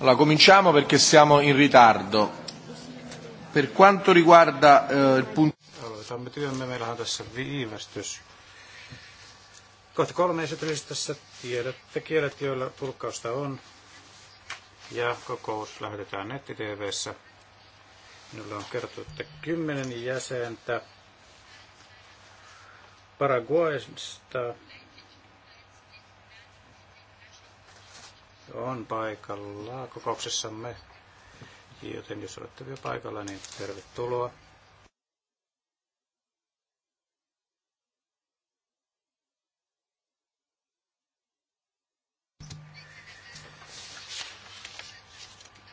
Allora, cominciamo perché siamo in ritardo. Per quanto riguarda eh, il punto... Allora, tämä Aloitamme työmme. meillä on tässä viivästys. Kohta kolme esityslistassa tiedätte kielet, joilla tulkkausta on. Ja kokous lähetetään netti-tvssä. Minulle on kerrottu, että kymmenen jäsentä Paraguaysta, on paikalla kokouksessamme, joten jos olette vielä paikalla, niin tervetuloa.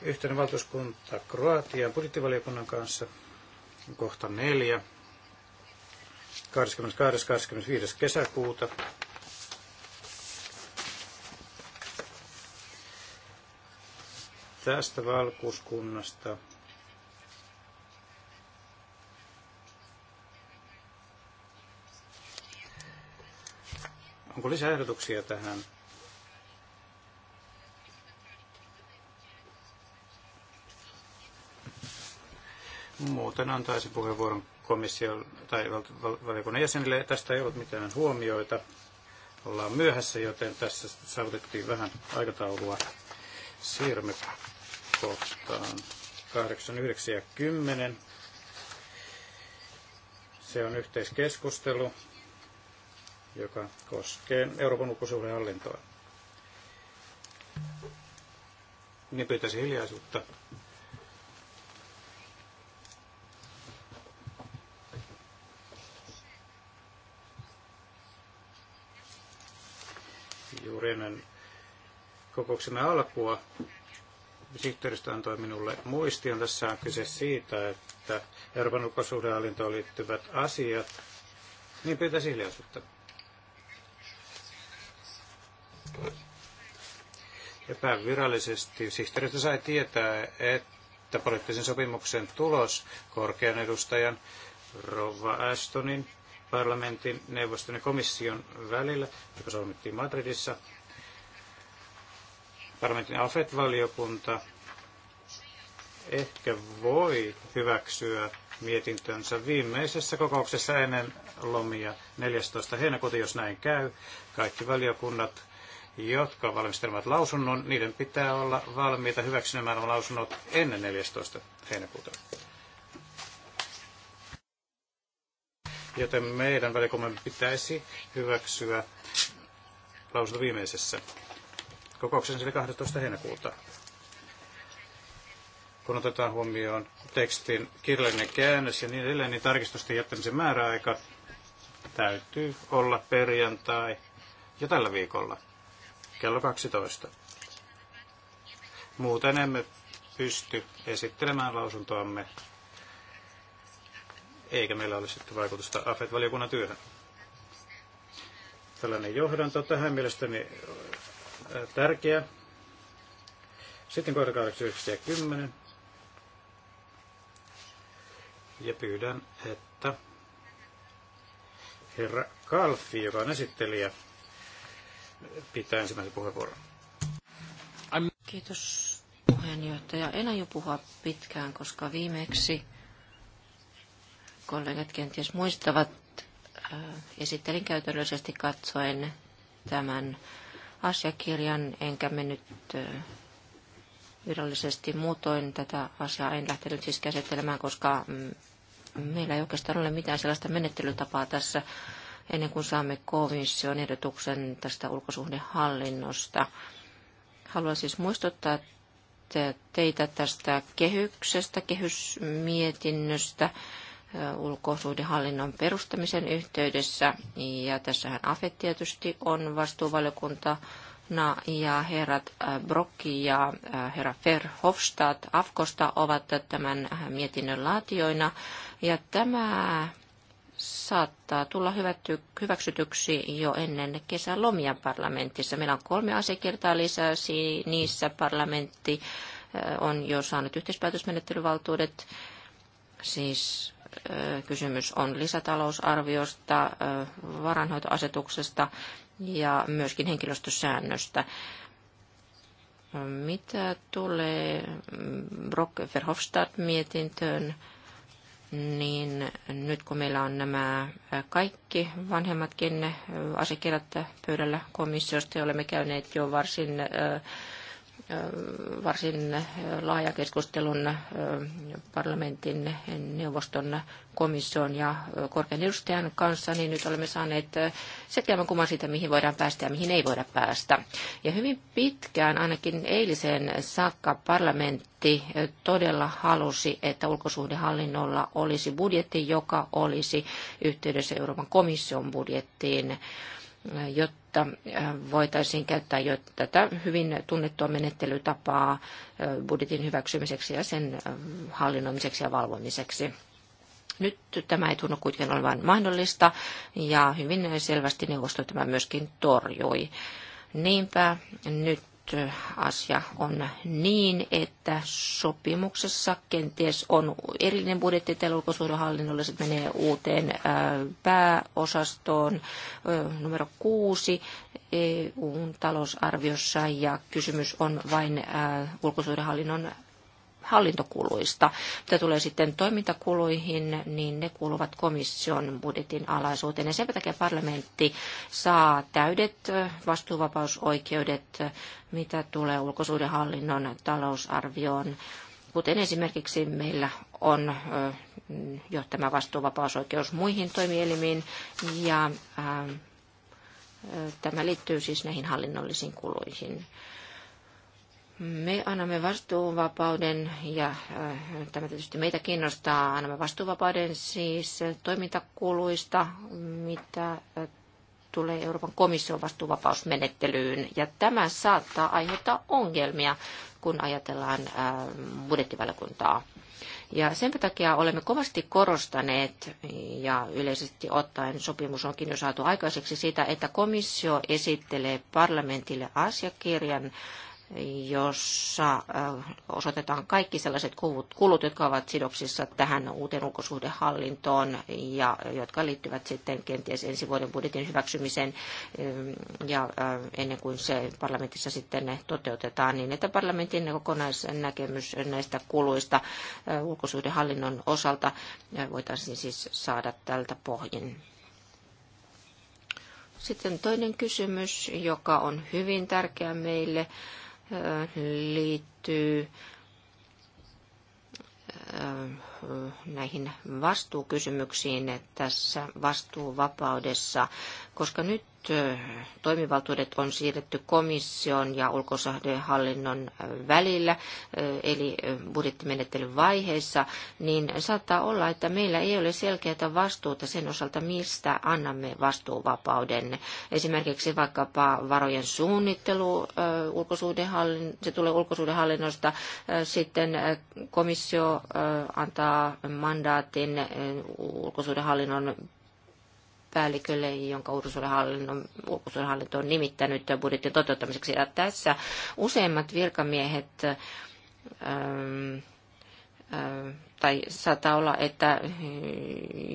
yhteinen valtuuskunta Kroatian budjettivaliokunnan kanssa, kohta 4, 22.–25. kesäkuuta tästä valkuskunnasta Onko lisäehdotuksia tähän? Muuten antaisin puheenvuoron komission tai valiokunnan jäsenille. Tästä ei ollut mitään huomioita. Ollaan myöhässä, joten tässä saavutettiin vähän aikataulua. Siirrymme kohtaan. 8, 9 ja 10. Se on yhteiskeskustelu, joka koskee Euroopan ulkosuuden hallintoa. Niin pyytäisin hiljaisuutta. Juuri ennen kokouksemme alkua sihteeristö antoi minulle muistion. Tässä on kyse siitä, että Euroopan ulkosuhdehallintoon liittyvät asiat, niin pyytä hiljaisuutta. Epävirallisesti sihteeristö sai tietää, että poliittisen sopimuksen tulos korkean edustajan Rova Astonin parlamentin, neuvoston ja komission välillä, joka solmittiin Madridissa. Parlamentin AFET-valiokunta ehkä voi hyväksyä mietintönsä viimeisessä kokouksessa ennen lomia 14. heinäkuuta, jos näin käy. Kaikki valiokunnat, jotka valmistelevat lausunnon, niiden pitää olla valmiita hyväksymään lausunnot ennen 14. heinäkuuta. Joten meidän valiokunnan pitäisi hyväksyä lausunto viimeisessä kokouksessa 12. heinäkuuta kun otetaan huomioon tekstin kirjallinen käännös ja niin edelleen, niin tarkistusten jättämisen määräaika täytyy olla perjantai jo tällä viikolla kello 12. Muuten emme pysty esittelemään lausuntoamme, eikä meillä ole sitten vaikutusta AFET-valiokunnan työhön. Tällainen johdanto tähän mielestäni äh, tärkeä. Sitten kohta 8.9.10. ja ja pyydän, että herra Kalfi, joka on esittelijä, pitää ensimmäisen puheenvuoron. Kiitos puheenjohtaja. En aio puhua pitkään, koska viimeksi kollegat kenties muistavat, äh, esittelin käytännöllisesti katsoen tämän asiakirjan, enkä mennyt. Äh, virallisesti. Muutoin tätä asiaa en lähtenyt siis käsittelemään, koska mm, meillä ei oikeastaan ole mitään sellaista menettelytapaa tässä ennen kuin saamme komission ehdotuksen tästä ulkosuhdehallinnosta. Haluan siis muistuttaa teitä tästä kehyksestä, kehysmietinnöstä ulkosuhdehallinnon perustamisen yhteydessä. Ja tässähän AFE tietysti on vastuuvaliokunta Na ja herrat äh, Brokki ja äh, herra Verhofstadt Afkosta ovat tämän äh, mietinnön laatioina. Ja tämä saattaa tulla hyväksytyksi jo ennen lomia parlamentissa. Meillä on kolme asiakirtaa lisää, niissä parlamentti on jo saanut yhteispäätösmenettelyvaltuudet. Siis kysymys on lisätalousarviosta, varanhoitoasetuksesta ja myöskin henkilöstösäännöstä. Mitä tulee Brock Verhofstadt-mietintöön, niin nyt kun meillä on nämä kaikki vanhemmatkin asiakirjat pöydällä komissiosta ja olemme käyneet jo varsin varsin laaja keskustelun parlamentin, neuvoston, komission ja korkean edustajan kanssa, niin nyt olemme saaneet selkeämmän kuvan siitä, mihin voidaan päästä ja mihin ei voida päästä. Ja hyvin pitkään, ainakin eiliseen saakka, parlamentti todella halusi, että ulkosuhdehallinnolla olisi budjetti, joka olisi yhteydessä Euroopan komission budjettiin jotta äh, voitaisiin käyttää jo tätä hyvin tunnettua menettelytapaa äh, budjetin hyväksymiseksi ja sen äh, hallinnoimiseksi ja valvomiseksi. Nyt tämä ei tunnu kuitenkin olevan mahdollista ja hyvin selvästi neuvosto tämä myöskin torjui. Niinpä nyt asia on niin, että sopimuksessa kenties on erillinen budjetti tällä ulkosuhdehallinnolla, se menee uuteen pääosastoon numero kuusi EUn talousarviossa ja kysymys on vain ulkosuhdehallinnon hallintokuluista. Mitä tulee sitten toimintakuluihin, niin ne kuuluvat komission budjetin alaisuuteen. Ja sen takia parlamentti saa täydet vastuuvapausoikeudet, mitä tulee ulkosuudenhallinnon talousarvioon kuten esimerkiksi meillä on jo tämä vastuuvapausoikeus muihin toimielimiin ja tämä liittyy siis näihin hallinnollisiin kuluihin. Me annamme vastuuvapauden ja äh, tämä tietysti meitä kiinnostaa. Annamme vastuuvapauden siis toimintakuluista, mitä äh, tulee Euroopan komission vastuuvapausmenettelyyn. Ja tämä saattaa aiheuttaa ongelmia, kun ajatellaan äh, budjettivaliokuntaa. Ja sen takia olemme kovasti korostaneet, ja yleisesti ottaen sopimus onkin jo saatu aikaiseksi siitä, että komissio esittelee parlamentille asiakirjan jossa äh, osoitetaan kaikki sellaiset kulut, jotka ovat sidoksissa tähän uuteen ulkosuhdehallintoon ja jotka liittyvät sitten kenties ensi vuoden budjetin hyväksymiseen ähm, ja äh, ennen kuin se parlamentissa sitten ne toteutetaan, niin että parlamentin kokonaisnäkemys näistä kuluista äh, ulkosuhdehallinnon osalta voitaisiin siis saada tältä pohjin. Sitten toinen kysymys, joka on hyvin tärkeä meille, liittyy äh, näihin vastuukysymyksiin tässä vastuuvapaudessa koska nyt toimivaltuudet on siirretty komission ja ulkosuhdehallinnon välillä, eli budjettimenettelyn vaiheessa, niin saattaa olla, että meillä ei ole selkeää vastuuta sen osalta, mistä annamme vastuuvapauden. Esimerkiksi vaikkapa varojen suunnittelu, se tulee ulkosuhdehallinnosta, sitten komissio antaa mandaatin ulkosuhdehallinnon päällikölle, jonka ulkosuuden hallinto on nimittänyt budjetin toteuttamiseksi. Ja tässä useimmat virkamiehet ähm, ähm, tai saattaa olla, että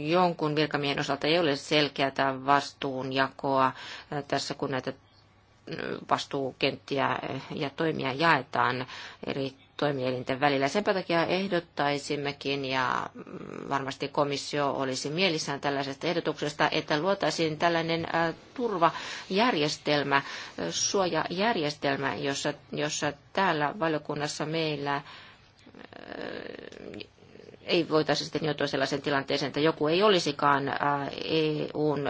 jonkun virkamiehen osalta ei ole selkeää vastuunjakoa tässä, kun näitä vastuukenttiä ja toimia jaetaan eri toimielinten välillä. Senpä takia ehdottaisimmekin, ja varmasti komissio olisi mielissään tällaisesta ehdotuksesta, että luotaisiin tällainen turvajärjestelmä, suojajärjestelmä, jossa, jossa täällä valiokunnassa meillä ei voitaisi sitten joutua sellaisen tilanteeseen, että joku ei olisikaan EUn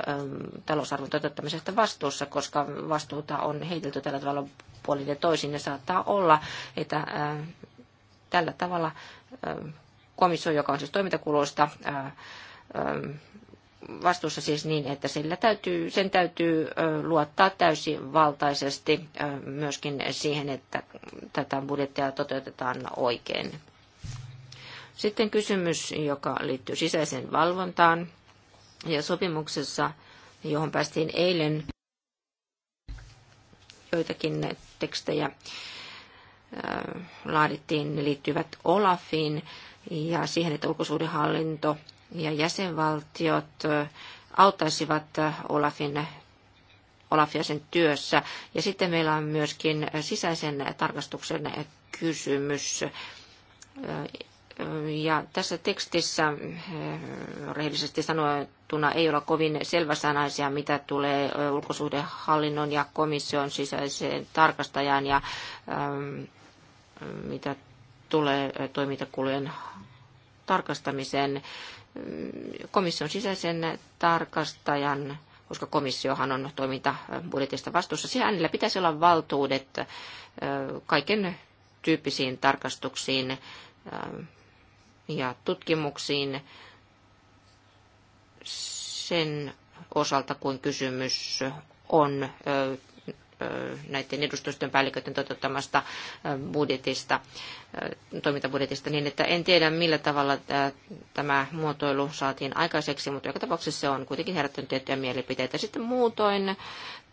talousarvon toteuttamisesta vastuussa, koska vastuuta on heitelty tällä tavalla puolin ja toisin, ja saattaa olla, että tällä tavalla komissio, joka on siis toimintakuluista vastuussa siis niin, että sillä täytyy, sen täytyy luottaa täysivaltaisesti myöskin siihen, että tätä budjettia toteutetaan oikein. Sitten kysymys, joka liittyy sisäiseen valvontaan ja sopimuksessa, johon päästiin eilen joitakin tekstejä laadittiin, ne liittyvät Olafiin ja siihen, että ulkosuudenhallinto ja jäsenvaltiot auttaisivat Olafin Olafia sen työssä. Ja sitten meillä on myöskin sisäisen tarkastuksen kysymys ja tässä tekstissä eh, rehellisesti sanottuna ei ole kovin selväsanaisia, mitä tulee eh, ulkosuhdehallinnon ja komission sisäiseen tarkastajaan ja ehm, mitä tulee eh, toimintakulujen tarkastamiseen komission sisäisen tarkastajan, koska komissiohan on toiminta budjetista vastuussa, siellä hänellä pitäisi olla valtuudet kaiken tyyppisiin tarkastuksiin ehm, ja tutkimuksiin sen osalta, kuin kysymys on näiden edustustojen päälliköiden toteuttamasta budjetista, toimintabudjetista, niin että en tiedä millä tavalla tämä muotoilu saatiin aikaiseksi, mutta joka tapauksessa se on kuitenkin herättänyt tiettyjä mielipiteitä. Sitten muutoin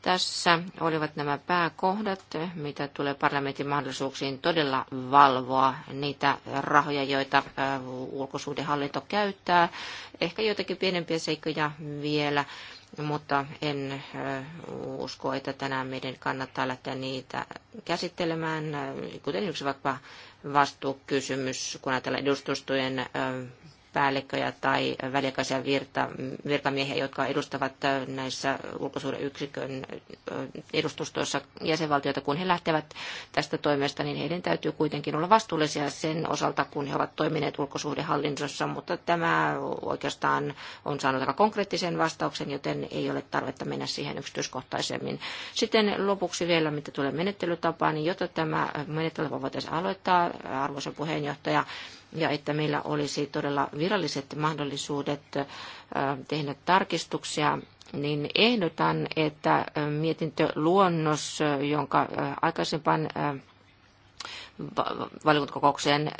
tässä olivat nämä pääkohdat, mitä tulee parlamentin mahdollisuuksiin todella valvoa niitä rahoja, joita ulkosuhdehallinto käyttää. Ehkä joitakin pienempiä seikkoja vielä mutta en usko, että tänään meidän kannattaa lähteä niitä käsittelemään, kuten yksi vaikka vastuukysymys, kun ajatellaan edustustojen päällikköjä tai väliaikaisia virta, virkamiehiä, jotka edustavat näissä ulkosuudenyksikön edustustoissa jäsenvaltioita. Kun he lähtevät tästä toimesta, niin heidän täytyy kuitenkin olla vastuullisia sen osalta, kun he ovat toimineet ulkosuhdehallinnossa, mutta tämä oikeastaan on saanut aika konkreettisen vastauksen, joten ei ole tarvetta mennä siihen yksityiskohtaisemmin. Sitten lopuksi vielä, mitä tulee menettelytapaan, niin jotta tämä menettelytapa voitaisiin aloittaa, arvoisa puheenjohtaja, ja että meillä olisi todella viralliset mahdollisuudet tehdä tarkistuksia, niin ehdotan, että mietintöluonnos, jonka aikaisempaan valiokuntakokoukseen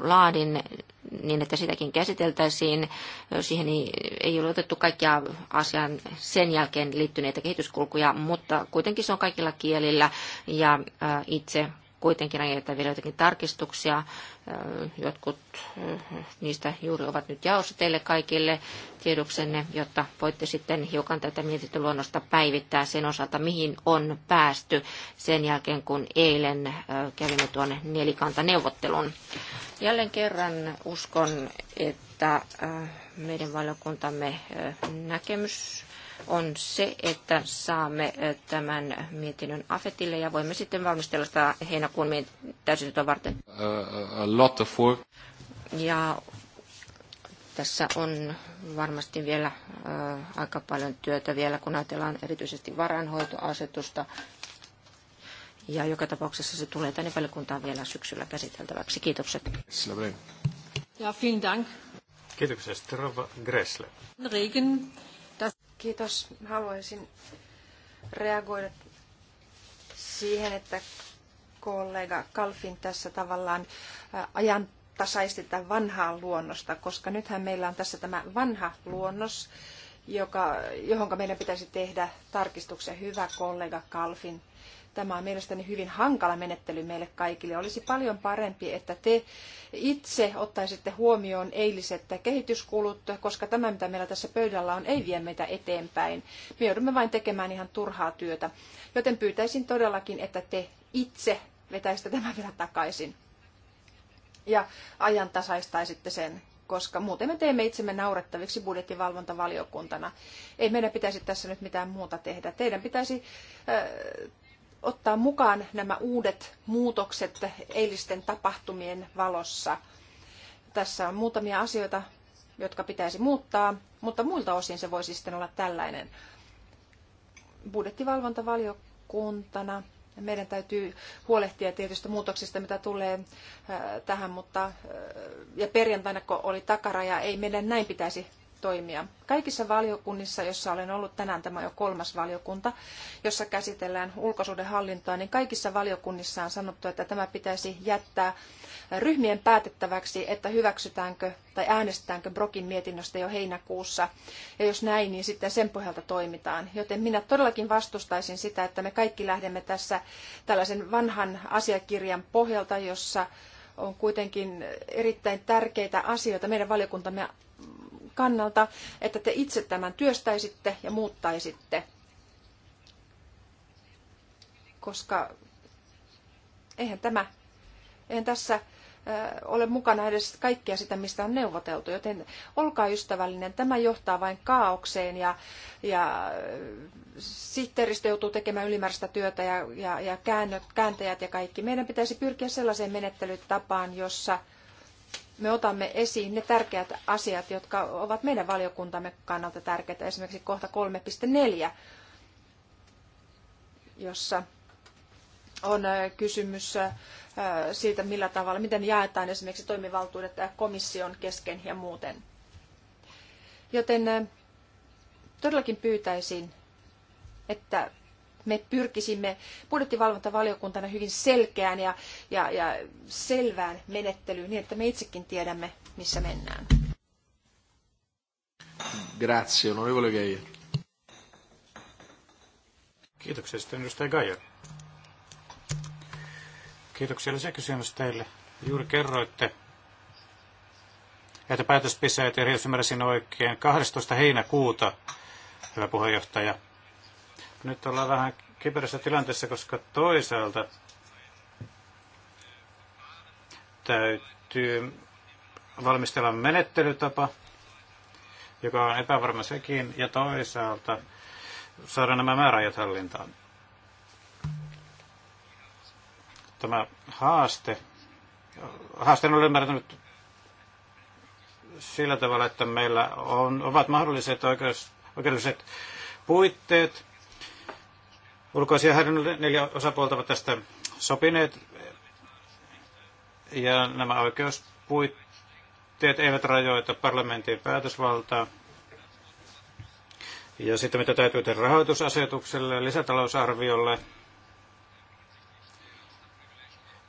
laadin niin, että sitäkin käsiteltäisiin. Siihen ei ole otettu kaikkia asian sen jälkeen liittyneitä kehityskulkuja, mutta kuitenkin se on kaikilla kielillä ja itse kuitenkin ajetaan vielä jotakin tarkistuksia. Jotkut niistä juuri ovat nyt jaossa teille kaikille tiedoksenne, jotta voitte sitten hiukan tätä mietintöluonnosta päivittää sen osalta, mihin on päästy sen jälkeen, kun eilen kävimme tuon nelikantaneuvottelun. Jälleen kerran uskon, että meidän valiokuntamme näkemys on se, että saamme eh, tämän mietinnön AFETille ja voimme sitten valmistella sitä heinäkuun täysistuntoa varten. A lot of work. Ja tässä on varmasti vielä eh, aika paljon työtä vielä, kun ajatellaan erityisesti varainhoitoasetusta. Ja joka tapauksessa se tulee tänne valiokuntaan vielä syksyllä käsiteltäväksi. Kiitokset. Ja, vielen Dank. Kiitoksia. Strava Gressle. Regen. Kiitos. Haluaisin reagoida siihen, että kollega Kalfin tässä tavallaan ajan tasaisti tämän vanhaa luonnosta, koska nythän meillä on tässä tämä vanha luonnos, joka, johon meidän pitäisi tehdä tarkistuksen hyvä kollega Kalfin. Tämä on mielestäni hyvin hankala menettely meille kaikille. Olisi paljon parempi, että te itse ottaisitte huomioon eiliset kehityskulut, koska tämä, mitä meillä tässä pöydällä on, ei vie meitä eteenpäin. Me joudumme vain tekemään ihan turhaa työtä. Joten pyytäisin todellakin, että te itse vetäisitte tämän vielä takaisin ja ajantasaistaisitte sen koska muuten me teemme itsemme naurettaviksi budjettivalvontavaliokuntana. Ei meidän pitäisi tässä nyt mitään muuta tehdä. Teidän pitäisi ottaa mukaan nämä uudet muutokset eilisten tapahtumien valossa. Tässä on muutamia asioita, jotka pitäisi muuttaa, mutta muilta osin se voisi sitten olla tällainen. Budjettivalvontavaliokuntana meidän täytyy huolehtia tietystä muutoksista, mitä tulee äh, tähän, mutta äh, ja perjantaina, kun oli takaraja, ei meidän näin pitäisi toimia. Kaikissa valiokunnissa, jossa olen ollut tänään tämä on jo kolmas valiokunta, jossa käsitellään ulkosuhdehallintoa, niin kaikissa valiokunnissa on sanottu, että tämä pitäisi jättää ryhmien päätettäväksi, että hyväksytäänkö tai äänestetäänkö Brokin mietinnöstä jo heinäkuussa. Ja jos näin, niin sitten sen pohjalta toimitaan. Joten minä todellakin vastustaisin sitä, että me kaikki lähdemme tässä tällaisen vanhan asiakirjan pohjalta, jossa on kuitenkin erittäin tärkeitä asioita. Meidän valiokuntamme kannalta, että te itse tämän työstäisitte ja muuttaisitte. Koska eihän, tämä, eihän tässä ole mukana edes kaikkea sitä, mistä on neuvoteltu. Joten olkaa ystävällinen, tämä johtaa vain kaaukseen ja, ja sihteeristö joutuu tekemään ylimääräistä työtä ja, ja, ja käännöt, kääntäjät ja kaikki. Meidän pitäisi pyrkiä sellaiseen menettelytapaan, jossa – me otamme esiin ne tärkeät asiat, jotka ovat meidän valiokuntamme kannalta tärkeitä, esimerkiksi kohta 3.4, jossa on äh, kysymys äh, siitä, millä tavalla, miten jaetaan esimerkiksi toimivaltuudet äh, komission kesken ja muuten. Joten todellakin pyytäisin, että me pyrkisimme budjettivalvontavaliokuntana hyvin selkeään ja, ja, ja selvään menettelyyn niin, että me itsekin tiedämme, missä mennään. Grazie, onorevole Geijer. Kiitoksia sitten edustaja Geijer. Kiitoksia lisäkysymys teille. Juuri kerroitte, että päätös pisäytyi, jos ymmärsin oikein, 12. heinäkuuta, hyvä puheenjohtaja, nyt ollaan vähän kiperässä tilanteessa, koska toisaalta täytyy valmistella menettelytapa, joka on epävarma sekin, ja toisaalta saada nämä määräajat hallintaan. Tämä haaste, haaste on ymmärtänyt sillä tavalla, että meillä on, ovat mahdolliset oikeus, oikeudelliset puitteet, Ulkoisia häirinnän neljä osapuolta ovat tästä sopineet ja nämä oikeuspuitteet eivät rajoita parlamentin päätösvaltaa. Ja sitten mitä täytyy tehdä rahoitusasetukselle, lisätalousarviolle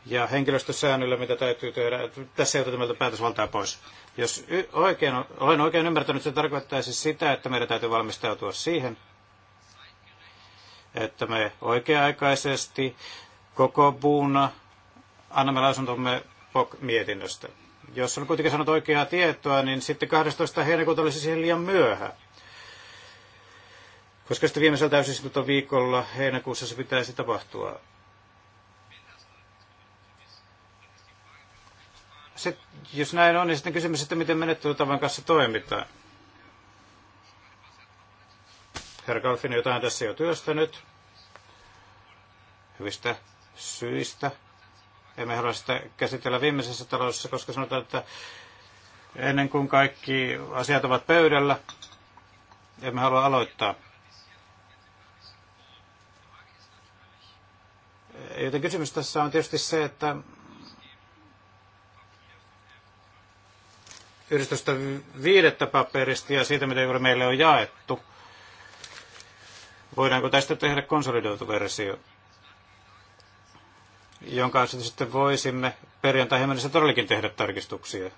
ja henkilöstösäännöllä, mitä täytyy tehdä. Tässä ei oteta meiltä päätösvaltaa pois. Jos oikein, olen oikein ymmärtänyt, se tarkoittaisi sitä, että meidän täytyy valmistautua siihen, että me oikea-aikaisesti koko puuna annamme lausuntomme POK-mietinnöstä. Jos on kuitenkin sanonut oikeaa tietoa, niin sitten 12. heinäkuuta olisi siihen liian myöhä. Koska sitten viimeisellä täysistuntoviikolla heinäkuussa se pitäisi tapahtua. Sitten, jos näin on, niin sitten kysymys, että miten menettelytavan kanssa toimitaan. Herra Kalfin jotain tässä jo työstänyt hyvistä syistä. Emme halua sitä käsitellä viimeisessä talossa, koska sanotaan, että ennen kuin kaikki asiat ovat pöydällä, emme halua aloittaa. Joten kysymys tässä on tietysti se, että viidettä paperista ja siitä, mitä juuri meille on jaettu – Voidaanko tästä tehdä konsolidoitu versio, jonka sitten voisimme perjantaihin mennessä todellakin tehdä tarkistuksia?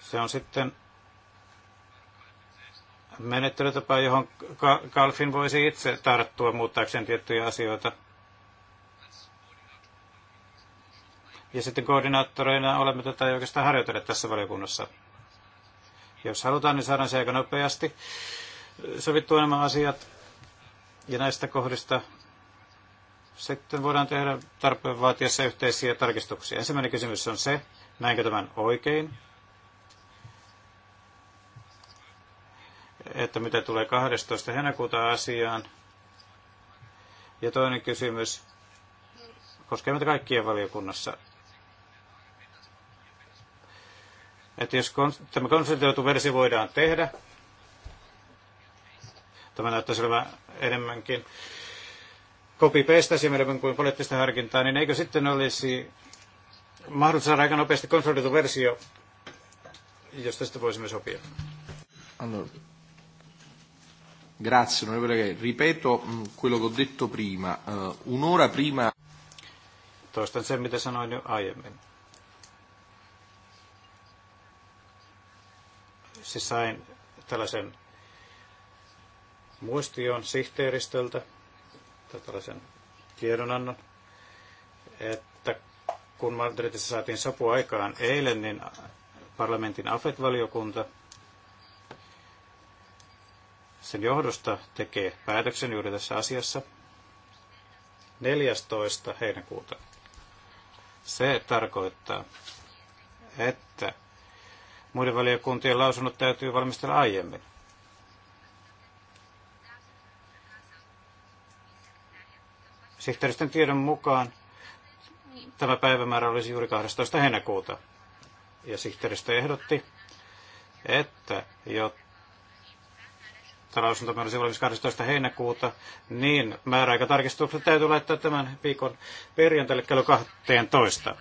Se on sitten menettelytapa, johon Kalfin voisi itse tarttua muuttaakseen tiettyjä asioita. Ja sitten koordinaattoreina olemme tätä oikeastaan harjoitelleet tässä valiokunnassa. Jos halutaan, niin saadaan se aika nopeasti sovittua nämä asiat ja näistä kohdista sitten voidaan tehdä tarpeen vaatiessa yhteisiä tarkistuksia. Ensimmäinen kysymys on se, näinkö tämän oikein, että mitä tulee 12. heinäkuuta asiaan. Ja toinen kysymys koskee meitä kaikkien valiokunnassa. Että jos tämä konsolidoitu versio voidaan tehdä, Tämä näyttäisi olevan enemmänkin copy-paste enemmän kuin poliittista harkintaa, niin eikö sitten olisi mahdollista saada aika nopeasti konsolidoitu versio, josta sitten voisimme sopia? Allora. Grazie, onorevole Ripeto mm, quello che ho detto prima. Uh, un'ora prima... Toistan sen, mitä sanoin jo aiemmin. Siis sain tällaisen muistioon sihteeristöltä tai tällaisen tiedonannon, että kun Madridissa saatiin sopu aikaan eilen, niin parlamentin AFET-valiokunta sen johdosta tekee päätöksen juuri tässä asiassa 14. heinäkuuta. Se tarkoittaa, että muiden valiokuntien lausunnot täytyy valmistella aiemmin. Sihteeristön tiedon mukaan tämä päivämäärä olisi juuri 12. heinäkuuta. Ja sihteeristö ehdotti, että jo lausunto olisi valmis 12. heinäkuuta, niin määräaikatarkistukset täytyy laittaa tämän viikon perjantaille kello 12.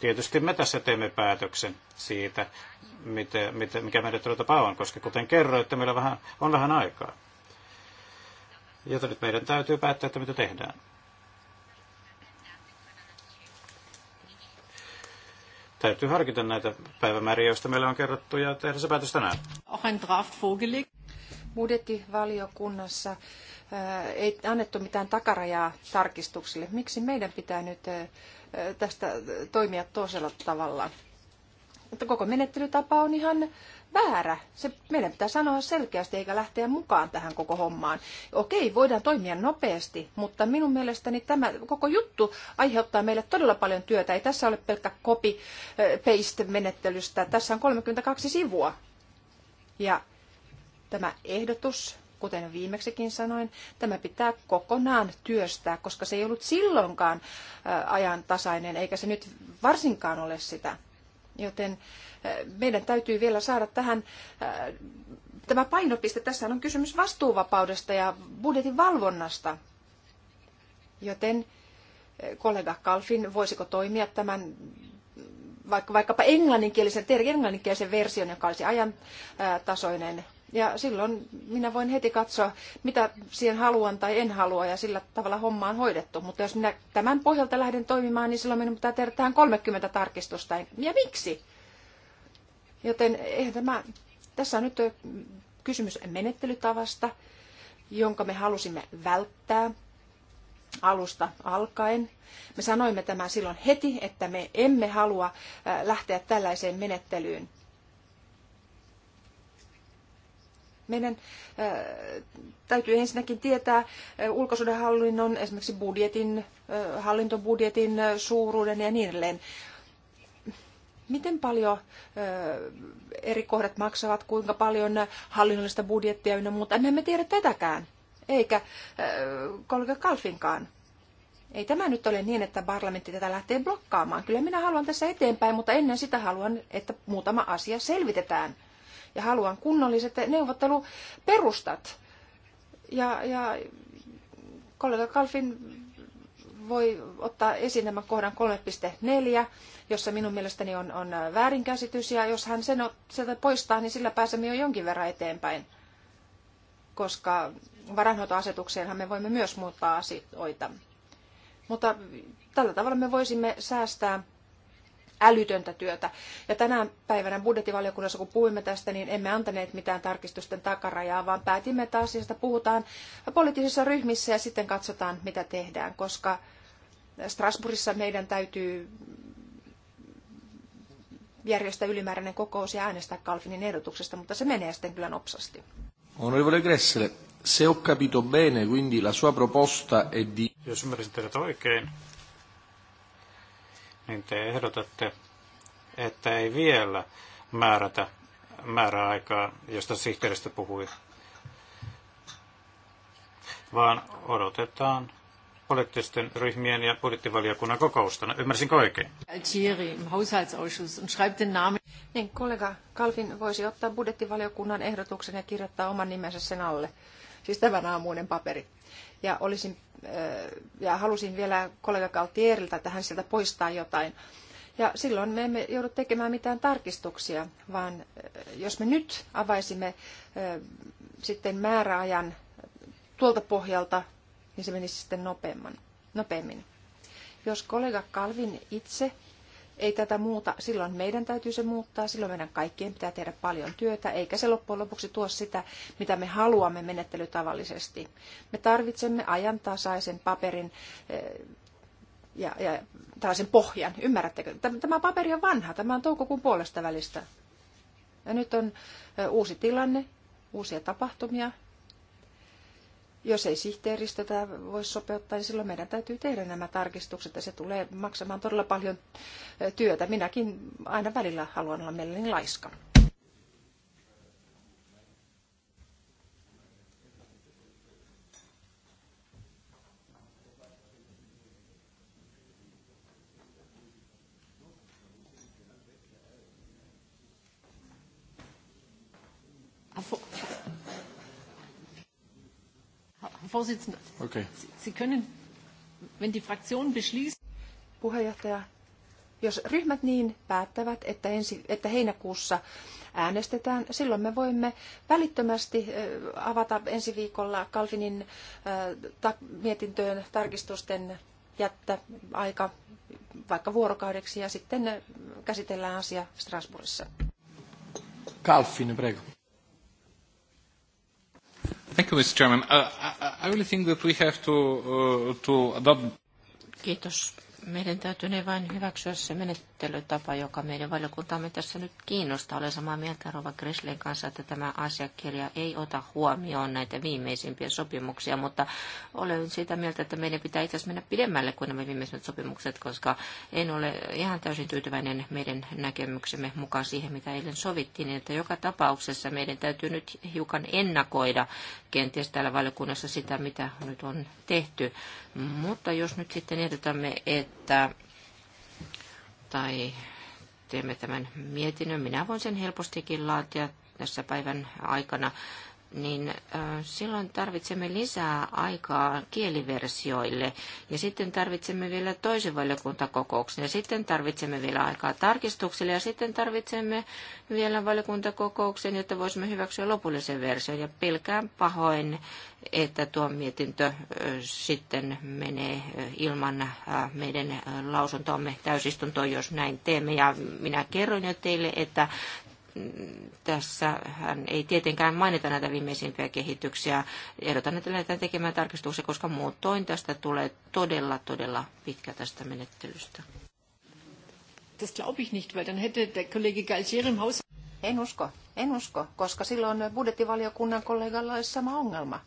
Tietysti me tässä teemme päätöksen siitä, mitä, mitä, mikä meidän tapa on, koska kuten kerroin, että meillä vähän, on vähän aikaa. Joten nyt meidän täytyy päättää, että mitä tehdään. Täytyy harkita näitä päivämääriä, joista meillä on kerrottu, ja tehdä se päätös tänään. Budjettivaliokunnassa äh, ei annettu mitään takarajaa tarkistuksille. Miksi meidän pitää nyt äh, tästä toimia toisella tavalla? Mutta koko menettelytapa on ihan väärä. Se, meidän pitää sanoa selkeästi eikä lähteä mukaan tähän koko hommaan. Okei, voidaan toimia nopeasti, mutta minun mielestäni tämä koko juttu aiheuttaa meille todella paljon työtä. Ei tässä ole pelkkä copy-paste-menettelystä. Tässä on 32 sivua. Ja tämä ehdotus, kuten viimeksikin sanoin, tämä pitää kokonaan työstää, koska se ei ollut silloinkaan ajantasainen, eikä se nyt varsinkaan ole sitä. Joten eh, meidän täytyy vielä saada tähän eh, tämä painopiste. Tässä on kysymys vastuuvapaudesta ja budjetin valvonnasta. Joten eh, kollega Kalfin, voisiko toimia tämän vaikka, vaikkapa englanninkielisen, englanninkielisen version, joka olisi ajan tasoinen ja silloin minä voin heti katsoa, mitä siihen haluan tai en halua, ja sillä tavalla homma on hoidettu. Mutta jos minä tämän pohjalta lähden toimimaan, niin silloin minun pitää tehdä tähän 30 tarkistusta. Ja miksi? Joten eihän tämä, tässä on nyt kysymys menettelytavasta, jonka me halusimme välttää alusta alkaen. Me sanoimme tämän silloin heti, että me emme halua lähteä tällaiseen menettelyyn. Meidän täytyy ensinnäkin tietää ulkosuudenhallinnon, esimerkiksi budjetin, hallintobudjetin suuruuden ja niin edelleen. Miten paljon eri kohdat maksavat, kuinka paljon hallinnollista budjettia ynnä muuta. Emme me tiedä tätäkään, eikä kollega Kalfinkaan. Ei tämä nyt ole niin, että parlamentti tätä lähtee blokkaamaan. Kyllä minä haluan tässä eteenpäin, mutta ennen sitä haluan, että muutama asia selvitetään – ja haluan kunnolliset neuvotteluperustat. Ja, ja kollega Kalfin voi ottaa esiin tämän kohdan 3.4, jossa minun mielestäni on, on väärinkäsitys, ja jos hän sen sieltä poistaa, niin sillä pääsemme jo jonkin verran eteenpäin, koska varainhoitoasetukseenhan me voimme myös muuttaa asioita. Mutta tällä tavalla me voisimme säästää älytöntä työtä. Ja tänä päivänä budjettivaliokunnassa, kun puhuimme tästä, niin emme antaneet mitään tarkistusten takarajaa, vaan päätimme, että asiasta puhutaan poliittisissa ryhmissä ja sitten katsotaan, mitä tehdään, koska Strasbourgissa meidän täytyy järjestää ylimääräinen kokous ja äänestää Kalfinin ehdotuksesta, mutta se menee sitten kyllä nopsasti. Onorevole Gressele, se ho capito bene, quindi la sua proposta è di... Jos ymmärsin teidät oikein, niin te ehdotatte, että ei vielä määrätä määräaikaa, josta sihteeristä puhui, vaan odotetaan poliittisten ryhmien ja budjettivaliokunnan kokousta. No, ymmärsinkö oikein? Altieri und schreibt den Namen. Niin, kollega Kalvin voisi ottaa budjettivaliokunnan ehdotuksen ja kirjoittaa oman nimensä sen alle siis tämän aamuinen paperi. Ja, olisin, eh, ja halusin vielä kollega Kaltieriltä, että hän sieltä poistaa jotain. Ja silloin me emme joudu tekemään mitään tarkistuksia, vaan eh, jos me nyt avaisimme eh, sitten määräajan tuolta pohjalta, niin se menisi sitten nopeammin. Jos kollega Kalvin itse ei tätä muuta, silloin meidän täytyy se muuttaa, silloin meidän kaikkien pitää tehdä paljon työtä, eikä se loppujen lopuksi tuo sitä, mitä me haluamme menettelytavallisesti. Me tarvitsemme ajantasaisen paperin eh, ja, ja tällaisen pohjan, ymmärrättekö? Tämä paperi on vanha, tämä on toukokuun puolesta välistä. Ja nyt on eh, uusi tilanne, uusia tapahtumia, jos ei sihteeristö tätä voi sopeuttaa, niin silloin meidän täytyy tehdä nämä tarkistukset ja se tulee maksamaan todella paljon työtä. Minäkin aina välillä haluan olla mielelläni laiska. Vorsitzender, okay. Sie können, wenn die Fraktion beschließt... Puheenjohtaja, jos ryhmät niin päättävät, että, ensi, että heinäkuussa äänestetään, silloin me voimme välittömästi avata ensi viikolla Kalvinin mietintöön tarkistusten jättä aika vaikka vuorokaudeksi ja sitten käsitellään asia Strasbourgissa. Kalfin, prego. Thank you, Mr. Chairman. Uh, I, I really think that we have to, uh, to adopt... Kiitos meidän täytyy ne vain hyväksyä se menettelytapa, joka meidän valiokuntaamme tässä nyt kiinnostaa. Olen samaa mieltä Rova Grislin kanssa, että tämä asiakirja ei ota huomioon näitä viimeisimpiä sopimuksia, mutta olen sitä mieltä, että meidän pitää itse asiassa mennä pidemmälle kuin nämä viimeiset sopimukset, koska en ole ihan täysin tyytyväinen meidän näkemyksemme mukaan siihen, mitä eilen sovittiin, niin että joka tapauksessa meidän täytyy nyt hiukan ennakoida kenties täällä valiokunnassa sitä, mitä nyt on tehty. Mutta jos nyt sitten ehdotamme, että että tai teemme tämän mietinnön. Minä voin sen helpostikin laatia tässä päivän aikana niin silloin tarvitsemme lisää aikaa kieliversioille ja sitten tarvitsemme vielä toisen valiokuntakokouksen ja sitten tarvitsemme vielä aikaa tarkistuksille ja sitten tarvitsemme vielä valiokuntakokouksen, jotta voisimme hyväksyä lopullisen version ja pelkään pahoin, että tuo mietintö sitten menee ilman meidän lausuntoamme täysistuntoon, jos näin teemme ja minä kerroin jo teille, että tässä hän ei tietenkään mainita näitä viimeisimpiä kehityksiä. Ehdotan, että lähdetään tekemään tarkistuksia, koska muutoin tästä tulee todella, todella pitkä tästä menettelystä. Das ich nicht, weil dann hätte der im Haus... En usko, en usko, koska silloin budjettivaliokunnan kollegalla olisi sama ongelma.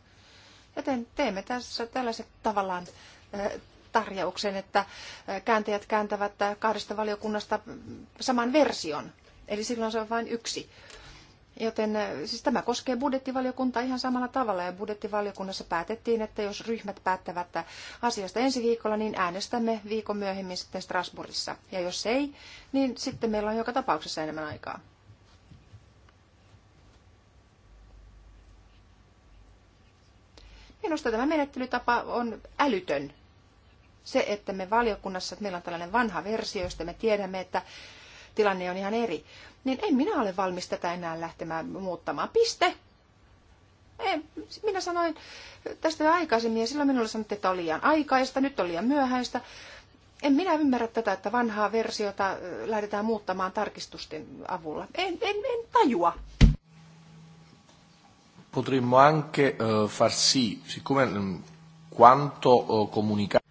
Joten teemme tässä tällaiset tavallaan tarjouksen, että kääntäjät kääntävät kahdesta valiokunnasta saman version – Eli silloin se on vain yksi. Joten äh, siis tämä koskee budjettivaliokuntaa ihan samalla tavalla ja budjettivaliokunnassa päätettiin, että jos ryhmät päättävät äh, asiasta ensi viikolla, niin äänestämme viikon myöhemmin sitten Strasbourgissa. Ja jos ei, niin sitten meillä on joka tapauksessa enemmän aikaa. Minusta tämä menettelytapa on älytön. Se, että me valiokunnassa, että meillä on tällainen vanha versio, josta me tiedämme, että tilanne on ihan eri, niin en minä ole valmis tätä enää lähtemään muuttamaan. Piste! En, minä sanoin tästä jo aikaisemmin ja silloin minulle sanottiin, että on liian aikaista, nyt on liian myöhäistä. En minä ymmärrä tätä, että vanhaa versiota lähdetään muuttamaan tarkistusten avulla. En, en, en tajua. Potremmo anche uh, far sì, siccome um, quanto uh, comunicato...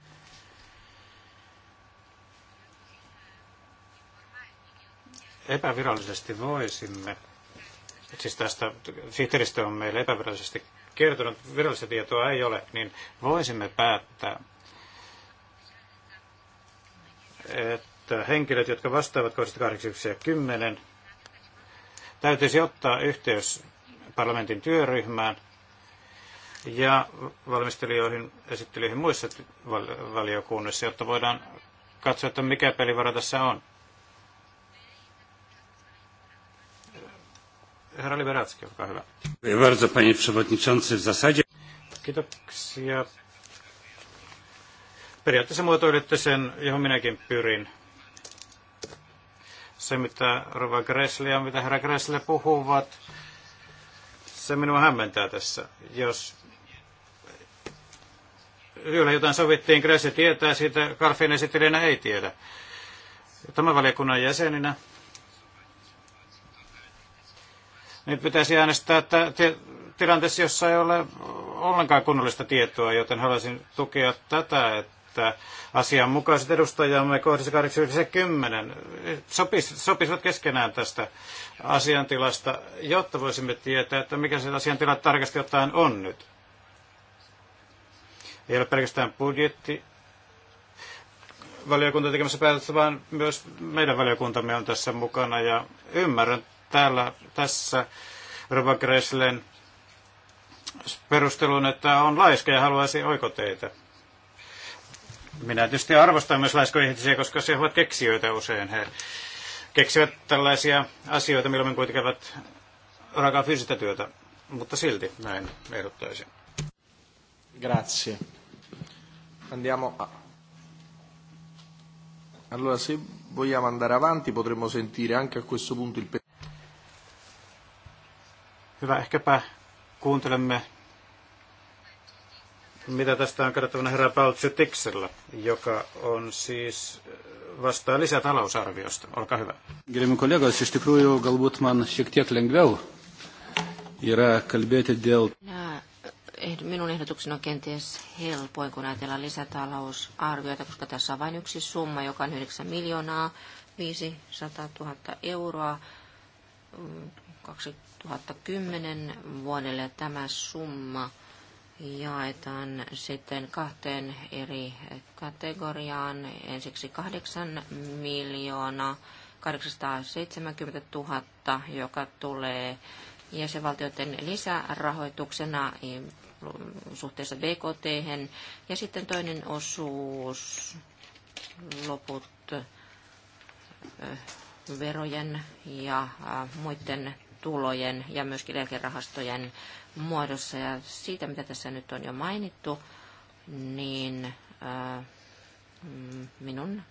epävirallisesti voisimme, siis tästä sihteeristö on meille epävirallisesti kertonut, virallista tietoa ei ole, niin voisimme päättää, että henkilöt, jotka vastaavat kohdista 81 ja 10, täytyisi ottaa yhteys parlamentin työryhmään ja valmistelijoihin, esittelyihin muissa valiokunnissa, jotta voidaan katsoa, että mikä pelivara tässä on. Herra Liberacki, olkaa hyvä. Bardzo, panie przewodniczący, w zasadzie... Kiitoksia. Periaatteessa muotoilitte sen, johon minäkin pyrin. Se, mitä Rova Gressle ja mitä herra Gressle puhuvat, se minua hämmentää tässä. Jos yllä jotain sovittiin, Gressle tietää siitä, Karfin esittelijänä ei tiedä. Tämän valiokunnan jäseninä Nyt pitäisi äänestää tilanteessa, jossa ei ole ollenkaan kunnollista tietoa, joten haluaisin tukea tätä, että asianmukaiset edustajamme kohdassa 810 sopis, sopisivat keskenään tästä asiantilasta, jotta voisimme tietää, että mikä se asiantila tarkasti ottaen on nyt. Ei ole pelkästään budjetti, valiokunta tekemässä päätöstä, vaan myös meidän valiokuntamme on tässä mukana. Ja ymmärrän täällä, tässä Rova Gresslen perustelun, että on laiska ja haluaisi oikoteita. Minä tietysti arvostan myös laiskoja koska se ovat keksijöitä usein. He keksivät tällaisia asioita, milloin kuitenkin ovat rakaa fyysistä työtä, mutta silti näin ehdottaisin. Grazie. Andiamo a... Allora, se vogliamo andare avanti, potremmo sentire anche a questo punto il... Hyvä, ehkäpä kuuntelemme, mitä tästä on kerrottavana herra Paltsutiksella, joka on siis äh, vastaa lisätalousarviosta. Olkaa hyvä. Gerimi kolegos, iš tikrųjų galbūt man šiek tiek lengviau yra kalbėti dėl... Eh, minun ehdotukseni on kenties helpoin, kun ajatellaan lisätalousarviota, koska tässä on vain yksi summa, joka on 9 miljoonaa 500 000 euroa mm, 2010 vuodelle tämä summa jaetaan sitten kahteen eri kategoriaan. Ensiksi 8 miljoonaa 870 000, joka tulee jäsenvaltioiden lisärahoituksena suhteessa BKT. -hän. Ja sitten toinen osuus, loput verojen ja muiden tulojen ja myöskin eläkerahastojen muodossa. Ja siitä, mitä tässä nyt on jo mainittu, niin äh, minun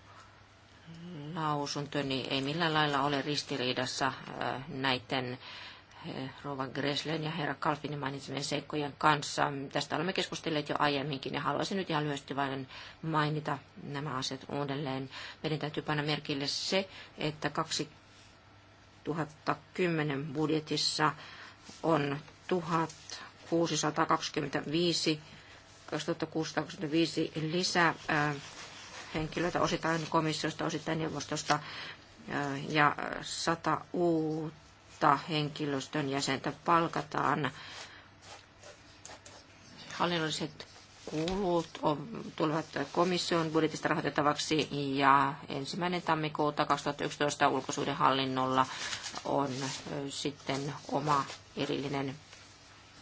lausuntoni ei millään lailla ole ristiriidassa äh, näiden äh, Rova Greslen ja herra Kalfinin mainitsemien seikkojen kanssa. Tästä olemme keskustelleet jo aiemminkin ja haluaisin nyt ihan lyhyesti vain mainita nämä asiat uudelleen. Meidän täytyy panna merkille se, että kaksi 2010 budjetissa on 1625 2625 lisää henkilöitä osittain komissiosta, osittain neuvostosta ja 100 uutta henkilöstön jäsentä palkataan. Hallinnolliset kulut tulevat komission budjetista rahoitettavaksi ja ensimmäinen tammikuuta 2011 ulkosuudenhallinnolla on sitten oma erillinen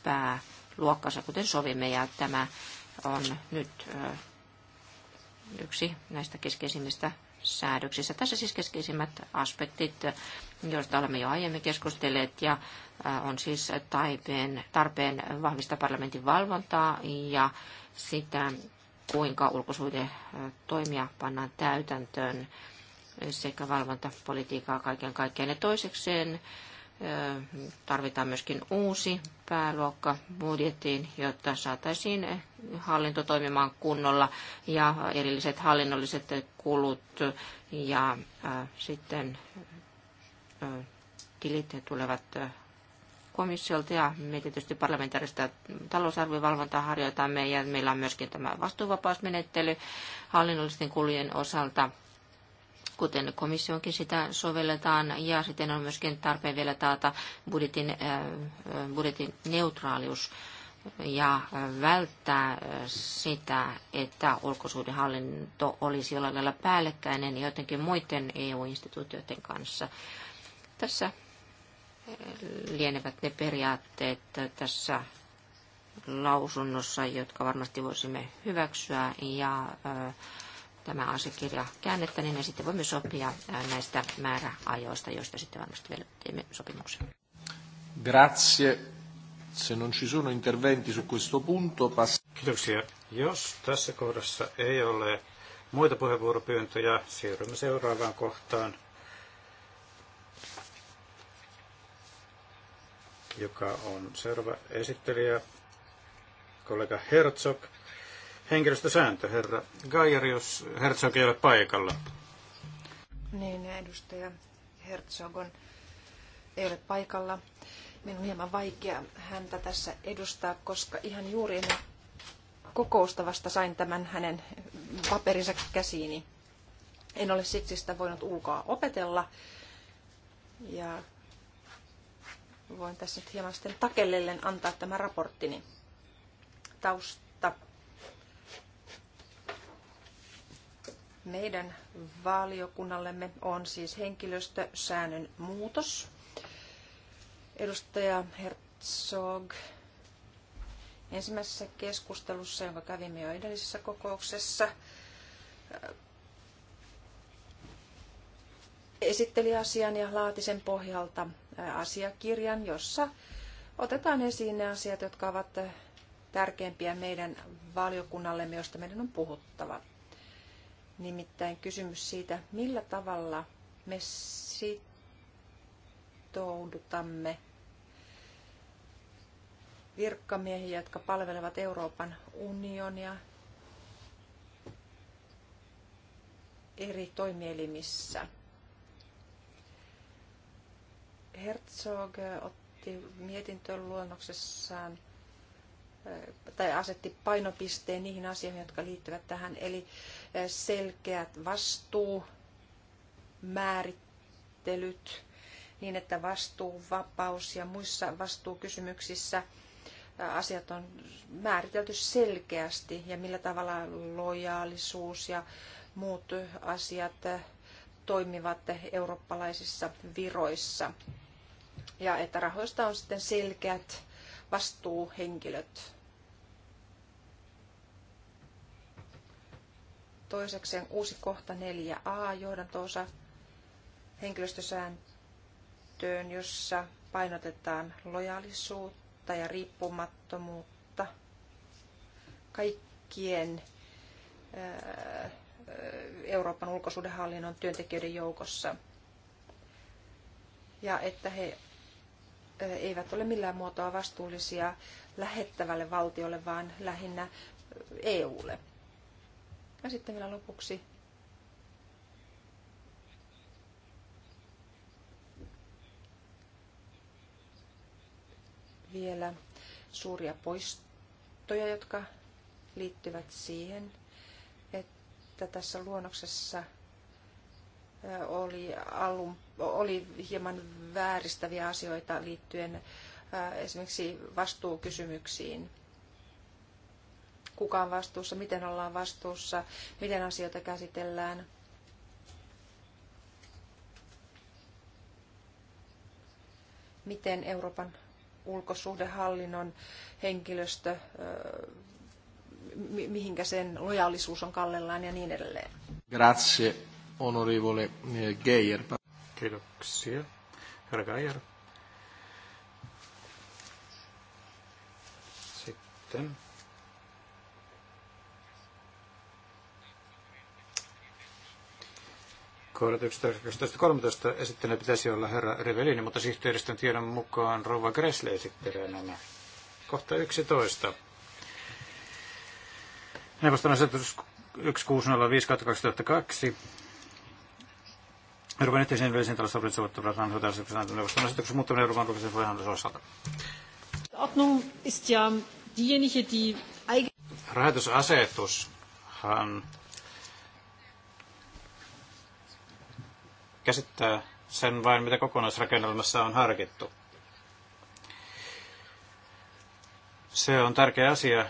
pääluokkansa, kuten sovimme, ja tämä on nyt yksi näistä keskeisimmistä säädöksissä. Tässä siis keskeisimmät aspektit, joista olemme jo aiemmin keskustelleet, ja äh, on siis taipeen, tarpeen vahvistaa parlamentin valvontaa ja sitä, kuinka ulkosuuden äh, toimia pannaan täytäntöön sekä valvontapolitiikkaa kaiken kaikkiaan. Ja toisekseen Tarvitaan myöskin uusi pääluokka budjettiin, jotta saataisiin hallinto toimimaan kunnolla ja erilliset hallinnolliset kulut ja sitten tilit tulevat komissiolta ja me tietysti parlamentaarista talousarvivalvontaa harjoitamme ja meillä on myöskin tämä vastuuvapausmenettely hallinnollisten kulujen osalta kuten komissionkin sitä sovelletaan, ja sitten on myöskin tarpeen vielä taata budjetin, äh, äh, budjetin neutraalius ja äh, välttää sitä, että ulkosuudenhallinto olisi jollain lailla päällekkäinen jotenkin muiden EU-instituutioiden kanssa. Tässä lienevät ne periaatteet tässä lausunnossa, jotka varmasti voisimme hyväksyä ja tämä asiakirja niin ja sitten voimme sopia näistä määräajoista, joista sitten varmasti vielä teemme sopimuksen. Grazie. Se non ci sono interventi su questo punto, pass- Kiitoksia. Jos tässä kohdassa ei ole muita puheenvuoropyyntöjä, siirrymme seuraavaan kohtaan, joka on seuraava esittelijä, kollega Herzog henkilöstösääntö, herra Gajari, jos Herzog ei ole paikalla. Niin, edustaja Herzog on, ei ole paikalla. Minun on hieman vaikea häntä tässä edustaa, koska ihan juuri ennen kokousta vasta sain tämän hänen paperinsa käsiini. En ole siksi sitä voinut ulkoa opetella. Ja voin tässä nyt hieman sitten takellellen antaa tämä raporttini. Taust meidän valiokunnallemme on siis henkilöstösäännön muutos. Edustaja Herzog ensimmäisessä keskustelussa, jonka kävimme jo edellisessä kokouksessa, esitteli asian ja laati sen pohjalta asiakirjan, jossa otetaan esiin ne asiat, jotka ovat tärkeimpiä meidän valiokunnallemme, josta meidän on puhuttava. Nimittäin kysymys siitä, millä tavalla me sitoudutamme virkamiehiä, jotka palvelevat Euroopan unionia eri toimielimissä. Herzog otti mietintöluonnoksessaan tai asetti painopisteen niihin asioihin, jotka liittyvät tähän, eli selkeät vastuumäärittelyt niin, että vastuuvapaus ja muissa vastuukysymyksissä asiat on määritelty selkeästi ja millä tavalla lojaalisuus ja muut asiat toimivat eurooppalaisissa viroissa. Ja että rahoista on sitten selkeät vastuuhenkilöt. Toisekseen uusi kohta 4a johdantoosa henkilöstösääntöön, jossa painotetaan lojaalisuutta ja riippumattomuutta kaikkien Euroopan ulkosuhdehallinnon työntekijöiden joukossa. Ja että he eivät ole millään muotoa vastuullisia lähettävälle valtiolle, vaan lähinnä EUlle. Ja sitten vielä lopuksi vielä suuria poistoja, jotka liittyvät siihen, että tässä luonnoksessa oli, alun, oli hieman vääristäviä asioita liittyen esimerkiksi vastuukysymyksiin. Kuka on vastuussa, miten ollaan vastuussa, miten asioita käsitellään. Miten Euroopan ulkosuhdehallinnon henkilöstö, mihinkä sen lojallisuus on kallellaan ja niin edelleen. Grazie. Eh, Kiitoksia. Herra Geier. Sitten. Kohdat 11.13 esittäneen pitäisi olla herra Revelini, mutta sihteeristön tiedon mukaan rouva Gressle esittelee nämä. Kohta 11. Neuvoston asetus 1605-2002 Euroopan yhteisen yleisen talousarvion sovittavat rahanhoitajasetuksen antaminen neuvoston asetuksen muuttaminen Euroopan julkisen rahanhoitajan osalta. Ordnung ist ja diejenige, die Rahoitusasetushan käsittää sen vain, mitä kokonaisrakennelmassa on harkittu. Se on tärkeä asia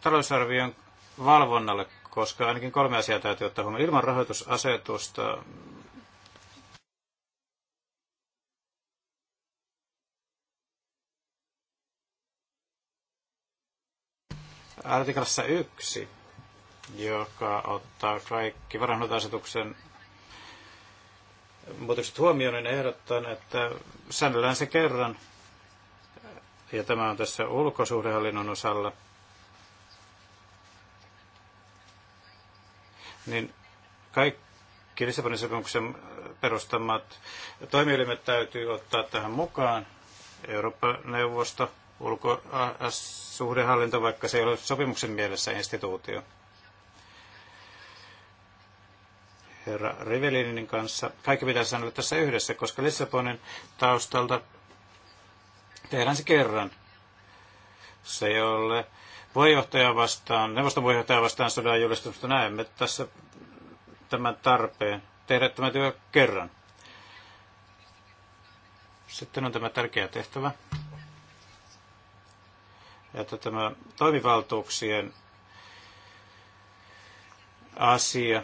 talousarvion valvonnalle, koska ainakin kolme asiaa täytyy ottaa huomioon. Ilman rahoitusasetusta artiklassa yksi, joka ottaa kaikki varannutasetuksen muutokset huomioon, niin ehdotan, että säännellään se kerran, ja tämä on tässä ulkosuhdehallinnon osalla, niin kaikki Lissabonin sopimuksen perustamat toimielimet täytyy ottaa tähän mukaan. Eurooppa-neuvosto, ulkosuhdehallinto, vaikka se ei ole sopimuksen mielessä instituutio. Herra Rivelinin kanssa. Kaikki pitää sanoa tässä yhdessä, koska Lissabonin taustalta tehdään se kerran. Se ei ole puheenjohtaja vastaan, neuvoston voijohtaja vastaan sodan julistusta näemme tässä tämän tarpeen tehdä tämä työ kerran. Sitten on tämä tärkeä tehtävä että tämä toimivaltuuksien asia,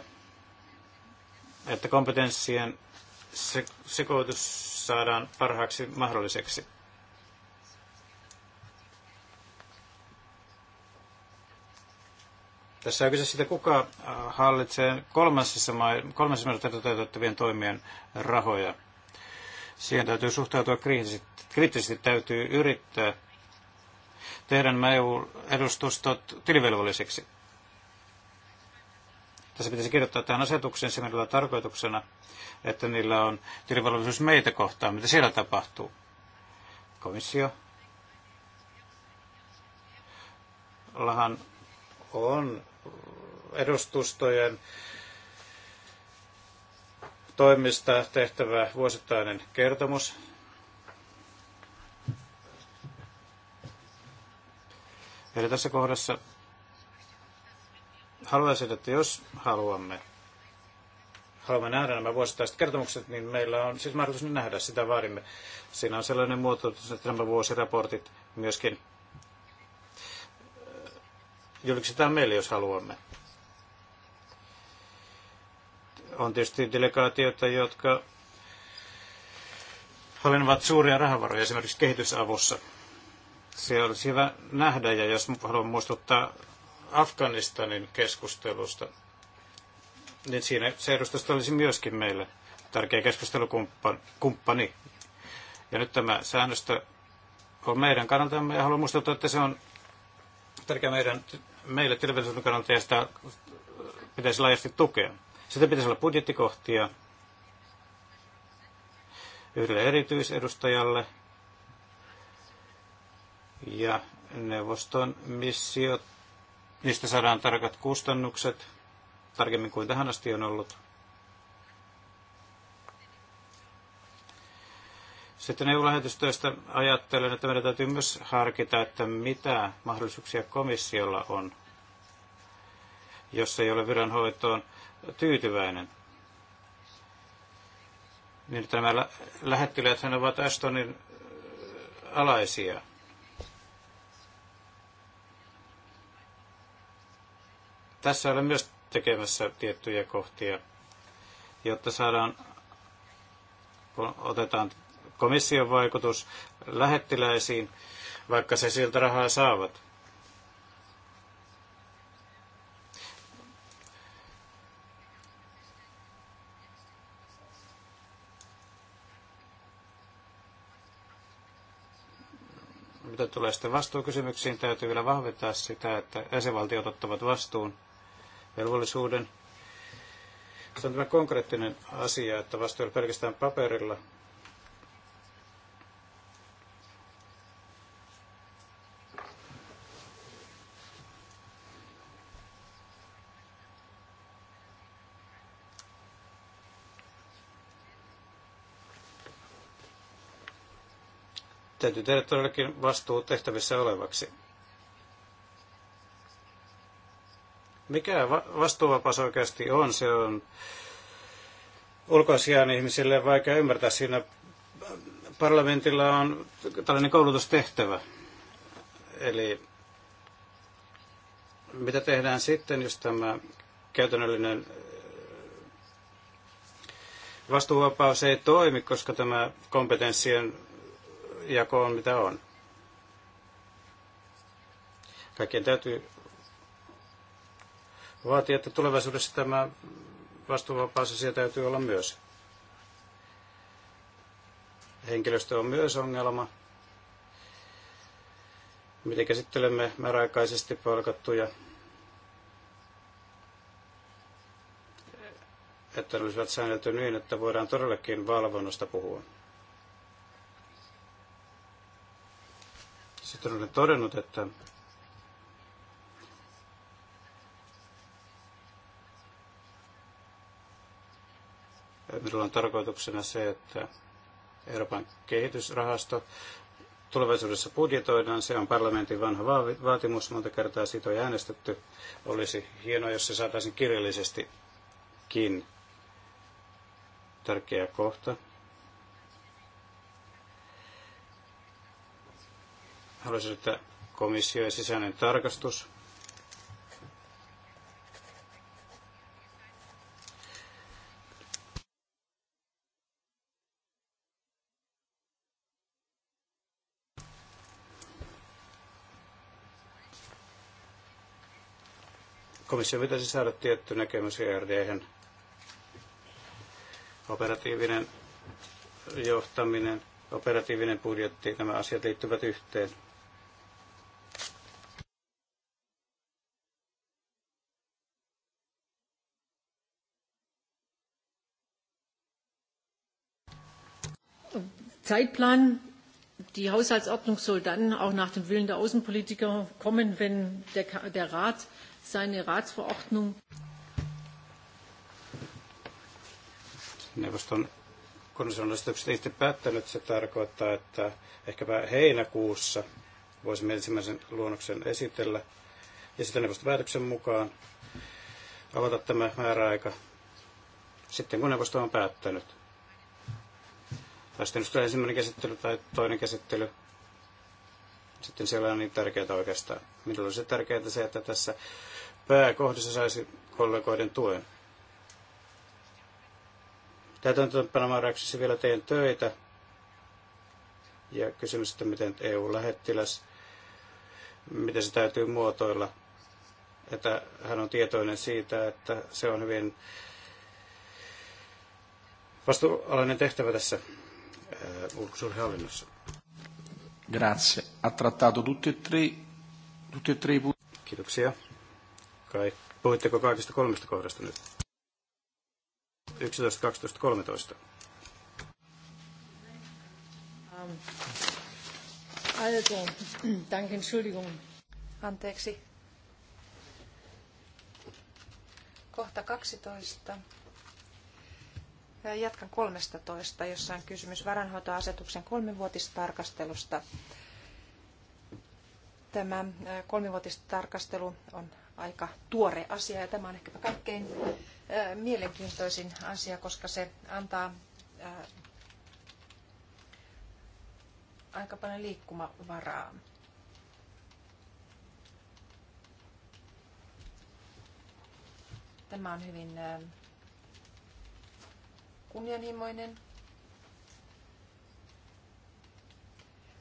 että kompetenssien sekoitus saadaan parhaaksi mahdolliseksi. Tässä on kyse siitä, kuka hallitsee kolmansissa maissa toteutettavien toimien rahoja. Siihen täytyy suhtautua kriittisesti, kriittisesti täytyy yrittää tehdä nämä EU-edustustot tilivelvollisiksi. Tässä pitäisi kirjoittaa tähän asetukseen se tarkoituksena, että niillä on tilivelvollisuus meitä kohtaan, mitä siellä tapahtuu. Komissio. Lahan on edustustojen toimista tehtävä vuosittainen kertomus Eli tässä kohdassa haluaisin, että jos haluamme, haluamme nähdä nämä vuosittaiset kertomukset, niin meillä on siis mahdollisuus nähdä, sitä vaadimme. Siinä on sellainen muoto, että nämä vuosiraportit myöskin äh, julkistetaan meille, jos haluamme. On tietysti delegaatioita, jotka hallinnovat suuria rahavaroja esimerkiksi kehitysavussa. Se olisi hyvä nähdä, ja jos haluan muistuttaa Afganistanin keskustelusta, niin siinä se edustusta olisi myöskin meille tärkeä keskustelukumppani. Ja nyt tämä säännöstö on meidän kannaltamme, ja haluan muistuttaa, että se on tärkeä meidän, meille television kannalta, ja sitä pitäisi laajasti tukea. Sitä pitäisi olla budjettikohtia yhdelle erityisedustajalle, ja neuvoston missio, niistä saadaan tarkat kustannukset, tarkemmin kuin tähän asti on ollut. Sitten EU-lähetystöistä ajattelen, että meidän täytyy myös harkita, että mitä mahdollisuuksia komissiolla on, jos ei ole viranhoitoon tyytyväinen. Niin nämä lähettiläthän ovat Ashtonin äh, alaisia. Tässä olen myös tekemässä tiettyjä kohtia, jotta saadaan, kun otetaan komission vaikutus lähettiläisiin, vaikka se siltä rahaa saavat. Mitä tulee sitten vastuukysymyksiin, täytyy vielä vahvittaa sitä, että jäsenvaltiot ottavat vastuun velvollisuuden. Se on tämä konkreettinen asia, että vastuu oli pelkästään paperilla. Täytyy tehdä todellakin vastuu tehtävissä olevaksi. Mikä vastuuvapaus oikeasti on? Se on ulkoasiaan ihmisille vaikea ymmärtää. Siinä parlamentilla on tällainen koulutustehtävä. Eli mitä tehdään sitten, jos tämä käytännöllinen eh, vastuuvapaus ei toimi, koska tämä kompetenssien jako on mitä on. Kaikkien täytyy vaatii, että tulevaisuudessa tämä asia täytyy olla myös. Henkilöstö on myös ongelma. Miten käsittelemme määräaikaisesti palkattuja, että ne olisivat säännelty niin, että voidaan todellakin valvonnasta puhua. Sitten olen todennut, että Minulla on tarkoituksena se, että Euroopan kehitysrahasto tulevaisuudessa budjetoidaan. Se on parlamentin vanha vaatimus, monta kertaa siitä on äänestetty. Olisi hienoa, jos se saataisiin kirjallisestikin tärkeä kohta. Haluaisin, että komissio ja sisäinen tarkastus komissio pitäisi saada tietty näkemys ERD. Operatiivinen johtaminen, operatiivinen budjetti, nämä asiat liittyvät yhteen. Zeitplan. Die Haushaltsordnung soll dann auch nach dem Willen der Außenpolitiker kommen, wenn der, der Rat seine Ratsverordnung. Neuvoston konsolidistukset itse päättänyt, se tarkoittaa, että ehkäpä heinäkuussa voisimme ensimmäisen luonnoksen esitellä ja sitten neuvoston päätöksen mukaan avata tämä määräaika sitten kun neuvosto on päättänyt. Tai sitten ensimmäinen käsittely tai toinen käsittely sitten siellä on niin tärkeää oikeastaan. on se tärkeää se, että tässä pääkohdassa saisi kollegoiden tuen. Täytäntöönpanomääräyksessä vielä teen töitä. Ja kysymys, että miten EU-lähettiläs, miten se täytyy muotoilla. Että hän on tietoinen siitä, että se on hyvin vastuullinen tehtävä tässä äh, ulkosuhdehallinnossa. Grazie ha trattato tutti e tre, tutti e tre i punti. Kiitoksia. Kai, puhuitteko kaikista kolmesta kohdasta nyt? 11, 12, 13. Also, danke, Entschuldigung. Anteeksi. Kohta 12. Äh, jatkan 13, jossa on kysymys varanhoitoasetuksen kolmivuotistarkastelusta. tarkastelusta Tämä äh, kolmivuotistarkastelu on aika tuore asia ja tämä on ehkäpä kaikkein äh, mielenkiintoisin asia, koska se antaa äh, aika paljon liikkumavaraa. Tämä on hyvin kunnianhimoinen.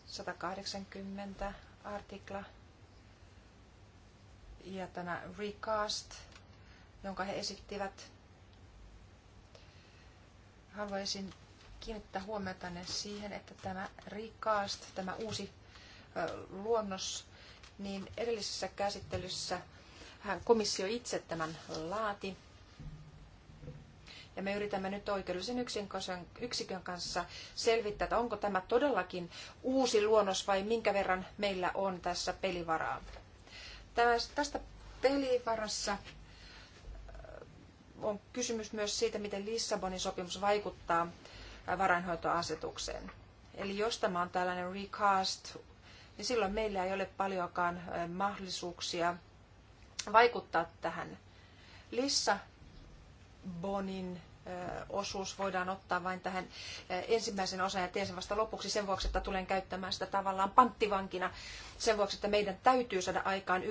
180 artikla ja tämä recast, jonka he esittivät. Haluaisin kiinnittää huomiota siihen, että tämä recast, tämä uusi luonnos, niin edellisessä käsittelyssä hän komissio itse tämän laati ja me yritämme nyt oikeudellisen yksikön kanssa selvittää, että onko tämä todellakin uusi luonnos vai minkä verran meillä on tässä pelivaraa. Tästä pelivarassa äh, on kysymys myös siitä, miten Lissabonin sopimus vaikuttaa äh, varainhoitoasetukseen. Eli jos tämä on tällainen recast, niin silloin meillä ei ole paljonkaan äh, mahdollisuuksia vaikuttaa tähän Lissabonin osuus voidaan ottaa vain tähän ensimmäisen osan ja teen sen vasta lopuksi sen vuoksi, että tulen käyttämään sitä tavallaan panttivankina sen vuoksi, että meidän täytyy saada aikaan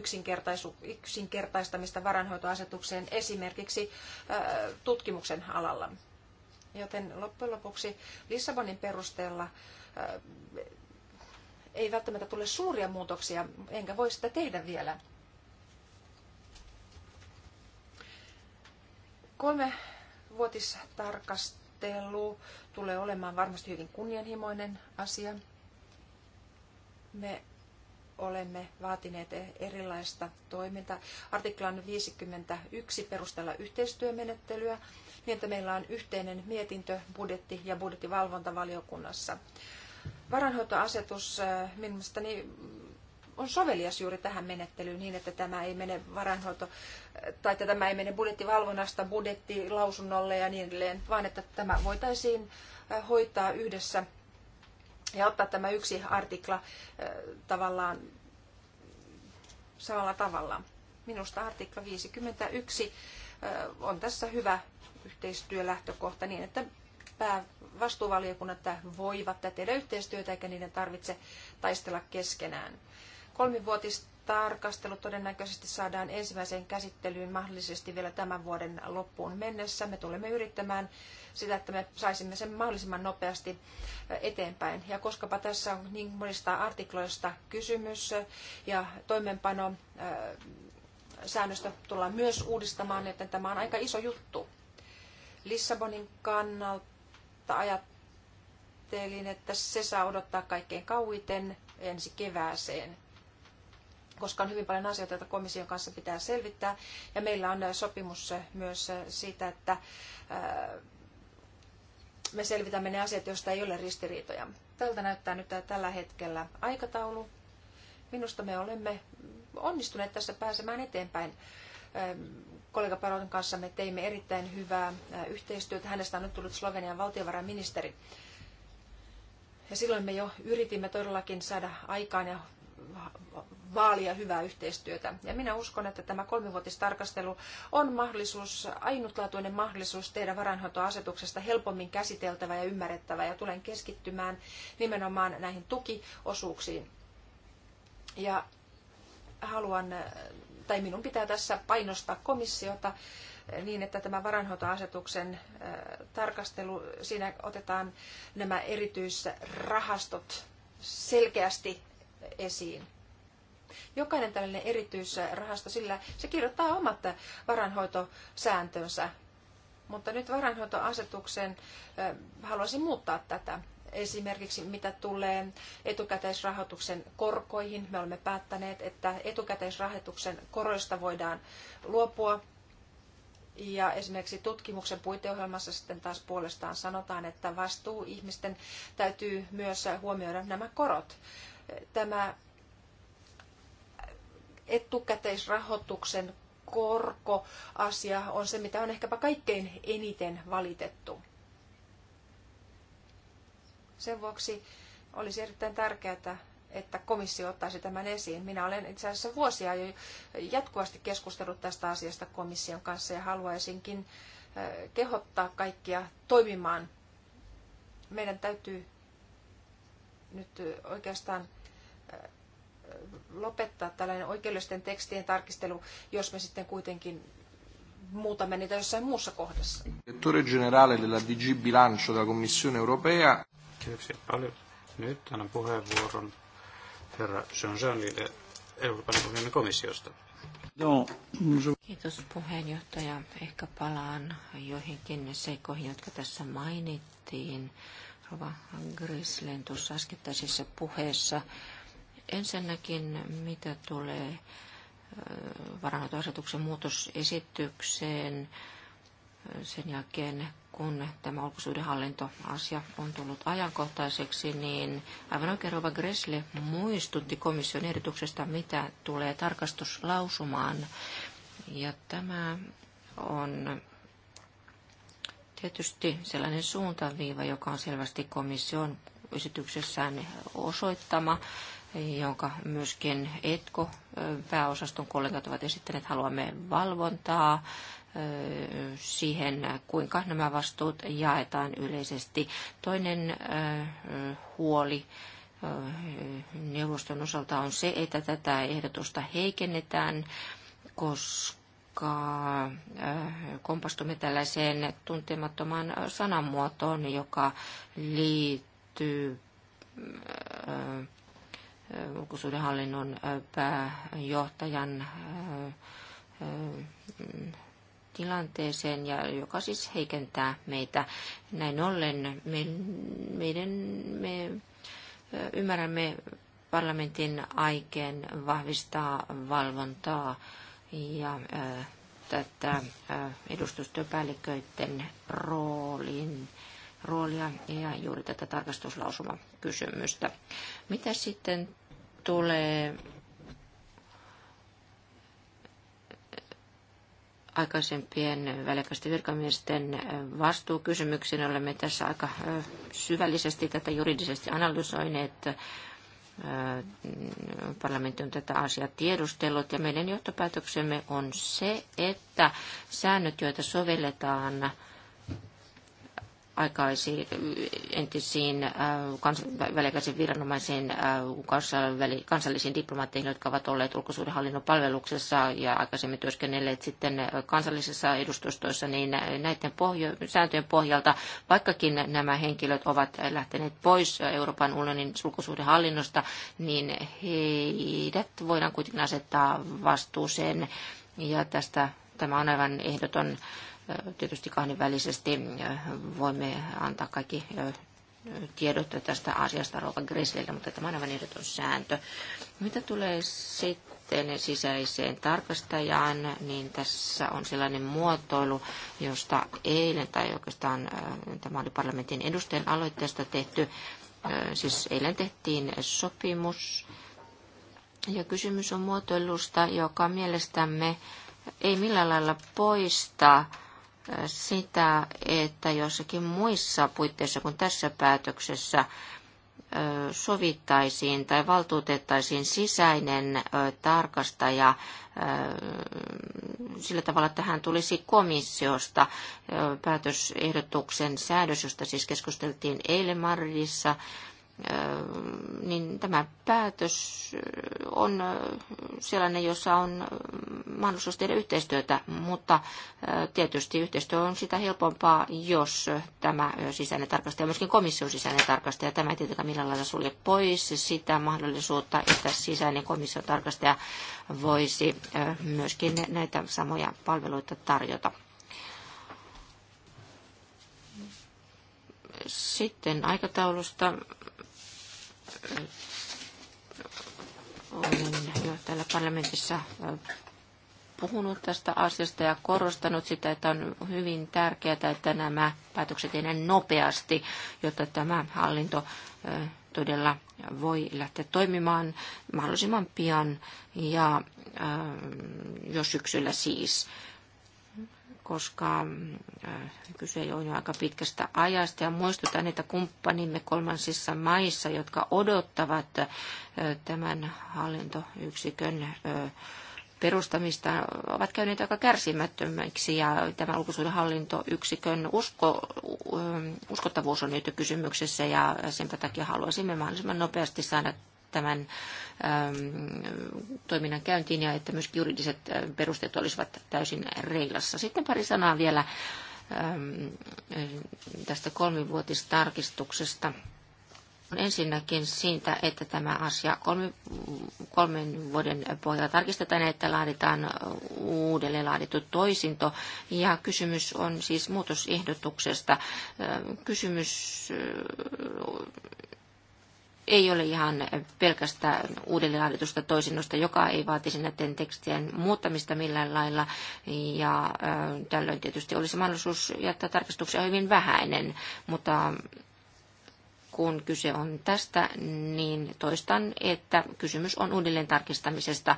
yksinkertaistamista varanhoitoasetukseen esimerkiksi tutkimuksen alalla. Joten loppujen lopuksi Lissabonin perusteella ei välttämättä tule suuria muutoksia, enkä voi sitä tehdä vielä. Kolme vuotistarkastelu tulee olemaan varmasti hyvin kunnianhimoinen asia. Me olemme vaatineet erilaista toimintaa. Artiklan 51 perustella yhteistyömenettelyä, niin että meillä on yhteinen mietintö budjetti- ja budjettivalvontavaliokunnassa. Varanhoitoasetus äh, minusta on sovelias juuri tähän menettelyyn niin, että tämä ei mene varainhoito, tai että tämä ei mene budjettivalvonnasta budjettilausunnolle ja niin edelleen, vaan että tämä voitaisiin äh, hoitaa yhdessä ja ottaa tämä yksi artikla äh, tavallaan samalla tavalla. Minusta artikla 51 äh, on tässä hyvä yhteistyölähtökohta niin, että päävastuuvaliokunnat voivat tehdä yhteistyötä eikä niiden tarvitse taistella keskenään. Kolmivuotistarkastelu todennäköisesti saadaan ensimmäiseen käsittelyyn mahdollisesti vielä tämän vuoden loppuun mennessä. Me tulemme yrittämään sitä, että me saisimme sen mahdollisimman nopeasti eteenpäin. Ja koskapa tässä on niin monista artikloista kysymys ja toimenpano säännöstä tullaan myös uudistamaan, joten tämä on aika iso juttu. Lissabonin kannalta ajattelin, että se saa odottaa kaikkein kauiten ensi kevääseen koska on hyvin paljon asioita, joita komission kanssa pitää selvittää. Ja meillä on äh, sopimus äh, myös äh, siitä, että me selvitämme ne asiat, joista ei ole ristiriitoja. Tältä näyttää nyt tällä hetkellä aikataulu. Minusta me olemme onnistuneet tässä pääsemään eteenpäin. Ähm, kollega Paron kanssa me teimme erittäin hyvää yhteistyötä. Hänestä on nyt tullut Slovenian valtiovarainministeri. Ja silloin me jo yritimme todellakin saada aikaan ja vaalia hyvää yhteistyötä. Ja minä uskon, että tämä kolmivuotistarkastelu on mahdollisuus, ainutlaatuinen mahdollisuus tehdä varainhoitoasetuksesta helpommin käsiteltävä ja ymmärrettävä. Ja tulen keskittymään nimenomaan näihin tukiosuuksiin. Ja haluan, tai minun pitää tässä painostaa komissiota niin, että tämä varainhoitoasetuksen tarkastelu, siinä otetaan nämä erityisrahastot selkeästi esiin. Jokainen tällainen erityisrahasto, sillä se kirjoittaa omat varanhoitosääntönsä. Mutta nyt varanhoitoasetuksen haluaisin muuttaa tätä. Esimerkiksi mitä tulee etukäteisrahoituksen korkoihin, me olemme päättäneet, että etukäteisrahoituksen koroista voidaan luopua ja esimerkiksi tutkimuksen puiteohjelmassa sitten taas puolestaan sanotaan, että vastuu ihmisten täytyy myös huomioida nämä korot tämä etukäteisrahoituksen korkoasia on se, mitä on ehkäpä kaikkein eniten valitettu. Sen vuoksi olisi erittäin tärkeää, että komissio ottaisi tämän esiin. Minä olen itse asiassa vuosia jo jatkuvasti keskustellut tästä asiasta komission kanssa ja haluaisinkin kehottaa kaikkia toimimaan. Meidän täytyy nyt oikeastaan lopettaa tällainen oikeudellisten tekstien tarkistelu, jos me sitten kuitenkin muutamme niitä jossain muussa kohdassa. Direttore generale della DG Bilancio della Commissione Europea. Kiitoksia paljon. Nyt annan puheenvuoron herra Jean-Jeanille Euroopan unionin komissiosta. Kiitos puheenjohtaja. Ehkä palaan joihinkin seikkoihin, jotka tässä mainittiin. Rova Grislen tuossa äskettäisessä puheessa Ensinnäkin, mitä tulee varanhoitoasetuksen muutosesitykseen sen jälkeen, kun tämä ulkosuudenhallintoasia on tullut ajankohtaiseksi, niin aivan oikein Rova Gressle muistutti komission ehdotuksesta, mitä tulee tarkastuslausumaan. Ja tämä on tietysti sellainen suuntaviiva, joka on selvästi komission esityksessään osoittama jonka myöskin ETKO pääosaston kollegat ovat esittäneet. Haluamme valvontaa siihen, kuinka nämä vastuut jaetaan yleisesti. Toinen huoli neuvoston osalta on se, että tätä ehdotusta heikennetään, koska koska kompastumme tällaiseen tuntemattomaan sanamuotoon, joka liittyy ulkosuudenhallinnon pääjohtajan tilanteeseen, ja joka siis heikentää meitä. Näin ollen me, meidän, me ymmärrämme parlamentin aikeen vahvistaa valvontaa ja tätä edustustyöpäälliköiden roolin roolia ja juuri tätä tarkastuslausumakysymystä. Mitä sitten tulee aikaisempien väliaikaisten virkamiesten vastuukysymyksiin. Olemme tässä aika syvällisesti tätä juridisesti analysoineet. Parlamentti on tätä asiaa tiedustellut ja meidän johtopäätöksemme on se, että säännöt, joita sovelletaan aikaisiin entisiin äh, väliaikaisiin viranomaisiin, äh, kansallisiin diplomaatteihin, jotka ovat olleet ulkosuudenhallinnon palveluksessa ja aikaisemmin työskennelleet sitten äh, kansallisissa edustustoissa, niin näiden pohjo- sääntöjen pohjalta, vaikkakin nämä henkilöt ovat lähteneet pois Euroopan unionin ulkosuhdehallinnosta, niin heidät voidaan kuitenkin asettaa vastuuseen. Ja tästä tämä on aivan ehdoton Tietysti kahdenvälisesti voimme antaa kaikki tiedot tästä asiasta Rouva Grislille, mutta tämä on aivan ehdoton sääntö. Mitä tulee sitten sisäiseen tarkastajaan, niin tässä on sellainen muotoilu, josta eilen, tai oikeastaan tämä oli parlamentin edustajan aloitteesta tehty, siis eilen tehtiin sopimus, ja kysymys on muotoilusta, joka mielestämme ei millään lailla poista sitä, että jossakin muissa puitteissa kuin tässä päätöksessä sovittaisiin tai valtuutettaisiin sisäinen tarkastaja sillä tavalla, että hän tulisi komissiosta päätösehdotuksen säädös, josta siis keskusteltiin eilen Madridissa Öö, niin tämä päätös öö, on öö, sellainen, jossa on mahdollisuus tehdä yhteistyötä, mutta tietysti yhteistyö on sitä helpompaa, jos tämä sisäinen tarkastaja, myöskin komission sisäinen tarkastaja, tämä ei tietenkään millään lailla sulje pois sitä mahdollisuutta, että sisäinen komission tarkastaja voisi myöskin näitä samoja palveluita tarjota. Sitten aikataulusta olen jo täällä parlamentissa äh, puhunut tästä asiasta ja korostanut sitä, että on hyvin tärkeää, että nämä päätökset tehdään nopeasti, jotta tämä hallinto äh, todella voi lähteä toimimaan mahdollisimman pian ja äh, jo syksyllä siis koska mm, äh, kyse on jo aika pitkästä ajasta. Ja muistutan, että kumppanimme kolmansissa maissa, jotka odottavat äh, tämän hallintoyksikön äh, perustamista ovat käyneet aika kärsimättömiksi ja tämä hallintoyksikön usko, uskottavuus on nyt kysymyksessä ja sen takia haluaisimme mahdollisimman nopeasti saada tämän ähm, toiminnan käyntiin ja että myös juridiset äh, perusteet olisivat täysin reilassa. Sitten pari sanaa vielä ähm, tästä kolmivuotistarkistuksesta. Ensinnäkin siitä, että tämä asia kolme, kolmen vuoden pohjalta tarkistetaan, että laaditaan uudelleen laadittu toisinto. Ja kysymys on siis muutosehdotuksesta. Äh, kysymys äh, ei ole ihan pelkästä uudelleenlaaditusta toisinnosta, joka ei vaatisi näiden tekstien muuttamista millään lailla. Ja tällöin tietysti olisi mahdollisuus jättää tarkastuksia hyvin vähäinen, mutta kun kyse on tästä, niin toistan, että kysymys on uudelleen tarkistamisesta.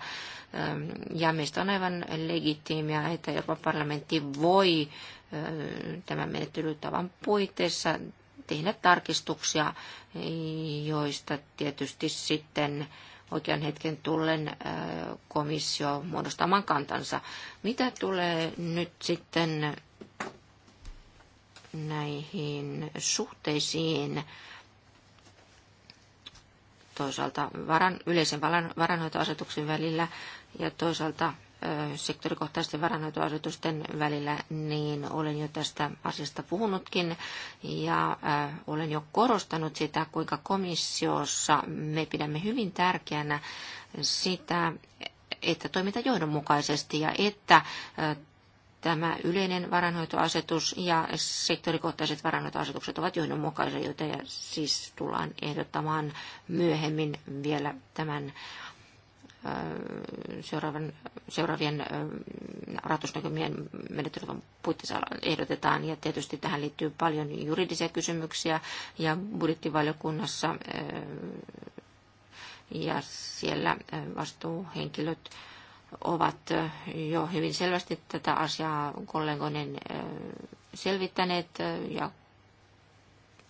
Ja meistä on aivan legitiimiä, että Euroopan parlamentti voi tämän menettelytavan puitteissa ne tarkistuksia, joista tietysti sitten oikean hetken tullen äh, komissio muodostamaan kantansa. Mitä tulee nyt sitten näihin suhteisiin toisaalta varan, yleisen varan, varanhoitoasetuksen välillä ja toisaalta sektorikohtaisten varanhoitoasetusten välillä, niin olen jo tästä asiasta puhunutkin ja äh, olen jo korostanut sitä, kuinka komissiossa me pidämme hyvin tärkeänä sitä, että toiminta johdonmukaisesti ja että äh, tämä yleinen varanhoitoasetus ja sektorikohtaiset varanhoitoasetukset ovat johdonmukaisia, joita siis tullaan ehdottamaan myöhemmin vielä tämän seuraavan, seuraavien ratusnäkymien menettelyn puitteissa ehdotetaan. Ja tietysti tähän liittyy paljon juridisia kysymyksiä ja budjettivaliokunnassa ja siellä vastuuhenkilöt ovat jo hyvin selvästi tätä asiaa kollegoiden selvittäneet ja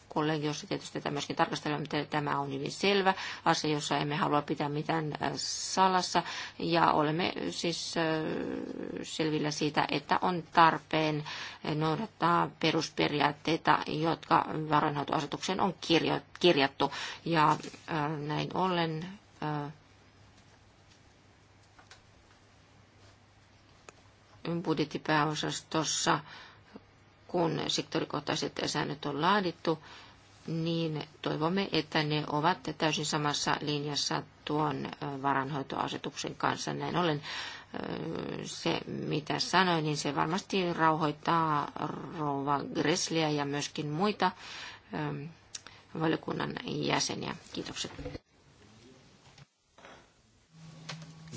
kollegiossa tietysti tätä myöskin tarkastelemme, mutta tämä on hyvin selvä asia, jossa emme halua pitää mitään äh, salassa. Ja olemme siis äh, selvillä siitä, että on tarpeen noudattaa perusperiaatteita, jotka varainhoitoasetukseen on kirjattu. Ja äh, näin ollen budjettipääosastossa kun sektorikohtaiset säännöt on laadittu, niin toivomme, että ne ovat täysin samassa linjassa tuon varanhoitoasetuksen kanssa. Näin ollen se, mitä sanoin, niin se varmasti rauhoittaa Rova Gresliä ja myöskin muita valiokunnan jäseniä. Kiitokset.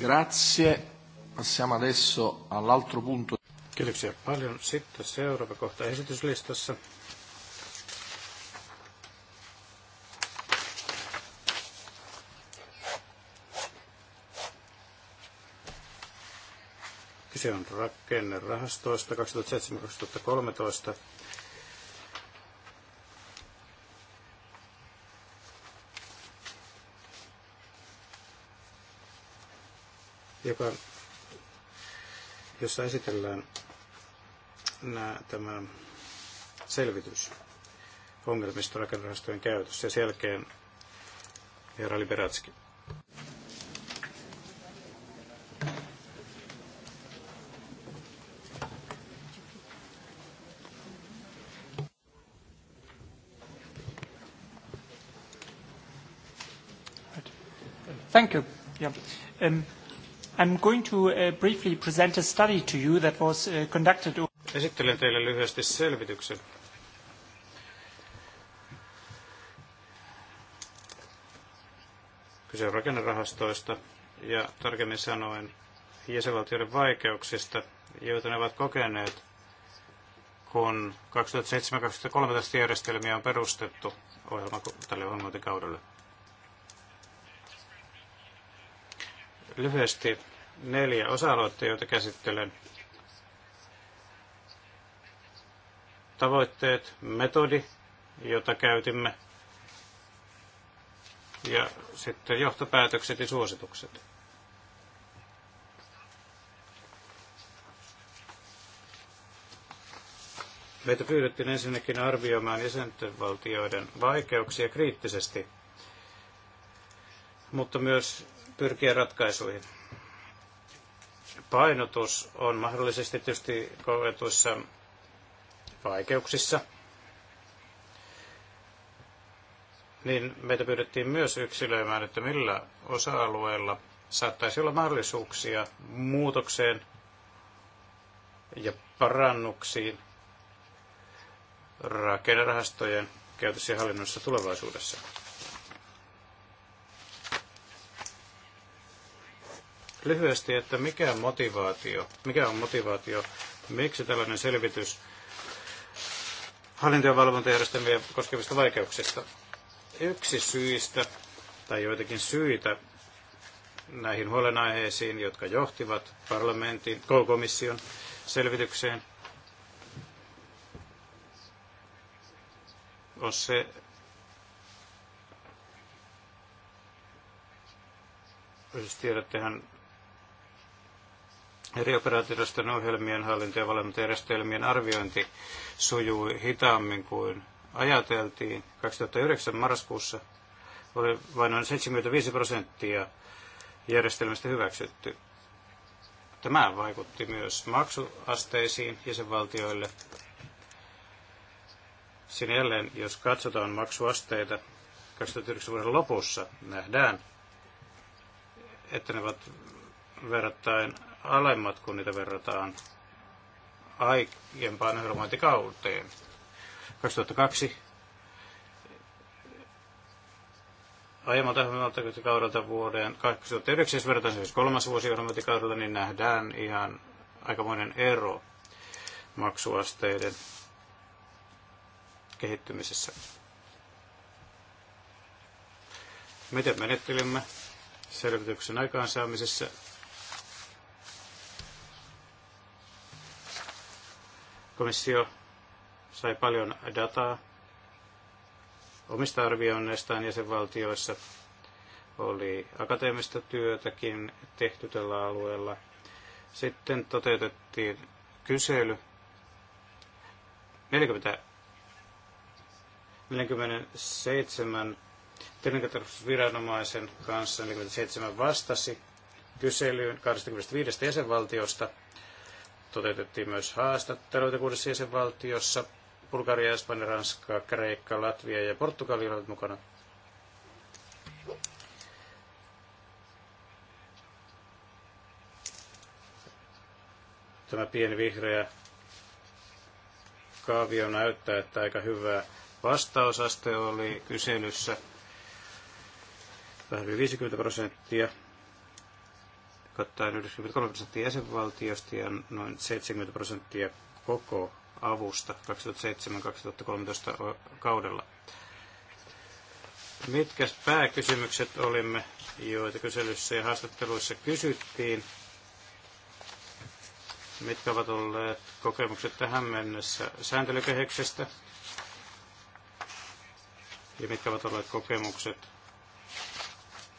Grazie. Passiamo adesso all'altro punto. Kiitoksia paljon. Sitten seuraava kohta esityslistassa. Kyse on rakennerahastoista 2007-2013. joka, jossa esitellään nää, tämä selvitys ongelmista rakennerahastojen käytössä. Ja sen jälkeen Herra Liberatski. Thank you. Yeah. Um, I'm going to uh, briefly present a study to you that was uh, conducted Esittelen teille lyhyesti selvityksen. Kyse on rakennerahastoista ja tarkemmin sanoen jäsenvaltioiden vaikeuksista, joita ne ovat kokeneet, kun 2007-2013 järjestelmiä on perustettu ohjelma, tälle ohjelmointikaudelle. Lyhyesti neljä osa-aluetta, joita käsittelen tavoitteet, metodi, jota käytimme, ja sitten johtopäätökset ja suositukset. Meitä pyydettiin ensinnäkin arvioimaan jäsenvaltioiden vaikeuksia kriittisesti, mutta myös pyrkiä ratkaisuihin. Painotus on mahdollisesti tietysti koetuissa vaikeuksissa, niin meitä pyydettiin myös yksilöimään, että millä osa-alueella saattaisi olla mahdollisuuksia muutokseen ja parannuksiin rakennerahastojen käytössä ja hallinnossa tulevaisuudessa. Lyhyesti, että mikä, motivaatio, mikä on motivaatio, miksi tällainen selvitys hallinto- ja valvontajärjestelmiä koskevista vaikeuksista. Yksi syistä, tai joitakin syitä näihin huolenaiheisiin, jotka johtivat parlamentin komission selvitykseen, on se, jos tiedättehän eri operaatioiden ohjelmien hallinto- ja valvontajärjestelmien arviointi sujui hitaammin kuin ajateltiin. 2009 marraskuussa oli vain noin 75 prosenttia järjestelmästä hyväksytty. Tämä vaikutti myös maksuasteisiin jäsenvaltioille. Siinä jälleen, jos katsotaan maksuasteita 2009 vuoden lopussa, nähdään, että ne ovat verrattain alemmat, kun niitä verrataan aiempaan ohjelmointikauteen. 2002 aiemmalta ohjelmointikaudelta vuoden 2009, verrattuna siis kolmas vuosi ohjelmointikaudella, niin nähdään ihan aikamoinen ero maksuasteiden kehittymisessä. Miten menettelimme selvityksen aikaansaamisessa Komissio sai paljon dataa omista arvioinneistaan jäsenvaltioissa. Oli akateemista työtäkin tehty tällä alueella. Sitten toteutettiin kysely 40, 47 tilintarkastusviranomaisen kanssa, 47 vastasi kyselyyn 25 jäsenvaltiosta – Toteutettiin myös haastatteluita kuudessa jäsenvaltiossa. Bulgaria, Espanja, Ranska, Kreikka, Latvia ja Portugali olivat mukana. Tämä pieni vihreä kaavio näyttää, että aika hyvä vastausaste oli kyselyssä vähän 50 prosenttia kattaen 93 prosenttia jäsenvaltiosta ja noin 70 prosenttia koko avusta 2007-2013 kaudella. Mitkä pääkysymykset olimme, joita kyselyssä ja haastatteluissa kysyttiin? Mitkä ovat olleet kokemukset tähän mennessä sääntelykehyksestä? Ja mitkä ovat olleet kokemukset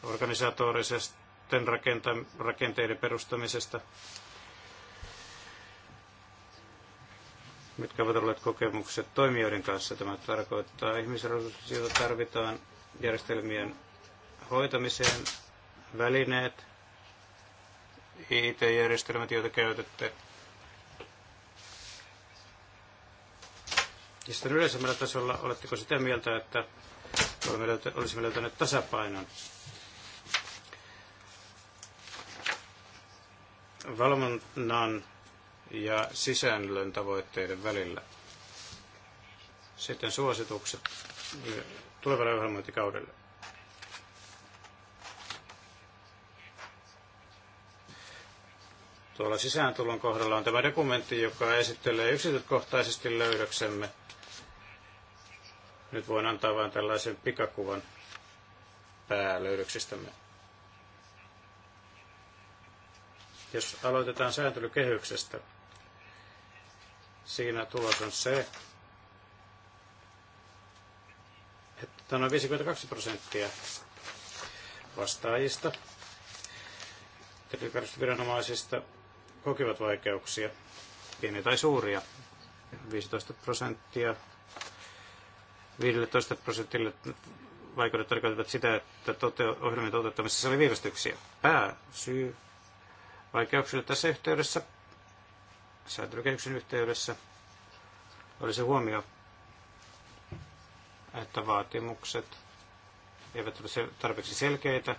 organisatorisesta uuden rakenteiden perustamisesta, mitkä ovat olleet kokemukset toimijoiden kanssa. Tämä tarkoittaa ihmisresursseja, tarvitaan järjestelmien hoitamiseen, välineet, IT-järjestelmät, joita käytätte. Ja sitten yleisemmällä tasolla, oletteko sitä mieltä, että olisimme löytäneet tasapainon valvonnan ja sisällön tavoitteiden välillä. Sitten suositukset tulevalle ohjelmointikaudelle. Tuolla sisääntulon kohdalla on tämä dokumentti, joka esittelee yksityiskohtaisesti löydöksemme. Nyt voin antaa vain tällaisen pikakuvan päälöydöksistämme. Jos aloitetaan sääntelykehyksestä, siinä tulos on se, että noin 52 prosenttia vastaajista, viranomaisista kokivat vaikeuksia, pieniä tai suuria. 15 prosenttia, 15 prosentille vaikeudet tarkoittavat sitä, että tote- ohjelmien toteuttamisessa oli viivästyksiä. Pääsyy Vaikeuksille tässä yhteydessä, sääntelykehyksen yhteydessä, oli se huomio, että vaatimukset eivät ole tarpeeksi selkeitä,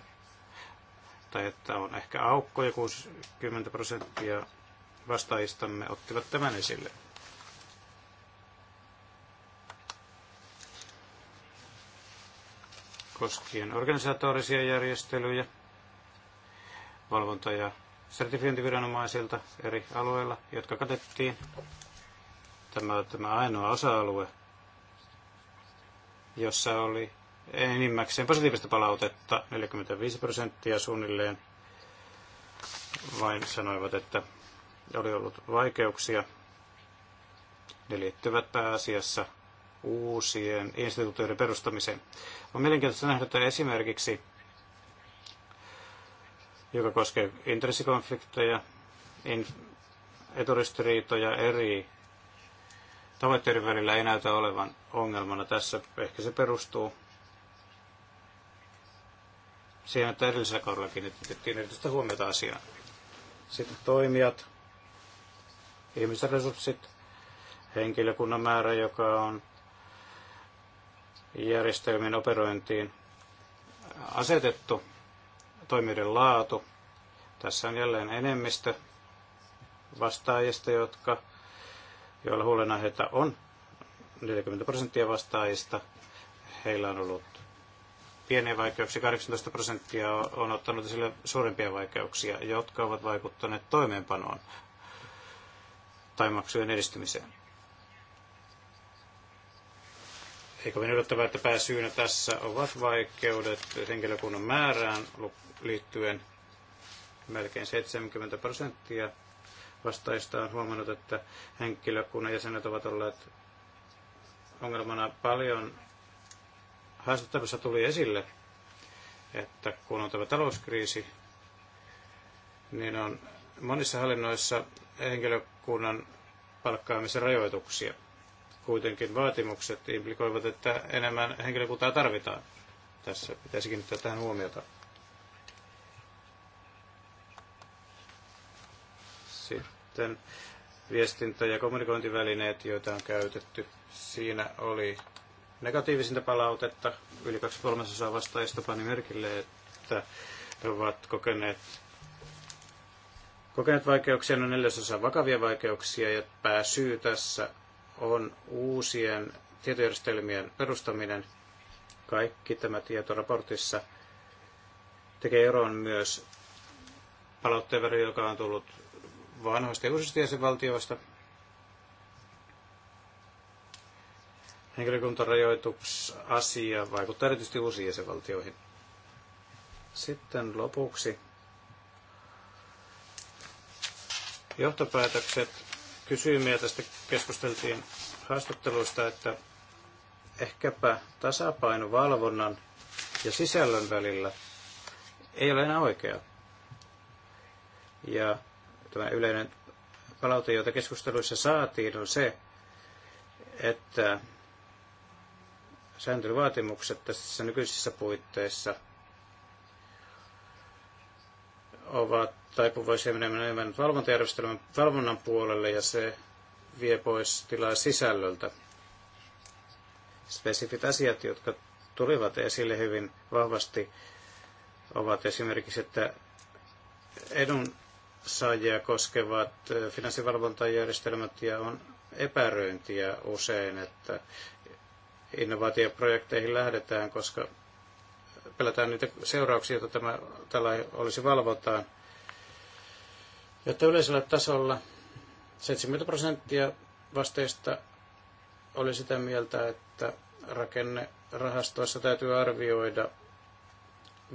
tai että on ehkä aukko ja 60 prosenttia vastaajistamme ottivat tämän esille. koskien organisatorisia järjestelyjä, valvonta- ja sertifiointiviranomaisilta eri alueilla, jotka katettiin. Tämä, tämä ainoa osa-alue, jossa oli enimmäkseen positiivista palautetta, 45 prosenttia suunnilleen, vain sanoivat, että oli ollut vaikeuksia. Ne liittyvät pääasiassa uusien instituutioiden perustamiseen. On mielenkiintoista nähdä, että esimerkiksi joka koskee intressikonflikteja, eturistiriitoja eri tavoitteiden välillä ei näytä olevan ongelmana tässä. Ehkä se perustuu siihen, että edellisellä kaudella kiinnitettiin erityistä huomiota asiaan. Sitten toimijat, resurssit, henkilökunnan määrä, joka on järjestelmien operointiin asetettu toimijoiden laatu. Tässä on jälleen enemmistö vastaajista, jotka, joilla huolenaiheita on. 40 prosenttia vastaajista. Heillä on ollut pieniä vaikeuksia, 18 prosenttia on ottanut esille suurempia vaikeuksia, jotka ovat vaikuttaneet toimeenpanoon tai maksujen edistymiseen. Eikö ole yllättävää, että pääsyynä tässä ovat vaikeudet henkilökunnan määrään liittyen. Melkein 70 prosenttia vastaista on huomannut, että henkilökunnan jäsenet ovat olleet ongelmana paljon. Haastattelussa tuli esille, että kun on tämä talouskriisi, niin on monissa hallinnoissa henkilökunnan palkkaamisen rajoituksia – kuitenkin vaatimukset implikoivat, että enemmän henkilökuntaa tarvitaan. Tässä pitäisi kiinnittää tähän huomiota. Sitten viestintä- ja kommunikointivälineet, joita on käytetty. Siinä oli negatiivisinta palautetta. Yli kaksi kolmasosaa vastaajista pani merkille, että he ovat kokeneet, kokeneet vaikeuksia, no neljäsosa vakavia vaikeuksia ja pääsyy tässä on uusien tietojärjestelmien perustaminen. Kaikki tämä tieto raportissa tekee eron myös palautteen verran, joka on tullut vanhoista ja uusista jäsenvaltioista. Henkilökuntarajoituksasia vaikuttaa erityisesti uusiin jäsenvaltioihin. Sitten lopuksi johtopäätökset kysyimme ja tästä keskusteltiin haastatteluista, että ehkäpä tasapaino valvonnan ja sisällön välillä ei ole enää oikea. Ja tämä yleinen palaute, jota keskusteluissa saatiin, on se, että sääntelyvaatimukset tässä nykyisissä puitteissa ovat taipuvaisia menemään valvontajärjestelmän valvonnan puolelle ja se vie pois tilaa sisällöltä. Spesifit asiat, jotka tulivat esille hyvin vahvasti, ovat esimerkiksi, että edunsaajia koskevat finanssivalvontajärjestelmät ja on epäröintiä usein, että innovaatioprojekteihin lähdetään, koska pelätään niitä seurauksia, joita tämä, tällä olisi valvotaan. Jotta yleisellä tasolla 70 prosenttia vasteista oli sitä mieltä, että rakennerahastoissa täytyy arvioida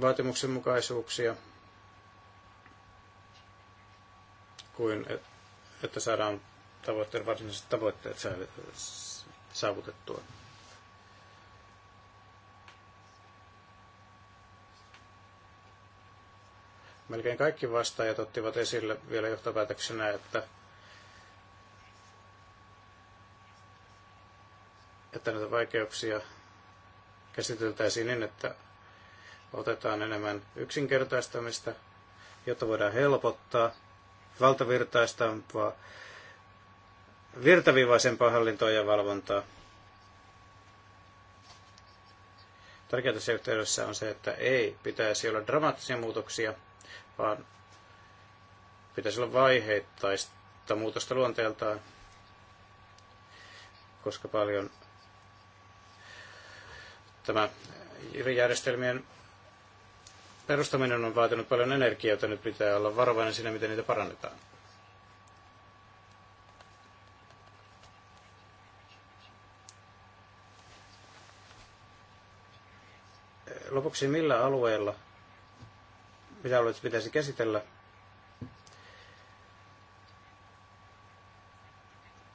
vaatimuksen mukaisuuksia kuin että saadaan tavoitteen varsinaiset tavoitteet saavutettua. Melkein kaikki vastaajat ottivat esille vielä johtopäätöksenä, että, että näitä vaikeuksia käsiteltäisiin niin, että otetaan enemmän yksinkertaistamista, jotta voidaan helpottaa valtavirtaistampaa, virtaviivaisempaa hallintoa ja valvontaa. Tärkeää tässä yhteydessä on se, että ei pitäisi olla dramaattisia muutoksia – vaan pitäisi olla vaiheittaista muutosta luonteeltaan, koska paljon tämä järjestelmien perustaminen on vaatinut paljon energiaa, joten nyt pitää olla varovainen siinä, miten niitä parannetaan. Lopuksi millä alueella mitä alueita pitäisi käsitellä,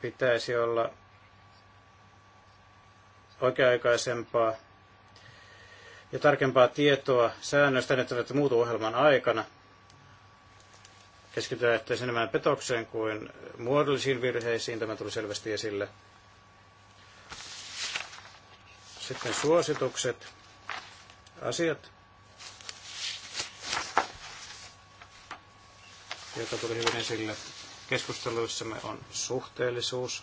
pitäisi olla oikea-aikaisempaa ja tarkempaa tietoa säännöistä, että ne muutu ohjelman aikana. Keskitytään ettei enemmän petokseen kuin muodollisiin virheisiin. Tämä tuli selvästi esille. Sitten suositukset, asiat, joka tuli hyvin esille keskusteluissamme, on suhteellisuus.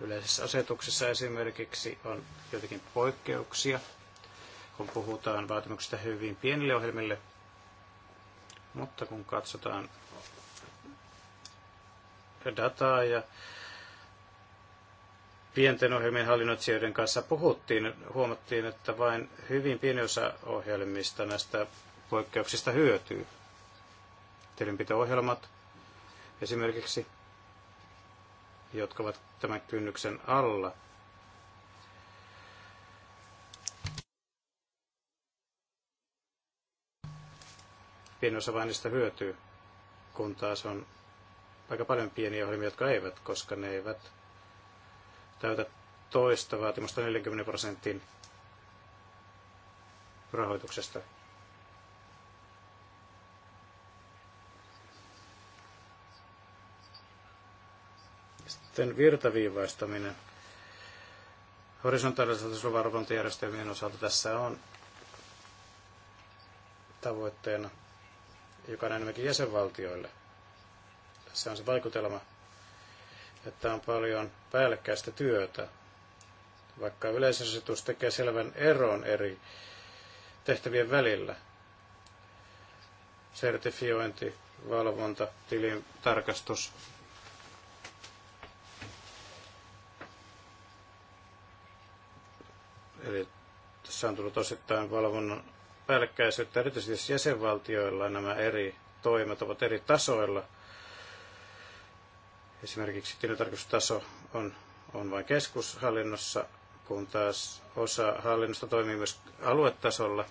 Yleisessä asetuksessa esimerkiksi on joitakin poikkeuksia, kun puhutaan vaatimuksista hyvin pienille ohjelmille, mutta kun katsotaan dataa ja pienten ohjelmien hallinnoitsijoiden kanssa puhuttiin, huomattiin, että vain hyvin pieni osa ohjelmista näistä poikkeuksista hyötyy. Tilinpito-ohjelmat esimerkiksi, jotka ovat tämän kynnyksen alla, pieni osa vain niistä hyötyy, kun taas on aika paljon pieniä ohjelmia, jotka eivät, koska ne eivät täytä toista vaatimusta 40 prosentin rahoituksesta. Sitten virtaviivaistaminen horisontaalisen tasovalvontajärjestelmien osalta tässä on tavoitteena, joka on enemmänkin jäsenvaltioille. Tässä on se vaikutelma, että on paljon päällekkäistä työtä, vaikka yleisasetus tekee selvän eron eri tehtävien välillä. Sertifiointi, valvonta, tilintarkastus, Eli tässä on tullut osittain valvonnan päällekkäisyyttä, erityisesti jos jäsenvaltioilla nämä eri toimet ovat eri tasoilla. Esimerkiksi tilintarkastustaso on, on vain keskushallinnossa, kun taas osa hallinnosta toimii myös aluetasolla.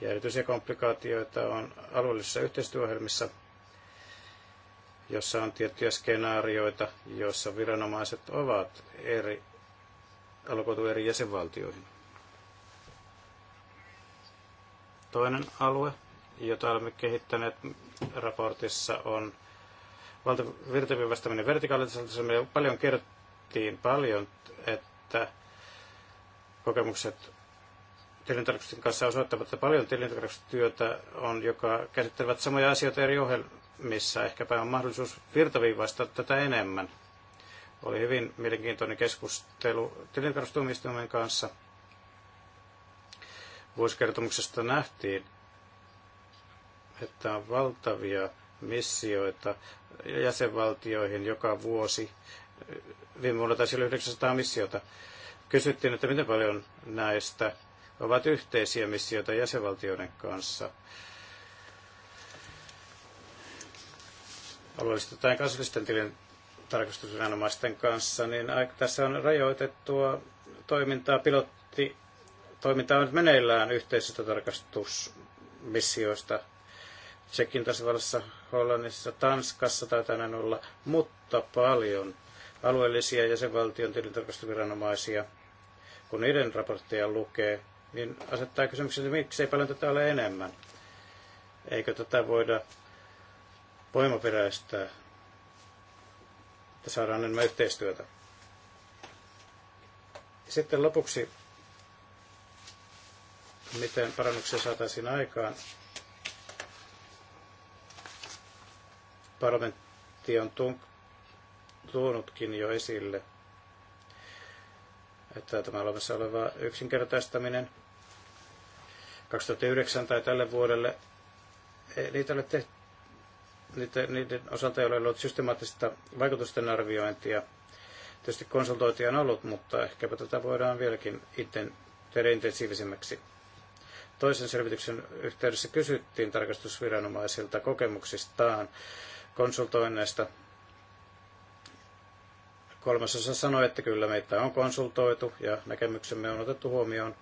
Ja erityisiä komplikaatioita on alueellisissa yhteistyöohjelmissa, jossa on tiettyjä skenaarioita, joissa viranomaiset ovat eri Alkoitu eri jäsenvaltioihin. Toinen alue, jota olemme kehittäneet raportissa, on virtaviivastaminen vertikaalisesti. Me paljon kerrottiin paljon, että kokemukset tilintarkastuksen kanssa osoittavat, että paljon tilintarkastustyötä on, joka käsittelevät samoja asioita eri ohjelmissa. Ehkäpä on mahdollisuus virtaviivaistaa tätä enemmän – oli hyvin mielenkiintoinen keskustelu tilintarkastustuomioistuimen kanssa. Vuosikertomuksesta nähtiin, että on valtavia missioita jäsenvaltioihin joka vuosi. Viime vuonna taisi olla 900 missiota. Kysyttiin, että miten paljon näistä ovat yhteisiä missioita jäsenvaltioiden kanssa. alueellisten tai kansallisten tilien tarkastusviranomaisten kanssa, niin tässä on rajoitettua toimintaa, pilotti, toimintaa on meneillään yhteisistä tarkastusmissioista Tsekin tasavallassa, Hollannissa, Tanskassa tai tänään olla, mutta paljon alueellisia jäsenvaltion tilintarkastusviranomaisia, kun niiden raportteja lukee, niin asettaa kysymyksen, että miksei paljon tätä ole enemmän. Eikö tätä voida voimaperäistää että saadaan enemmän yhteistyötä. Sitten lopuksi, miten parannuksia saataisiin aikaan. Parlamentti on tuonutkin jo esille, että tämä olemassa oleva yksinkertaistaminen 2009 tai tälle vuodelle, niitä ole tehty niiden osalta ei ole ollut systemaattista vaikutusten arviointia. Tietysti konsultointia on ollut, mutta ehkäpä tätä voidaan vieläkin iten tehdä intensiivisemmäksi. Toisen selvityksen yhteydessä kysyttiin tarkastusviranomaisilta kokemuksistaan konsultoinneista. Kolmasosa sanoi, että kyllä meitä on konsultoitu ja näkemyksemme on otettu huomioon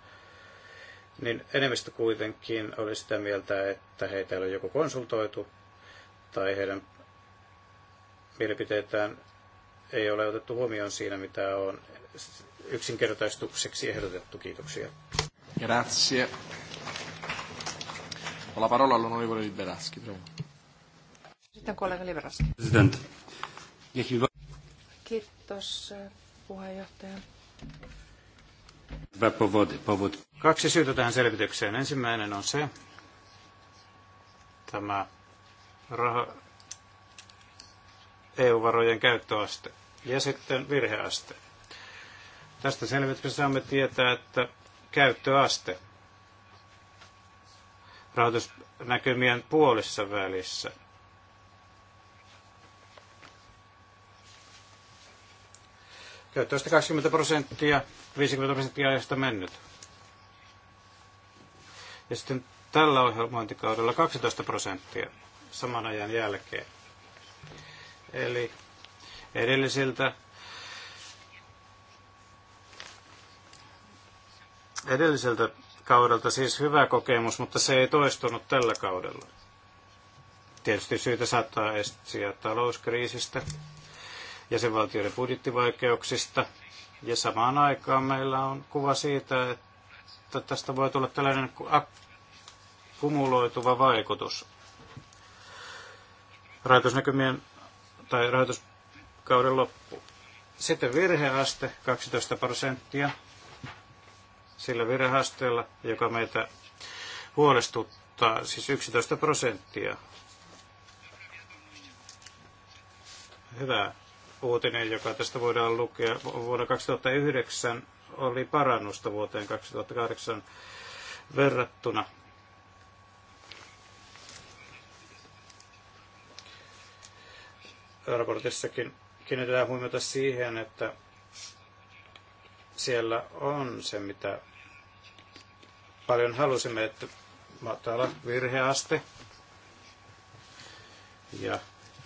niin enemmistö kuitenkin oli sitä mieltä, että heitä ei ole joku konsultoitu tai heidän mielipiteitään ei ole otettu huomioon siinä, mitä on yksinkertaistukseksi ehdotettu. Kiitoksia. Grazie. La parola all'onorevole Liberaschi, prego. Sitten kollega Liberaschi. President. Kiitos puheenjohtaja. Kaksi syytä tähän selvitykseen. Ensimmäinen on se, tämä raha, EU-varojen käyttöaste ja sitten virheaste. Tästä selvityksestä saamme tietää, että käyttöaste rahoitusnäkymien puolissa välissä Käyttöaste 20 prosenttia, 50 prosenttia ajasta mennyt. Ja sitten tällä ohjelmointikaudella 12 prosenttia saman ajan jälkeen. Eli edellisiltä edelliseltä kaudelta siis hyvä kokemus, mutta se ei toistunut tällä kaudella. Tietysti syytä saattaa etsiä talouskriisistä, ja valtioiden budjettivaikeuksista, ja samaan aikaan meillä on kuva siitä, että tästä voi tulla tällainen kumuloituva vaikutus rajoitusnäkymien tai rajoituskauden loppu. Sitten virheaste 12 prosenttia sillä virheasteella, joka meitä huolestuttaa, siis 11 prosenttia. Hyvä uutinen, joka tästä voidaan lukea. Vuonna 2009 oli parannusta vuoteen 2008 verrattuna. raportissakin kiinnitetään huomiota siihen, että siellä on se, mitä paljon halusimme, että matala virheaste ja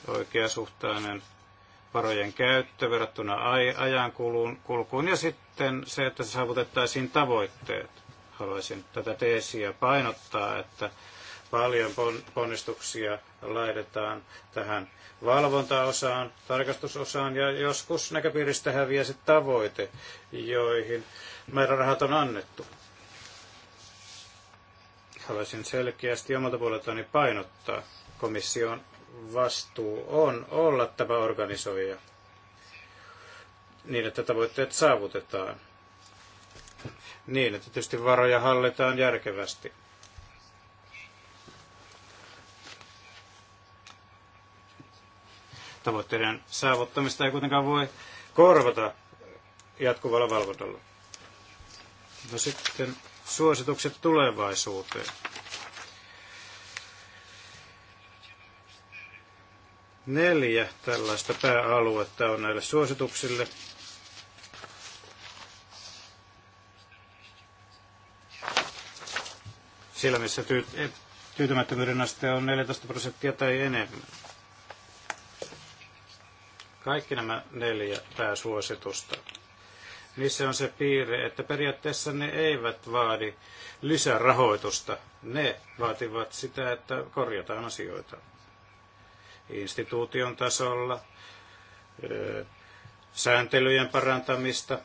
oikeasuhtainen varojen käyttö verrattuna ajan kulkuun ja sitten se, että saavutettaisiin tavoitteet. Haluaisin tätä teesiä painottaa, että Paljon ponnistuksia laitetaan tähän valvontaosaan, tarkastusosaan ja joskus näköpiiristä häviää se tavoite, joihin määrärahat on annettu. Haluaisin selkeästi omalta puoleltani painottaa. Komission vastuu on olla tämä organisoija niin, että tavoitteet saavutetaan. Niin, että tietysti varoja hallitaan järkevästi. Tavoitteiden saavuttamista ei kuitenkaan voi korvata jatkuvalla valvonnalla. No sitten suositukset tulevaisuuteen. Neljä tällaista pääaluetta on näille suosituksille. Siellä missä tyy- tyytymättömyyden aste on 14 prosenttia tai enemmän. Kaikki nämä neljä pääsuositusta. Niissä on se piirre, että periaatteessa ne eivät vaadi lisärahoitusta. Ne vaativat sitä, että korjataan asioita instituution tasolla, sääntelyjen parantamista,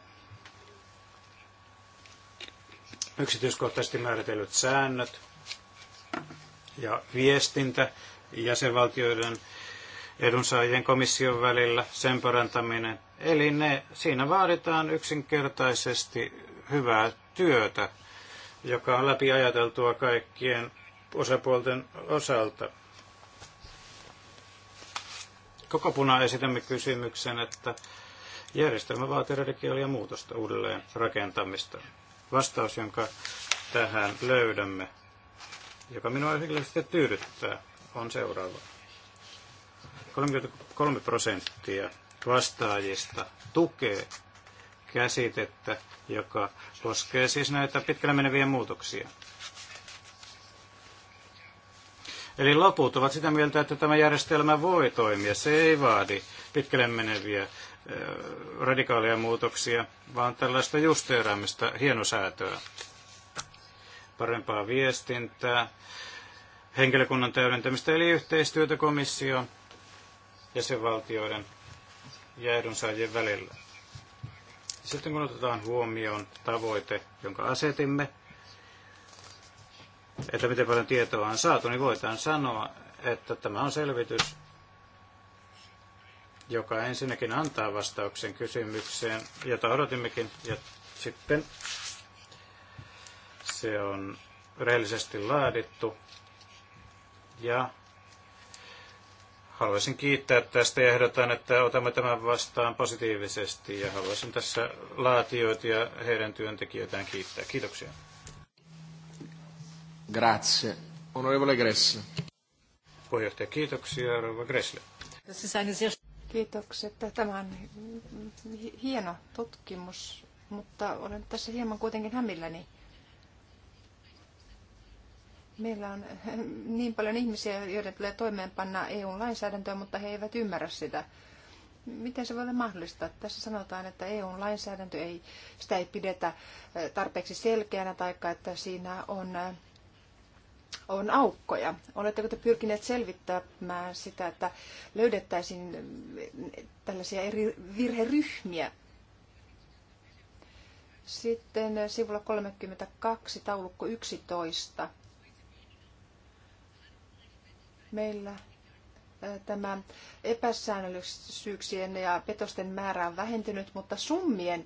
yksityiskohtaisesti määritellyt säännöt ja viestintä jäsenvaltioiden edunsaajien komission välillä, sen parantaminen. Eli ne, siinä vaaditaan yksinkertaisesti hyvää työtä, joka on läpi ajateltua kaikkien osapuolten osalta. Koko puna esitämme kysymyksen, että järjestelmä vaatii radikaalia muutosta uudelleen rakentamista. Vastaus, jonka tähän löydämme, joka minua henkilökohtaisesti tyydyttää, on seuraava. 33 prosenttia vastaajista tukee käsitettä, joka koskee siis näitä pitkällä meneviä muutoksia. Eli loput ovat sitä mieltä, että tämä järjestelmä voi toimia. Se ei vaadi pitkälle meneviä radikaaleja muutoksia, vaan tällaista justeeraamista, hienosäätöä, parempaa viestintää, henkilökunnan täydentämistä eli yhteistyötä komission jäsenvaltioiden ja edunsaajien välillä. Sitten kun otetaan huomioon tavoite, jonka asetimme, että miten paljon tietoa on saatu, niin voidaan sanoa, että tämä on selvitys, joka ensinnäkin antaa vastauksen kysymykseen, jota odotimmekin, ja sitten se on rehellisesti laadittu ja Haluaisin kiittää tästä ja ehdotan, että otamme tämän vastaan positiivisesti ja haluaisin tässä laatioita ja heidän työntekijöitään kiittää. Kiitoksia. Grazie. Onorevole Gressle. Puheenjohtaja, kiitoksia. Rova Gressle. Kiitokset. Tämä on hieno tutkimus, mutta olen tässä hieman kuitenkin hämilläni meillä on eh, niin paljon ihmisiä, joiden tulee toimeenpanna EU-lainsäädäntöä, mutta he eivät ymmärrä sitä. Miten se voi olla mahdollista? Tässä sanotaan, että EU-lainsäädäntö ei, sitä ei pidetä eh, tarpeeksi selkeänä, tai että siinä on, eh, on aukkoja. Oletteko te pyrkineet selvittämään sitä, että löydettäisiin tällaisia eri virheryhmiä sitten sivulla 32, taulukko 11. Meillä tämä epäsäännöllisyyksien ja petosten määrä on vähentynyt, mutta summien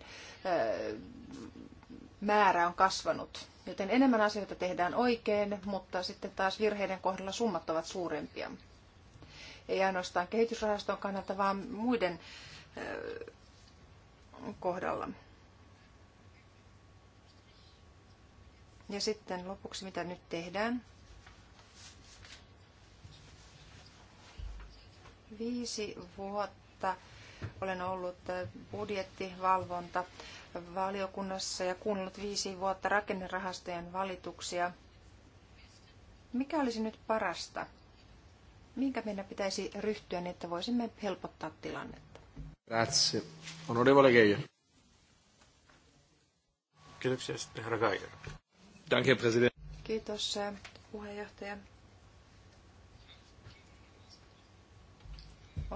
määrä on kasvanut. Joten enemmän asioita tehdään oikein, mutta sitten taas virheiden kohdalla summat ovat suurempia. Ei ainoastaan kehitysrahaston kannalta, vaan muiden kohdalla. Ja sitten lopuksi, mitä nyt tehdään. Viisi vuotta olen ollut budjettivalvonta valiokunnassa ja kuunnellut viisi vuotta rakennerahastojen valituksia. Mikä olisi nyt parasta? Minkä meidän pitäisi ryhtyä, niin että voisimme helpottaa tilannetta? Grazie. Onorevole Geijer. Kiitoksia sitten herra Geijer. Danke, president. Kiitos eh, puheenjohtaja.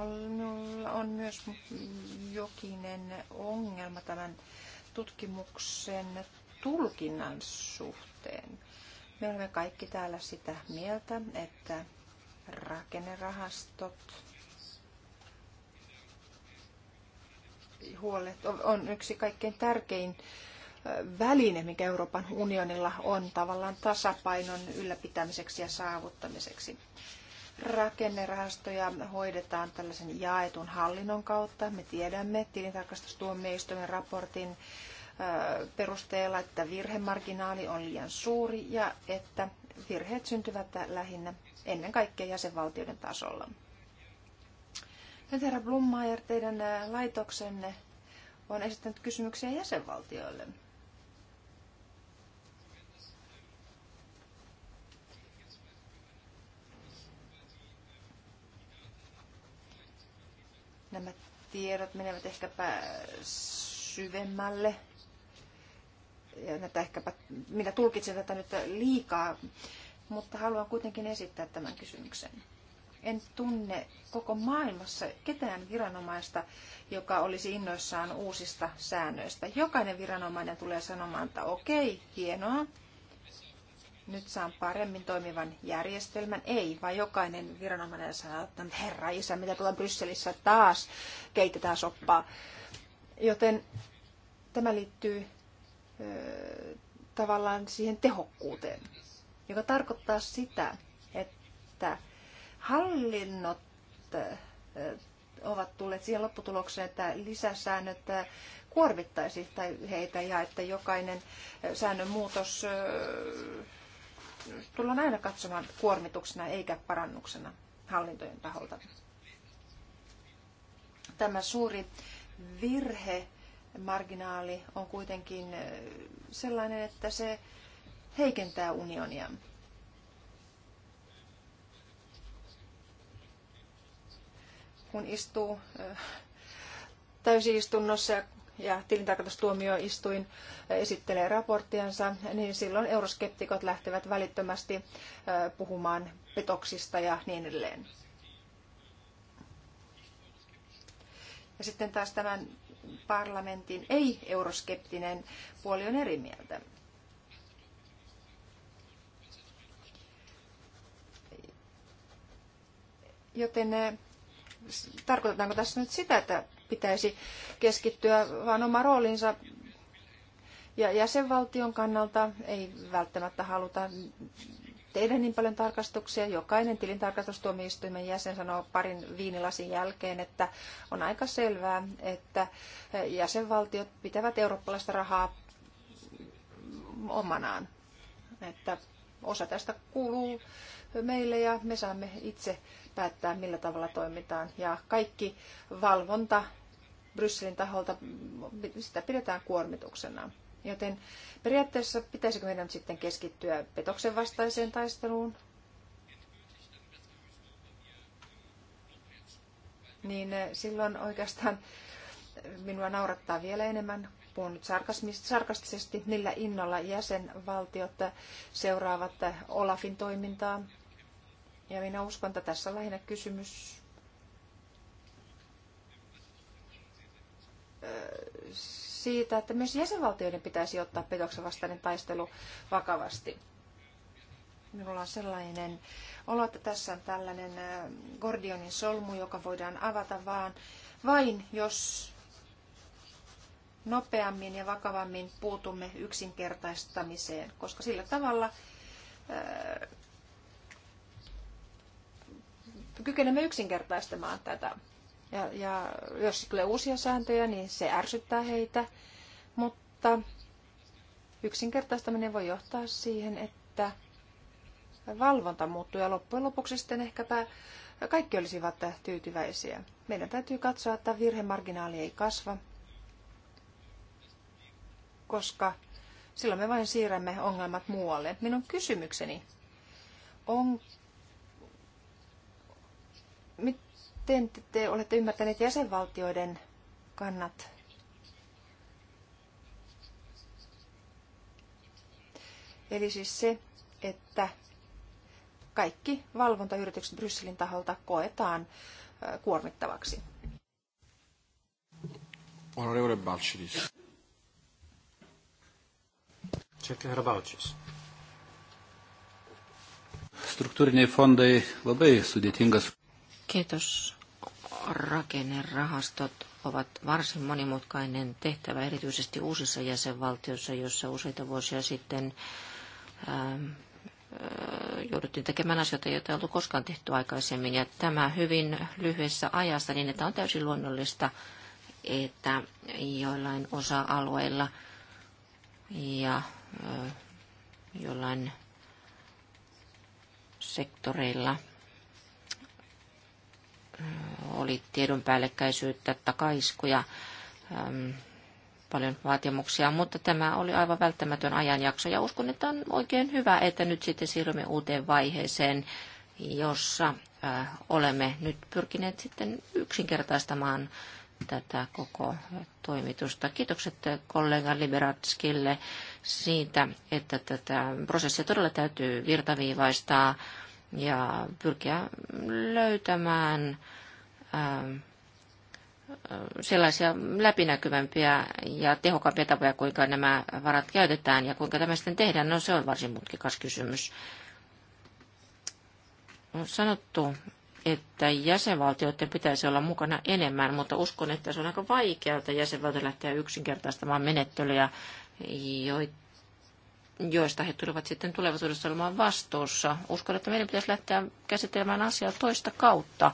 Minulla on myös jokinen ongelma tämän tutkimuksen tulkinnan suhteen. Me olemme kaikki täällä sitä mieltä, että rakennerahastot huolet on yksi kaikkein tärkein väline, mikä Euroopan unionilla on tavallaan tasapainon ylläpitämiseksi ja saavuttamiseksi rakennerahastoja hoidetaan tällaisen jaetun hallinnon kautta. Me tiedämme tilintarkastustuomioistuimen raportin perusteella, että virhemarginaali on liian suuri ja että virheet syntyvät lähinnä ennen kaikkea jäsenvaltioiden tasolla. Nyt herra Blummaier, teidän laitoksenne on esittänyt kysymyksiä jäsenvaltioille. Nämä tiedot menevät ehkäpä syvemmälle. Ja näitä ehkäpä, minä tulkitsen tätä nyt liikaa, mutta haluan kuitenkin esittää tämän kysymyksen. En tunne koko maailmassa ketään viranomaista, joka olisi innoissaan uusista säännöistä. Jokainen viranomainen tulee sanomaan, että okei, hienoa, nyt saan paremmin toimivan järjestelmän. Ei, vaan jokainen viranomainen sanoo, että herra isä, mitä tuolla Brysselissä taas keitetään soppaa. Joten tämä liittyy ö, tavallaan siihen tehokkuuteen, joka tarkoittaa sitä, että hallinnot ö, ovat tulleet siihen lopputulokseen, että lisäsäännöt kuormittaisi heitä ja että jokainen säännön muutos tullaan aina katsomaan kuormituksena eikä parannuksena hallintojen taholta. Tämä suuri virhe marginaali on kuitenkin sellainen, että se heikentää unionia. Kun istuu täysistunnossa ja ja tilintarkastustuomioistuin esittelee raporttiansa, niin silloin euroskeptikot lähtevät välittömästi puhumaan petoksista ja niin edelleen. Ja sitten taas tämän parlamentin ei-euroskeptinen puoli on eri mieltä. Joten tarkoitetaanko tässä nyt sitä, että pitäisi keskittyä vain oma roolinsa. Ja jäsenvaltion kannalta ei välttämättä haluta tehdä niin paljon tarkastuksia. Jokainen tilintarkastustuomioistuimen jäsen sanoo parin viinilasin jälkeen, että on aika selvää, että jäsenvaltiot pitävät eurooppalaista rahaa omanaan. Että osa tästä kuuluu meille ja me saamme itse päättää, millä tavalla toimitaan. Ja kaikki valvonta Brysselin taholta, sitä pidetään kuormituksena. Joten periaatteessa pitäisikö meidän nyt sitten keskittyä petoksen vastaiseen taisteluun? Niin eh, silloin oikeastaan minua naurattaa vielä enemmän, puhun nyt sarkastisesti, millä innolla jäsenvaltiot seuraavat eh, Olafin toimintaa ja minä uskon, että tässä on lähinnä kysymys siitä, että myös jäsenvaltioiden pitäisi ottaa petoksen vastainen taistelu vakavasti. Minulla on sellainen olo, että tässä on tällainen Gordionin solmu, joka voidaan avata vaan, vain, jos nopeammin ja vakavammin puutumme yksinkertaistamiseen, koska sillä tavalla kykenemme yksinkertaistamaan tätä. Ja, ja jos tulee uusia sääntöjä, niin se ärsyttää heitä, mutta yksinkertaistaminen voi johtaa siihen, että valvonta muuttuu ja loppujen lopuksi sitten ehkäpä kaikki olisivat tyytyväisiä. Meidän täytyy katsoa, että virhemarginaali ei kasva, koska silloin me vain siirrämme ongelmat muualle. Minun kysymykseni, onko Miten te, te olette ymmärtäneet jäsenvaltioiden kannat? Eli siis se, että kaikki valvontayritykset Brysselin taholta koetaan kuormittavaksi. Onorevole Balcidis. Čekaj, herra Balcidis. Struktūriniai fondai labai sudėtingas Kiitosrakennerahastot ovat varsin monimutkainen tehtävä, erityisesti uusissa jäsenvaltioissa, joissa useita vuosia sitten ää, ähm, äh, jouduttiin tekemään asioita, joita ei ollut koskaan tehty aikaisemmin. Ja tämä hyvin lyhyessä ajassa, niin että on täysin luonnollista, että joillain osa-alueilla ja äh, jollain sektoreilla – oli tiedon päällekkäisyyttä, takaiskuja, paljon vaatimuksia, mutta tämä oli aivan välttämätön ajanjakso ja uskon, että on oikein hyvä, että nyt sitten siirrymme uuteen vaiheeseen, jossa olemme nyt pyrkineet sitten yksinkertaistamaan tätä koko toimitusta. Kiitokset kollega Liberatskille siitä, että tätä prosessia todella täytyy virtaviivaistaa ja pyrkiä löytämään ähm, sellaisia läpinäkyvämpiä ja tehokkaampia tapoja, kuinka nämä varat käytetään ja kuinka tämä sitten tehdään. No se on varsin mutkikas kysymys. On sanottu, että jäsenvaltioiden pitäisi olla mukana enemmän, mutta uskon, että se on aika vaikeaa, että jäsenvaltio lähtee yksinkertaistamaan menettelyjä, joita joista he tulevat sitten tulevaisuudessa olemaan vastuussa. Uskon, että meidän pitäisi lähteä käsittelemään asiaa toista kautta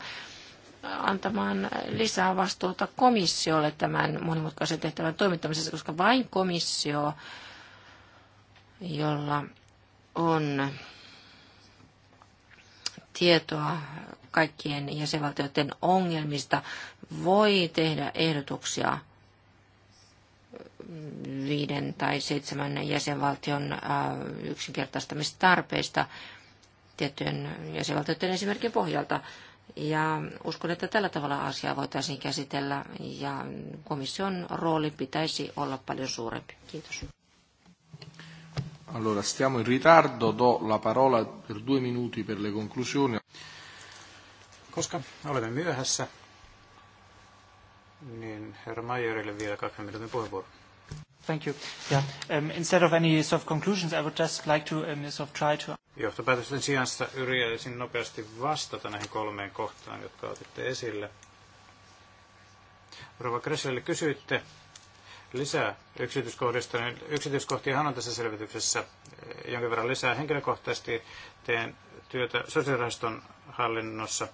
antamaan lisää vastuuta komissiolle tämän monimutkaisen tehtävän toimittamisessa, koska vain komissio, jolla on tietoa kaikkien jäsenvaltioiden ongelmista, voi tehdä ehdotuksia viiden tai seitsemän jäsenvaltion äh, yksinkertaistamistarpeista tiettyjen jäsenvaltioiden esimerkin pohjalta. Ja uskon, että tällä tavalla asiaa voitaisiin käsitellä ja komission rooli pitäisi olla paljon suurempi. Kiitos. Allora, stiamo in ritardo, do la parola per due minuti per le conclusioni. Koska olemme myöhässä, niin, herra Majorille vielä kaksi minuutin puheenvuoro. Thank you. Yeah. Um, instead of any sort of conclusions, I would just like to um, sort of try to... Johtopäätösten sijasta yritäisin nopeasti vastata näihin kolmeen kohtaan, jotka otitte esille. Rova Kresselille kysyitte lisää yksityiskohdista, niin yksityiskohtiahan on tässä selvityksessä jonkin verran lisää. Henkilökohtaisesti teen työtä sosiaalirahaston hallinnossa,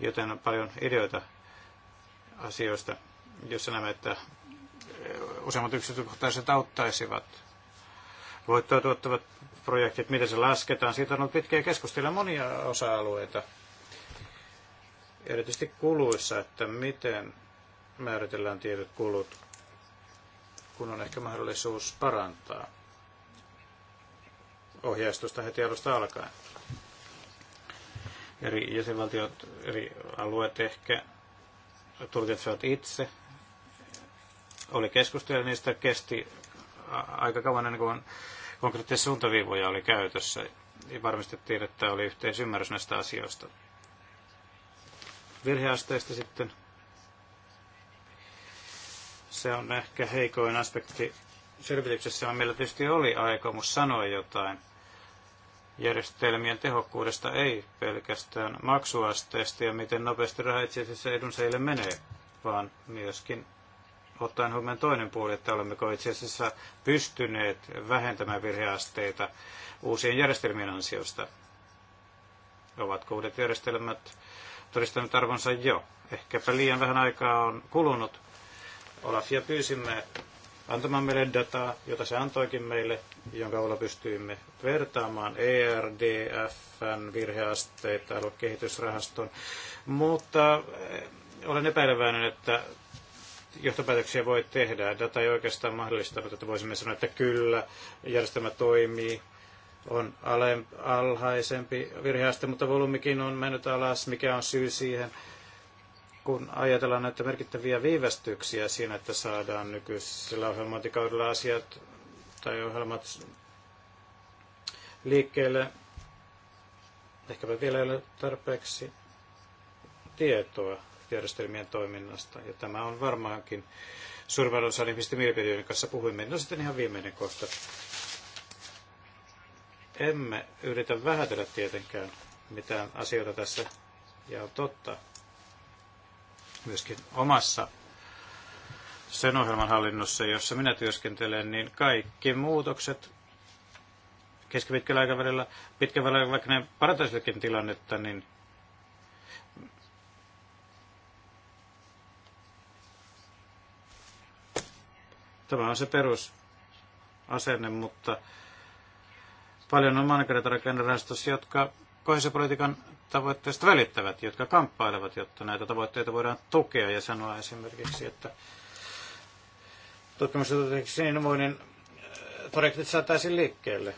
joten on paljon ideoita asioista, jossa nämä, että eh, useammat yksityiskohtaiset auttaisivat voittoa tuottavat projektit, miten se lasketaan. Siitä on ollut pitkiä keskustelua monia osa-alueita, erityisesti kuluissa, että miten määritellään tietyt kulut, kun on ehkä mahdollisuus parantaa ohjeistusta heti alusta alkaen. Eri jäsenvaltiot, eri alueet ehkä tulkitsevat itse. Oli keskustelua niistä, kesti aika kauan ennen kuin konkreettisia suuntaviivoja oli käytössä. Ja varmistettiin, että oli yhteisymmärrys näistä asioista. Virheasteista sitten. Se on ehkä heikoin aspekti selvityksessä, meillä tietysti oli aikomus sanoa jotain järjestelmien tehokkuudesta, ei pelkästään maksuasteesta ja miten nopeasti raha itse asiassa edunsaajille menee, vaan myöskin ottaen huomioon toinen puoli, että olemmeko itse asiassa pystyneet vähentämään virheasteita uusien järjestelmien ansiosta. Ovatko uudet järjestelmät todistaneet arvonsa jo? Ehkäpä liian vähän aikaa on kulunut. Olafia pyysimme antamaan meille dataa, jota se antoikin meille, jonka avulla pystyimme vertaamaan ERDFn virheasteita aluekehitysrahaston. Mutta eh, olen epäileväinen, että johtopäätöksiä voi tehdä. Data ei oikeastaan mahdollistanut, että voisimme sanoa, että kyllä, järjestelmä toimii, on alhaisempi virheaste, mutta volyymikin on mennyt alas, mikä on syy siihen kun ajatellaan näitä merkittäviä viivästyksiä siinä, että saadaan nykyisellä ohjelmointikaudella asiat tai ohjelmat liikkeelle, ehkäpä vielä ei ole tarpeeksi tietoa järjestelmien toiminnasta. Ja tämä on varmaankin suurimman osan ihmisten mielipiteiden kanssa puhuimme. No sitten ihan viimeinen kohta. Emme yritä vähätellä tietenkään mitään asioita tässä. Ja on totta, myöskin omassa sen ohjelman hallinnossa, jossa minä työskentelen, niin kaikki muutokset keskipitkällä aikavälillä, pitkällä aikavälillä, vaikka ne parantaisivatkin tilannetta, niin tämä on se perusasenne, mutta paljon on maankäyttörakennerahastossa, jotka politiikan tavoitteista välittävät, jotka kamppailevat, jotta näitä tavoitteita voidaan tukea ja sanoa esimerkiksi, että tutkimus- ja innovoinnin äh, projektit saataisiin liikkeelle.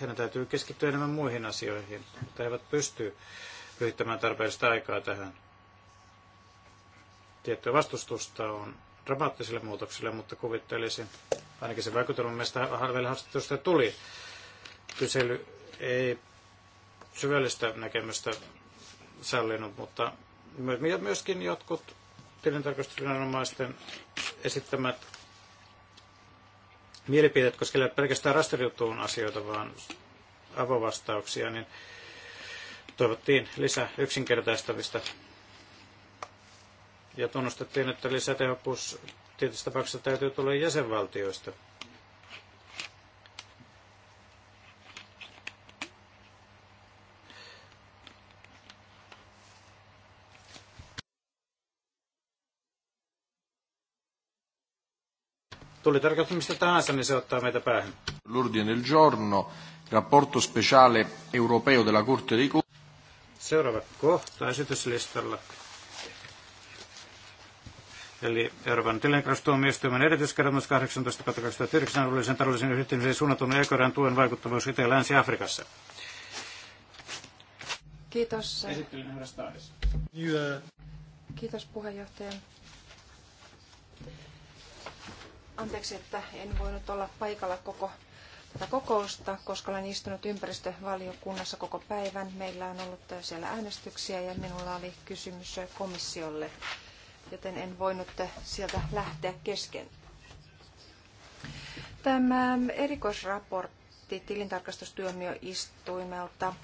Heidän täytyy keskittyä enemmän muihin asioihin, mutta he eivät pysty yrittämään tarpeellista aikaa tähän. Tiettyä vastustusta on dramaattisille muutoksille, mutta kuvittelisin, ainakin se vaikutelma meistä vielä tuli, kysely ei syvällistä näkemystä sallinut, mutta myöskin jotkut tilintarkastusviranomaisten esittämät mielipiteet koskevat pelkästään rastariutuun asioita, vaan avovastauksia, niin toivottiin lisää yksinkertaistavista. Ja tunnustettiin, että lisätehokkuus tietysti tapauksessa täytyy tulla jäsenvaltioista. tuli tarkoittaa mistä tahansa, niin se ottaa meitä päähän. L'ordine del giorno, rapporto speciale europeo della Corte dei Conti. Seuraava kohta esityslistalla. Eli Euroopan tilinkrastuomioistuimen erityiskertomus 18.2009 alueellisen taloudellisen yhdistymisen suunnatun ekoran tuen vaikuttavuus Itä- ja Länsi-Afrikassa. Kiitos. Esittelin Kiitos puheenjohtaja. Anteeksi, että en voinut olla paikalla koko tätä kokousta, koska olen istunut ympäristövaliokunnassa koko päivän. Meillä on ollut siellä äänestyksiä ja minulla oli kysymys komissiolle, joten en voinut sieltä lähteä kesken. Tämä erikoisraportti tilintarkastustyömioistuimelta,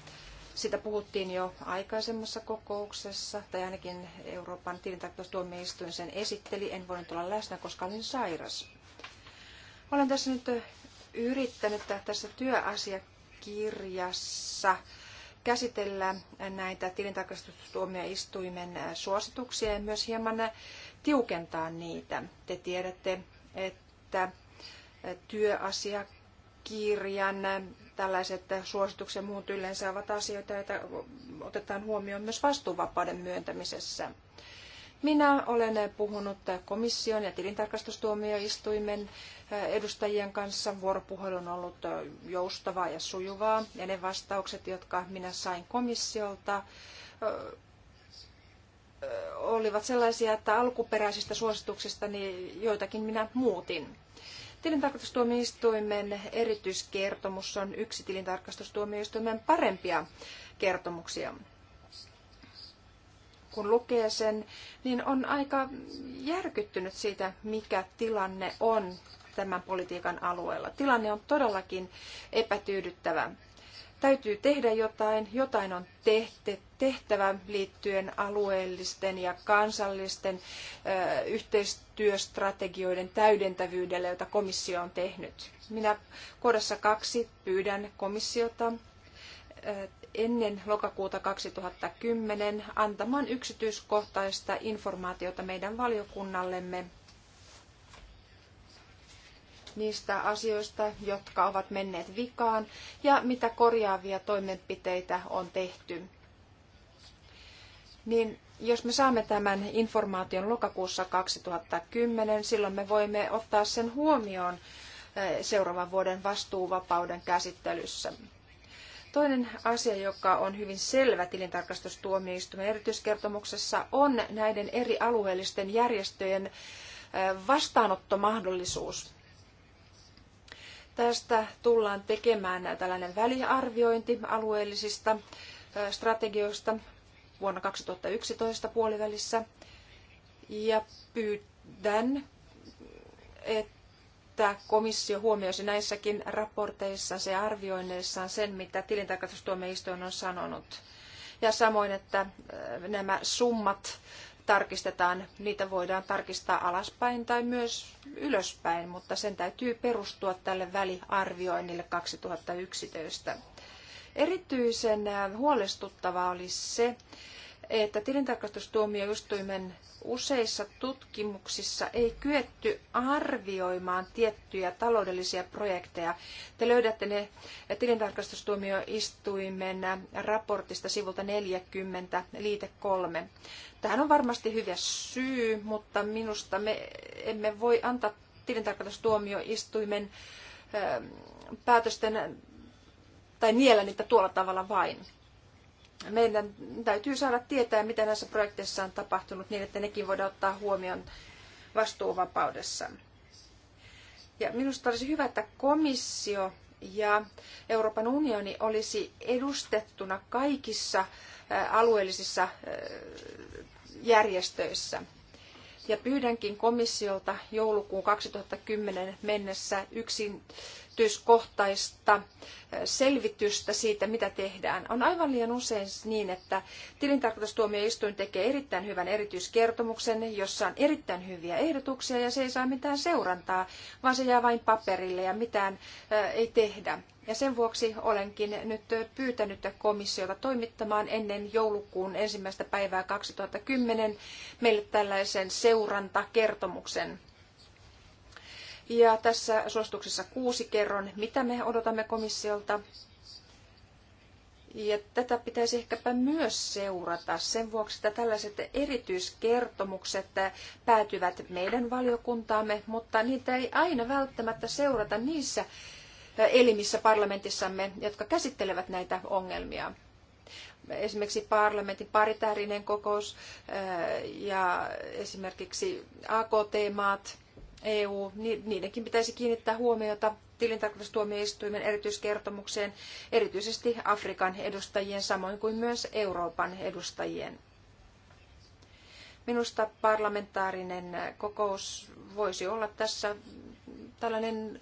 sitä puhuttiin jo aikaisemmassa kokouksessa, tai ainakin Euroopan tilintarkastustuomioistuin sen esitteli. En voinut olla läsnä, koska olin sairas olen tässä nyt yrittänyt tässä työasiakirjassa käsitellä näitä tilintarkastustuomioistuimen suosituksia ja myös hieman tiukentaa niitä. Te tiedätte, että työasiakirjan tällaiset suositukset ja muut yleensä ovat asioita, joita otetaan huomioon myös vastuuvapauden myöntämisessä. Minä olen puhunut komission ja tilintarkastustuomioistuimen eh, edustajien kanssa. Vuoropuhelu on ollut eh, joustavaa ja sujuvaa ja ne vastaukset, jotka minä sain komissiolta, eh, olivat sellaisia, että alkuperäisistä suosituksista niin joitakin minä muutin. Tilintarkastustuomioistuimen erityiskertomus on yksi tilintarkastustuomioistuimen parempia kertomuksia kun lukee sen, niin on aika järkyttynyt siitä, mikä tilanne on tämän politiikan alueella. Tilanne on todellakin epätyydyttävä. Täytyy tehdä jotain, jotain on tehtävä liittyen alueellisten ja kansallisten ö, yhteistyöstrategioiden täydentävyydelle, jota komissio on tehnyt. Minä kohdassa kaksi pyydän komissiota ennen lokakuuta 2010 antamaan yksityiskohtaista informaatiota meidän valiokunnallemme niistä asioista, jotka ovat menneet vikaan ja mitä korjaavia toimenpiteitä on tehty. Niin jos me saamme tämän informaation lokakuussa 2010, silloin me voimme ottaa sen huomioon seuraavan vuoden vastuuvapauden käsittelyssä. Toinen asia, joka on hyvin selvä tilintarkastustuomioistuimen erityiskertomuksessa, on näiden eri alueellisten järjestöjen vastaanottomahdollisuus. Tästä tullaan tekemään tällainen väliarviointi alueellisista strategioista vuonna 2011 puolivälissä. Ja pyydän, että että komissio huomioisi näissäkin raporteissa ja arvioinneissaan sen, mitä tilintarkastustuomioistuin on sanonut. Ja samoin, että äh, nämä summat tarkistetaan, niitä voidaan tarkistaa alaspäin tai myös ylöspäin, mutta sen täytyy perustua tälle väliarvioinnille 2011. Erityisen äh, huolestuttavaa oli se, että tilintarkastustuomioistuimen useissa tutkimuksissa ei kyetty arvioimaan tiettyjä taloudellisia projekteja. Te löydätte ne tilintarkastustuomioistuimen raportista sivulta 40, liite 3. Tähän on varmasti hyvä syy, mutta minusta me emme voi antaa tilintarkastustuomioistuimen päätösten tai niellä niitä tuolla tavalla vain meidän täytyy saada tietää, mitä näissä projekteissa on tapahtunut niin, että nekin voidaan ottaa huomioon vastuuvapaudessa. Ja minusta olisi hyvä, että komissio ja Euroopan unioni olisi edustettuna kaikissa alueellisissa järjestöissä. Ja pyydänkin komissiolta joulukuun 2010 mennessä yksin yksityiskohtaista eh, selvitystä siitä, mitä tehdään. On aivan liian usein siis niin, että tilintarkastustuomioistuin tekee erittäin hyvän erityiskertomuksen, jossa on erittäin hyviä ehdotuksia ja se ei saa mitään seurantaa, vaan se jää vain paperille ja mitään eh, ei tehdä. Ja sen vuoksi olenkin nyt pyytänyt komissiota toimittamaan ennen joulukuun ensimmäistä päivää 2010 meille tällaisen seurantakertomuksen ja tässä suosituksessa kuusi kerron, mitä me odotamme komissiolta. Ja tätä pitäisi ehkäpä myös seurata sen vuoksi, että tällaiset erityiskertomukset päätyvät meidän valiokuntaamme, mutta niitä ei aina välttämättä seurata niissä elimissä parlamentissamme, jotka käsittelevät näitä ongelmia. Esimerkiksi parlamentin paritäärinen kokous ja esimerkiksi AKT-maat EU, niidenkin pitäisi kiinnittää huomiota tilintarkastustuomioistuimen erityiskertomukseen, erityisesti Afrikan edustajien samoin kuin myös Euroopan edustajien. Minusta parlamentaarinen kokous voisi olla tässä tällainen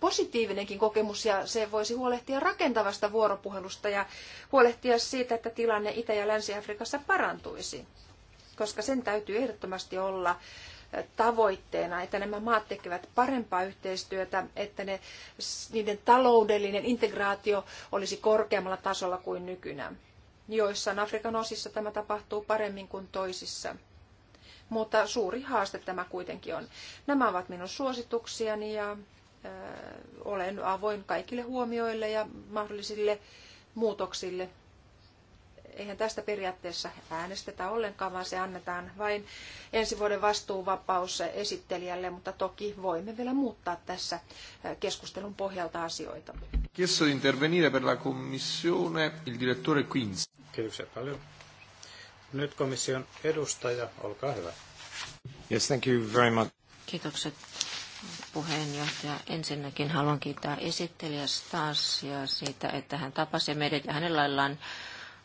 positiivinenkin kokemus ja se voisi huolehtia rakentavasta vuoropuhelusta ja huolehtia siitä, että tilanne Itä- ja Länsi-Afrikassa parantuisi, koska sen täytyy ehdottomasti olla tavoitteena, että nämä maat tekevät parempaa yhteistyötä, että ne, niiden taloudellinen integraatio olisi korkeammalla tasolla kuin nykynä. Joissain Afrikan osissa tämä tapahtuu paremmin kuin toisissa. Mutta suuri haaste tämä kuitenkin on. Nämä ovat minun suosituksiani ja olen avoin kaikille huomioille ja mahdollisille muutoksille Eihän tästä periaatteessa äänestetä ollenkaan, vaan se annetaan vain ensi vuoden vastuuvapaus esittelijälle, mutta toki voimme vielä muuttaa tässä keskustelun pohjalta asioita. Chiesto di intervenire per la commissione il direttore Quinz. Kiitoksia paljon. Nyt komission edustaja, olkaa hyvä. Yes, thank you very much. Kiitokset puheenjohtaja. Ensinnäkin haluan kiittää esittelijä Stasia siitä, että hän tapasi meidät ja hänellä laillaan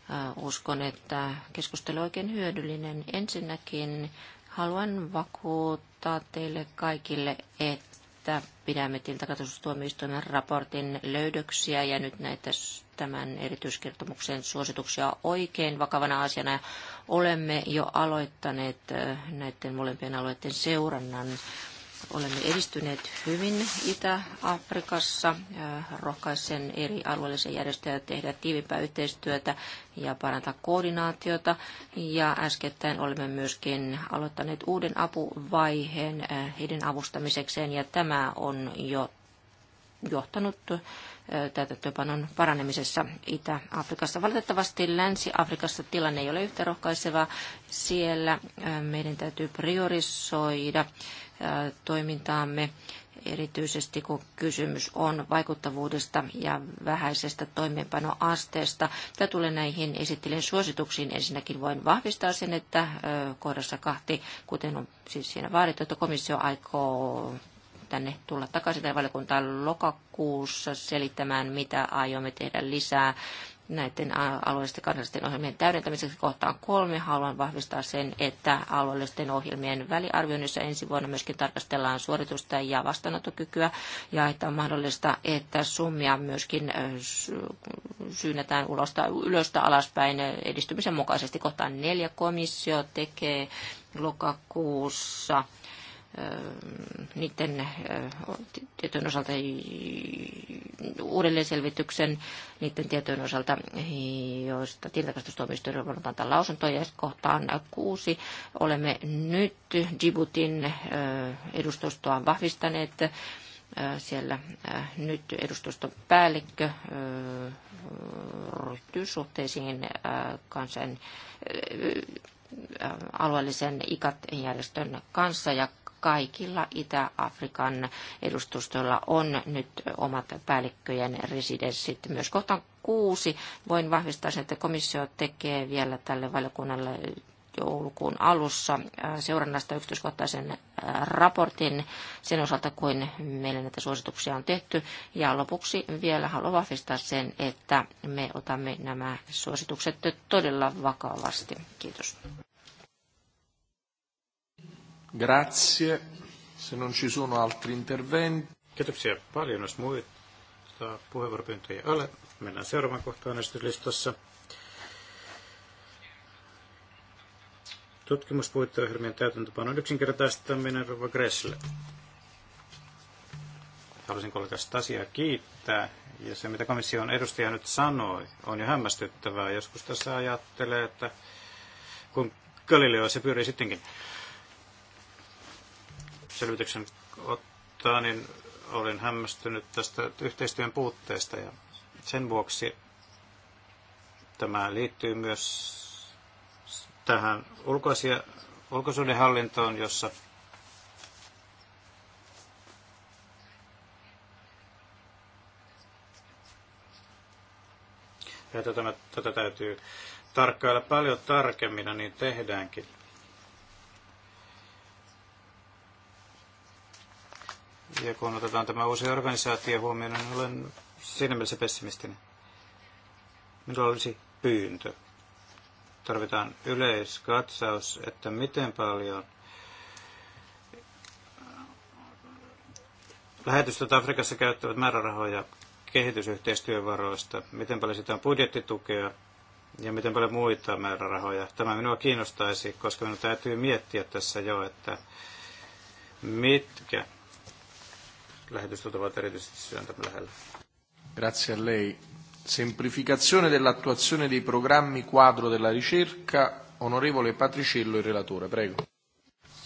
Äh, uskon, että keskustelu on oikein hyödyllinen. Ensinnäkin haluan vakuuttaa teille kaikille, että pidämme tiltakatsotustuomioistuimen raportin löydöksiä ja nyt näitä tämän erityiskertomuksen suosituksia oikein vakavana asiana. Ja olemme jo aloittaneet äh, näiden molempien alueiden seurannan Olemme edistyneet hyvin Itä-Afrikassa. Rohkaisen eri alueellisia järjestöjä tehdä tiivimpää yhteistyötä ja parantaa koordinaatiota. Ja äskettäin olemme myöskin aloittaneet uuden apuvaiheen eh, heidän avustamisekseen ja tämä on jo johtanut täytäntöpanon paranemisessa Itä-Afrikassa. Valitettavasti Länsi-Afrikassa tilanne ei ole yhtä rohkaiseva. Siellä meidän täytyy priorisoida toimintaamme erityisesti kun kysymys on vaikuttavuudesta ja vähäisestä toimeenpanoasteesta. Tämä tulee näihin esittelen suosituksiin, ensinnäkin voin vahvistaa sen, että kohdassa kahti, kuten on siis siinä vaadittu, että komissio aikoo tänne tulla takaisin tänne valiokuntaan lokakuussa selittämään, mitä aiomme tehdä lisää näiden alueellisten kansallisten ohjelmien täydentämiseksi kohtaan kolme. Haluan vahvistaa sen, että alueellisten ohjelmien väliarvioinnissa ensi vuonna myöskin tarkastellaan suoritusta ja vastaanottokykyä ja että on mahdollista, että summia myöskin syynnetään ulosta, ylöstä alaspäin edistymisen mukaisesti. Kohtaan neljä komissio tekee lokakuussa Öö, niiden öö, tietojen osalta uudelleenselvityksen niiden tietojen osalta, joista tilintarkastustoimistoon on voinut antaa lausuntoja. kohtaan kuusi olemme nyt Djiboutin öö, edustustoa vahvistaneet siellä nyt edustustopäällikkö ryhtyy suhteisiin kansan alueellisen ikat järjestön kanssa ja kaikilla Itä-Afrikan edustustoilla on nyt omat päällikköjen residenssit. Myös kohtaan kuusi voin vahvistaa sen, että komissio tekee vielä tälle valiokunnalle joulukuun alussa äh, seurannasta yksityiskohtaisen äh, raportin sen osalta, kuin meillä näitä suosituksia on tehty. Ja lopuksi vielä haluan vahvistaa sen, että me otamme nämä suositukset todella vakavasti. Kiitos. Grazie. Se non ci sono altri interventi. Kiitoksia paljon, jos muita puheenvuoropyyntöjä ei ole. Mennään seuraavaan kohtaan esityslistassa. Tutkimuspuitteohjelmien täytäntöpanon yksinkertaistaminen Rova Gressle. Haluaisin kollegasta asiaa kiittää. Ja se, mitä komission edustaja nyt sanoi, on jo hämmästyttävää. Joskus tässä ajattelee, että kun Galileo se pyörii sittenkin selvityksen ottaa, niin olin hämmästynyt tästä yhteistyön puutteesta ja sen vuoksi tämä liittyy myös tähän ulkoisia, hallintoon, jossa ja tätä, tätä täytyy tarkkailla paljon tarkemmin, niin tehdäänkin. Ja kun otetaan tämä uusi organisaatio huomioon, niin olen siinä mielessä pessimistinen. Minulla olisi pyyntö. Tarvitaan yleiskatsaus, että miten paljon lähetystöt tuota Afrikassa käyttävät määrärahoja kehitysyhteistyövaroista, miten paljon sitä on budjettitukea ja miten paljon muita määrärahoja. Tämä minua kiinnostaisi, koska minun täytyy miettiä tässä jo, että mitkä lähetystöt ovat erityisesti sydäntämme lähellä. Grazie a lei. Semplificazione dell'attuazione dei programmi quadro della ricerca, onorevole Patriciello il relatore, prego.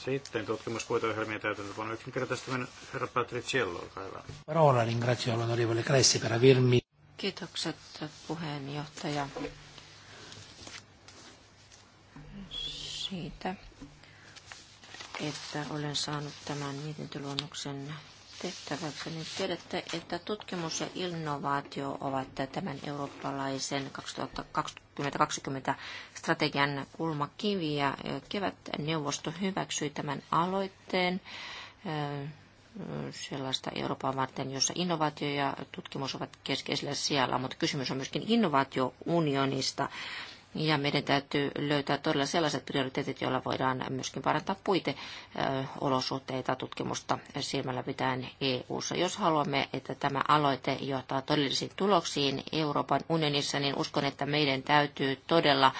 Sitten tutkimuspuiteohjelmien täytäntöpano yksinkertaistaminen. Herra Patriciello, olkaa hyvä. Parola ringrazio l'onorevole Cressi per avermi. Kiitokset puheenjohtaja siitä, että olen saanut tämän mietintöluonnoksen tehtäväkseni. Niin tiedätte, että tutkimus ja innovaatio ovat tämän eurooppalaisen 2020 strategian kulmakiviä. Kevät neuvosto hyväksyi tämän aloitteen eh, sellaista Euroopan varten, jossa innovaatio ja tutkimus ovat keskeisellä sijalla, mutta kysymys on myöskin innovaatiounionista ja meidän täytyy löytää todella sellaiset prioriteetit, joilla voidaan myöskin parantaa puiteolosuhteita tutkimusta silmällä pitäen EU-ssa. Jos haluamme, että tämä aloite johtaa todellisiin tuloksiin Euroopan unionissa, niin uskon, että meidän täytyy todella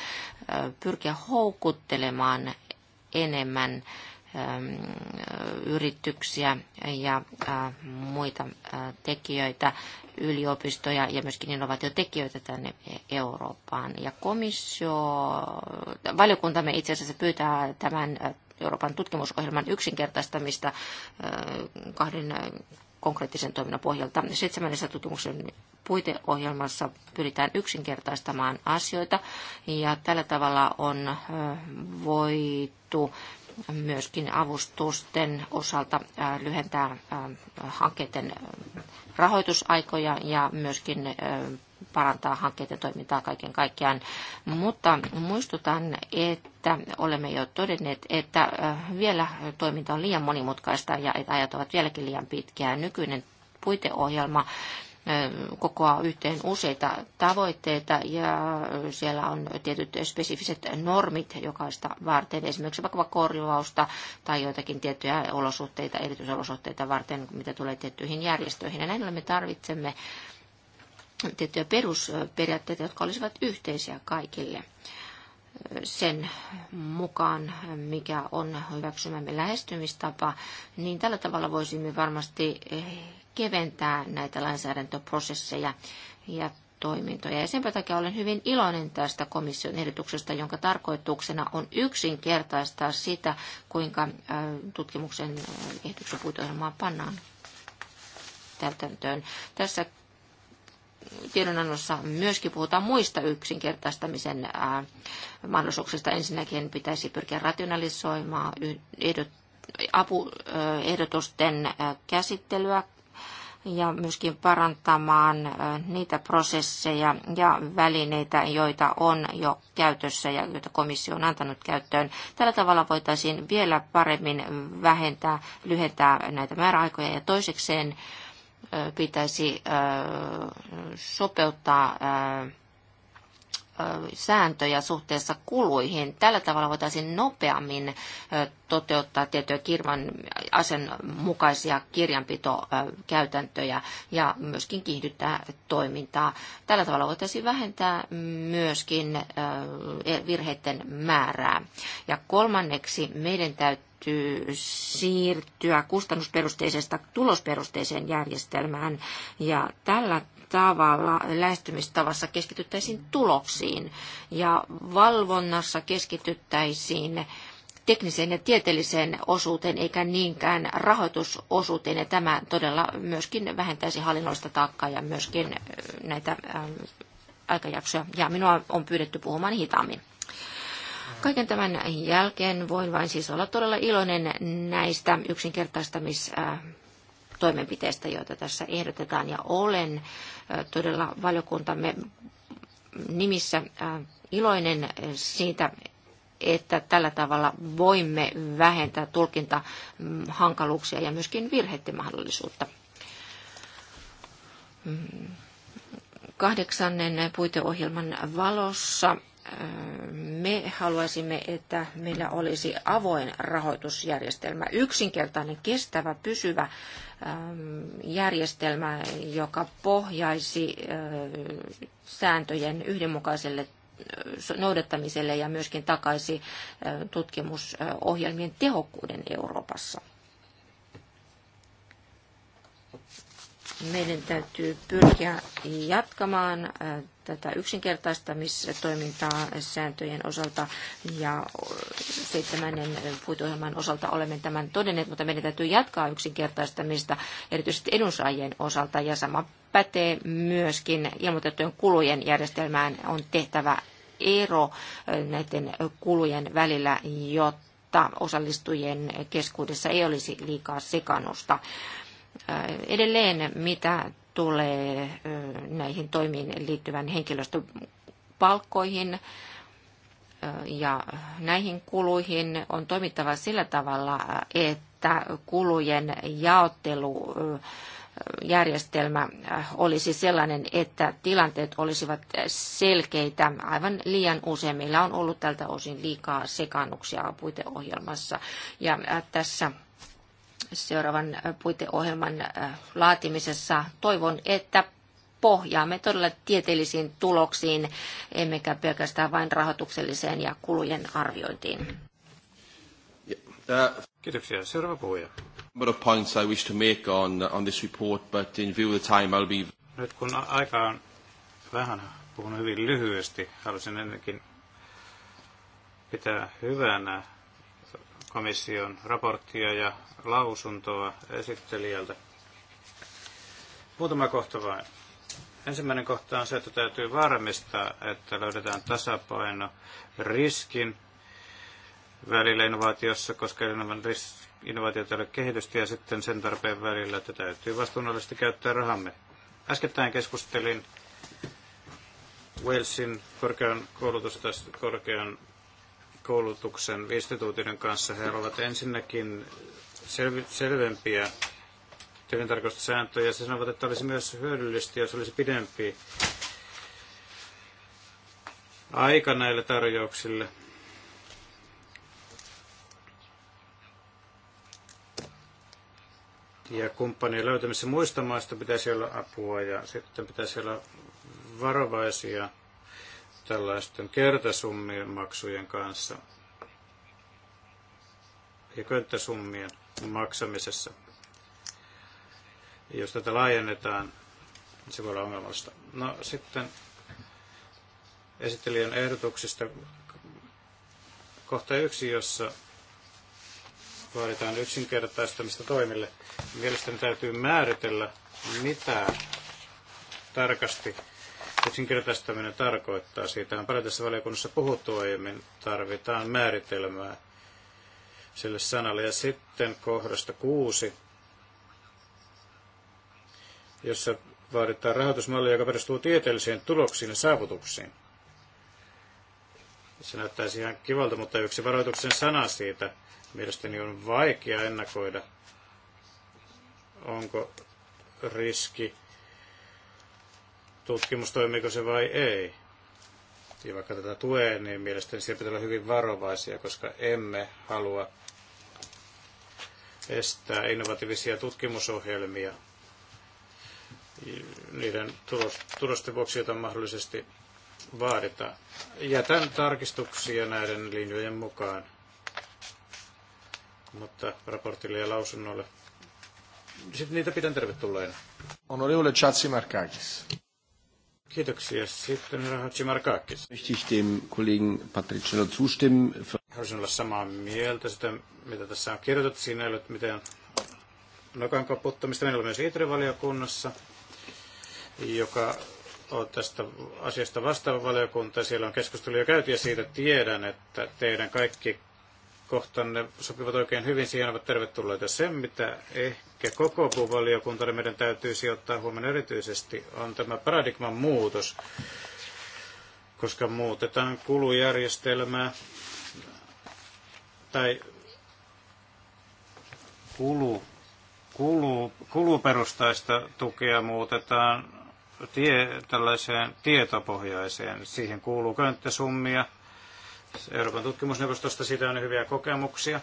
pyrkiä houkuttelemaan enemmän Ähm, yrityksiä ja äh, muita äh, tekijöitä, yliopistoja ja myöskin innovaatiotekijöitä tänne Eurooppaan. Ja komissio, valiokuntamme itse asiassa pyytää tämän äh, Euroopan tutkimusohjelman yksinkertaistamista kahden konkreettisen toiminnan pohjalta. Seitsemännessä tutkimuksen puiteohjelmassa pyritään yksinkertaistamaan asioita ja tällä tavalla on voitu myöskin avustusten osalta lyhentää hankkeiden rahoitusaikoja ja myöskin parantaa hankkeiden toimintaa kaiken kaikkiaan. Mutta muistutan, että olemme jo todenneet, että vielä toiminta on liian monimutkaista ja että ajat ovat vieläkin liian pitkiä. Nykyinen puiteohjelma kokoaa yhteen useita tavoitteita ja siellä on tietyt spesifiset normit jokaista varten, esimerkiksi vaikka korjausta tai joitakin tiettyjä olosuhteita, erityisolosuhteita varten, mitä tulee tiettyihin järjestöihin. Ja näin me tarvitsemme tiettyjä perusperiaatteita, jotka olisivat yhteisiä kaikille sen mukaan, mikä on hyväksymämme lähestymistapa, niin tällä tavalla voisimme varmasti keventää näitä lainsäädäntöprosesseja ja toimintoja. Ja sen takia olen hyvin iloinen tästä komission ehdotuksesta, jonka tarkoituksena on yksinkertaistaa sitä, kuinka äh, tutkimuksen äh, ehdotuksen puitoilmaa pannaan täytäntöön. Tässä tiedonannossa myöskin puhutaan muista yksinkertaistamisen äh, mahdollisuuksista. Ensinnäkin pitäisi pyrkiä rationalisoimaan apuehdotusten käsittelyä ja myöskin parantamaan niitä prosesseja ja välineitä, joita on jo käytössä ja joita komissio on antanut käyttöön. Tällä tavalla voitaisiin vielä paremmin vähentää, lyhentää näitä määräaikoja ja toisekseen pitäisi sopeuttaa sääntöjä suhteessa kuluihin. Tällä tavalla voitaisiin nopeammin toteuttaa tiettyjä kirvan asenmukaisia kirjanpitokäytäntöjä ja myöskin kiihdyttää toimintaa. Tällä tavalla voitaisiin vähentää myöskin e, virheiden määrää. Ja kolmanneksi meidän täytyy täytyy siirtyä kustannusperusteisesta tulosperusteiseen järjestelmään. Ja tällä tavalla lähestymistavassa keskityttäisiin tuloksiin ja valvonnassa keskityttäisiin tekniseen ja tieteelliseen osuuteen eikä niinkään rahoitusosuuteen. Ja tämä todella myöskin vähentäisi hallinnollista taakkaa ja myöskin näitä aikajaksoja. Ja minua on pyydetty puhumaan hitaammin. Kaiken tämän jälkeen voin vain siis olla todella iloinen näistä yksinkertaistamis toimenpiteistä, joita tässä ehdotetaan. Ja olen todella valiokuntamme nimissä iloinen siitä, että tällä tavalla voimme vähentää tulkintahankaluuksia ja myöskin virhettimahdollisuutta. Mm. Kahdeksannen puiteohjelman valossa me haluaisimme, että meillä olisi avoin rahoitusjärjestelmä, yksinkertainen, kestävä, pysyvä ähm, järjestelmä, joka pohjaisi äh, sääntöjen yhdenmukaiselle äh, noudattamiselle ja myöskin takaisi äh, tutkimusohjelmien tehokkuuden Euroopassa. meidän täytyy pyrkiä jatkamaan äh, tätä yksinkertaistamistoimintaa sääntöjen osalta ja äh, seitsemännen äh, puitohjelman osalta olemme tämän todenneet, mutta meidän täytyy jatkaa yksinkertaistamista erityisesti edunsaajien osalta ja sama pätee myöskin ilmoitettujen kulujen järjestelmään on tehtävä ero näiden kulujen välillä, jotta osallistujien keskuudessa ei olisi liikaa sekannusta. Edelleen mitä tulee näihin toimiin liittyvän henkilöstöpalkkoihin, ja näihin kuluihin on toimittava sillä tavalla, että kulujen jaottelu järjestelmä olisi sellainen, että tilanteet olisivat selkeitä. Aivan liian usein meillä on ollut tältä osin liikaa sekannuksia puiteohjelmassa. Ja tässä seuraavan äh, puiteohjelman äh, laatimisessa. Toivon, että pohjaamme todella tieteellisiin tuloksiin, emmekä pelkästään vain rahoitukselliseen ja kulujen arviointiin. Kiitoksia. Seuraava puhuja. wish to make on, on Nyt kun aika on vähän puhunut hyvin lyhyesti, haluaisin ennenkin pitää hyvänä komission raporttia ja lausuntoa esittelijältä. Muutama kohta vain. Ensimmäinen kohta on se, että täytyy varmistaa, että löydetään tasapaino riskin välillä innovaatiossa, koska innovaatiot ei ole kehitystä ja sitten sen tarpeen välillä, että täytyy vastuunnollisesti käyttää rahamme. Äskettäin keskustelin Walesin korkean koulutus korkean koulutuksen instituutioiden kanssa. He ovat ensinnäkin selvi, selvempiä tilintarkastussääntöjä. Se sanovat, että olisi myös hyödyllistä, jos olisi pidempi aika näille tarjouksille. Ja kumppanien löytämisessä muista maista pitäisi olla apua ja sitten pitäisi olla varovaisia – tällaisten kertasummien maksujen kanssa ja könttäsummien maksamisessa. Jos tätä laajennetaan, niin se voi olla ongelmallista. No sitten esittelijän ehdotuksista kohta yksi, jossa vaaditaan yksinkertaistamista toimille. Mielestäni täytyy määritellä, mitä tarkasti yksinkertaistaminen tarkoittaa. Siitä on paljon tässä valiokunnassa puhuttu aiemmin. Tarvitaan määritelmää sille sanalle. Ja sitten kohdasta kuusi, jossa vaaditaan rahoitusmalli, joka perustuu tieteellisiin tuloksiin ja saavutuksiin. Se näyttäisi ihan kivalta, mutta yksi varoituksen sana siitä mielestäni on vaikea ennakoida, onko riski tutkimus, toimiiko se vai ei. Ja vaikka tätä tulee, niin mielestäni siellä pitää olla hyvin varovaisia, koska emme halua estää innovatiivisia tutkimusohjelmia niiden tulosten vuoksi, joita mahdollisesti vaaditaan. Jätän tarkistuksia näiden linjojen mukaan, mutta raportille ja lausunnolle. Sitten niitä pidän tervetulleina. Onorevole Chatsi Markakis. Kiitoksia. Sitten Rahatsi Markaakis. Haluaisin olla samaa mieltä sitä, mitä tässä on kirjoitettu. Siinä ei ole mitään nokan koputtamista. Meillä on myös ITRE-valiokunnassa, joka on tästä asiasta vastaava valiokunta. Siellä on keskustelu jo käyty ja siitä tiedän, että teidän kaikki kohtanne sopivat oikein hyvin, siihen ovat tervetulleita. sen, mitä ehkä koko puuvaliokunta niin meidän täytyisi ottaa huomioon erityisesti, on tämä paradigman muutos, koska muutetaan kulujärjestelmää tai kulu, kulu, kuluperustaista tukea muutetaan tie, tällaiseen tietopohjaiseen. Siihen kuuluu könttäsummia, Euroopan tutkimusneuvostosta. Siitä on hyviä kokemuksia,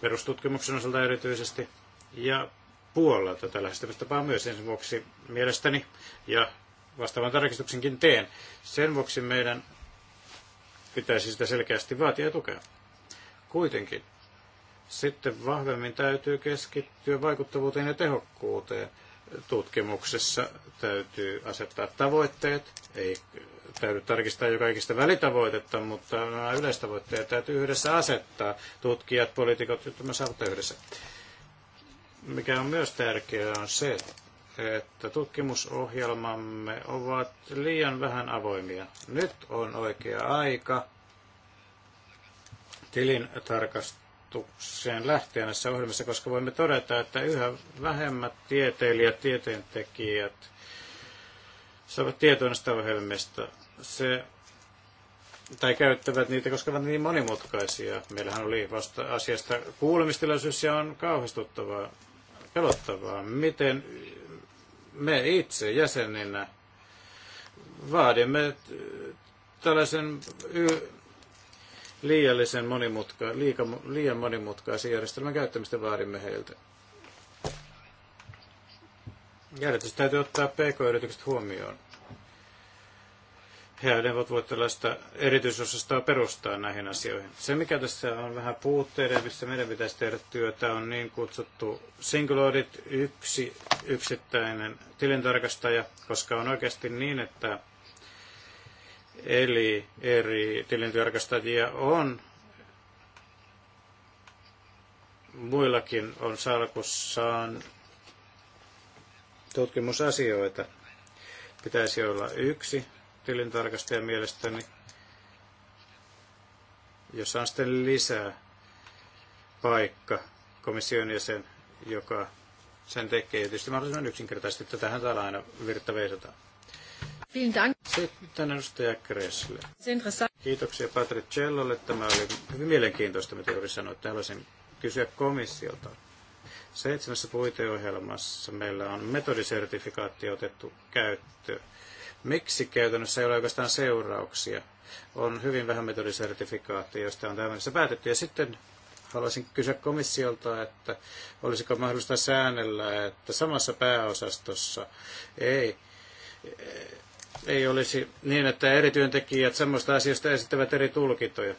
perustutkimuksen osalta erityisesti. Ja puolelta tätä lähestymistapaa myös sen vuoksi mielestäni, ja vastaavan tarkistuksenkin teen. Sen vuoksi meidän pitäisi sitä selkeästi vaatia ja tukea. Kuitenkin sitten vahvemmin täytyy keskittyä vaikuttavuuteen ja tehokkuuteen. Tutkimuksessa täytyy asettaa tavoitteet, ei täytyy tarkistaa jo kaikista välitavoitetta, mutta nämä yleistavoitteet täytyy yhdessä asettaa. Tutkijat, poliitikot, jotta me saavuttaa yhdessä. Mikä on myös tärkeää on se, että tutkimusohjelmamme ovat liian vähän avoimia. Nyt on oikea aika tilin tarkastukseen lähteä näissä ohjelmissa, koska voimme todeta, että yhä vähemmät tieteilijät, tieteentekijät – saavat tietoa näistä ohjelmista. Se, tai käyttävät niitä, koska ovat niin monimutkaisia. Meillähän oli vasta asiasta kuulemistilaisuus ja on kauhistuttavaa, pelottavaa, miten me itse jäseninä vaadimme tällaisen liiallisen monimutka, liika, liian monimutkaisen järjestelmän käyttämistä vaadimme heiltä. Ja täytyy ottaa pk-yritykset huomioon. He eivät voi tällaista erityisosastoa perustaa näihin asioihin. Se, mikä tässä on vähän puutteiden, missä meidän pitäisi tehdä työtä, on niin kutsuttu single audit, yksi yksittäinen tilintarkastaja, koska on oikeasti niin, että eli eri tilintarkastajia on muillakin on salkussaan tutkimusasioita. Pitäisi olla yksi tilintarkastajan mielestäni, jossa on sitten lisää paikka komission jäsen, joka sen tekee. tietysti mahdollisimman yksinkertaisesti, että tähän täällä aina virta veisataan. Sitten edustaja Kressle. Kiitoksia Patricellolle. Tämä oli hyvin mielenkiintoista, mitä juuri sanoit. Haluaisin kysyä komissiolta. Seitsemässä puiteohjelmassa meillä on metodisertifikaatti otettu käyttöön. Miksi käytännössä ei ole oikeastaan seurauksia? On hyvin vähän metodisertifikaatteja, joista on tämän päätetty. Ja sitten haluaisin kysyä komissiolta, että olisiko mahdollista säännellä, että samassa pääosastossa ei, ei olisi niin, että eri työntekijät semmoista asioista esittävät eri tulkintoja.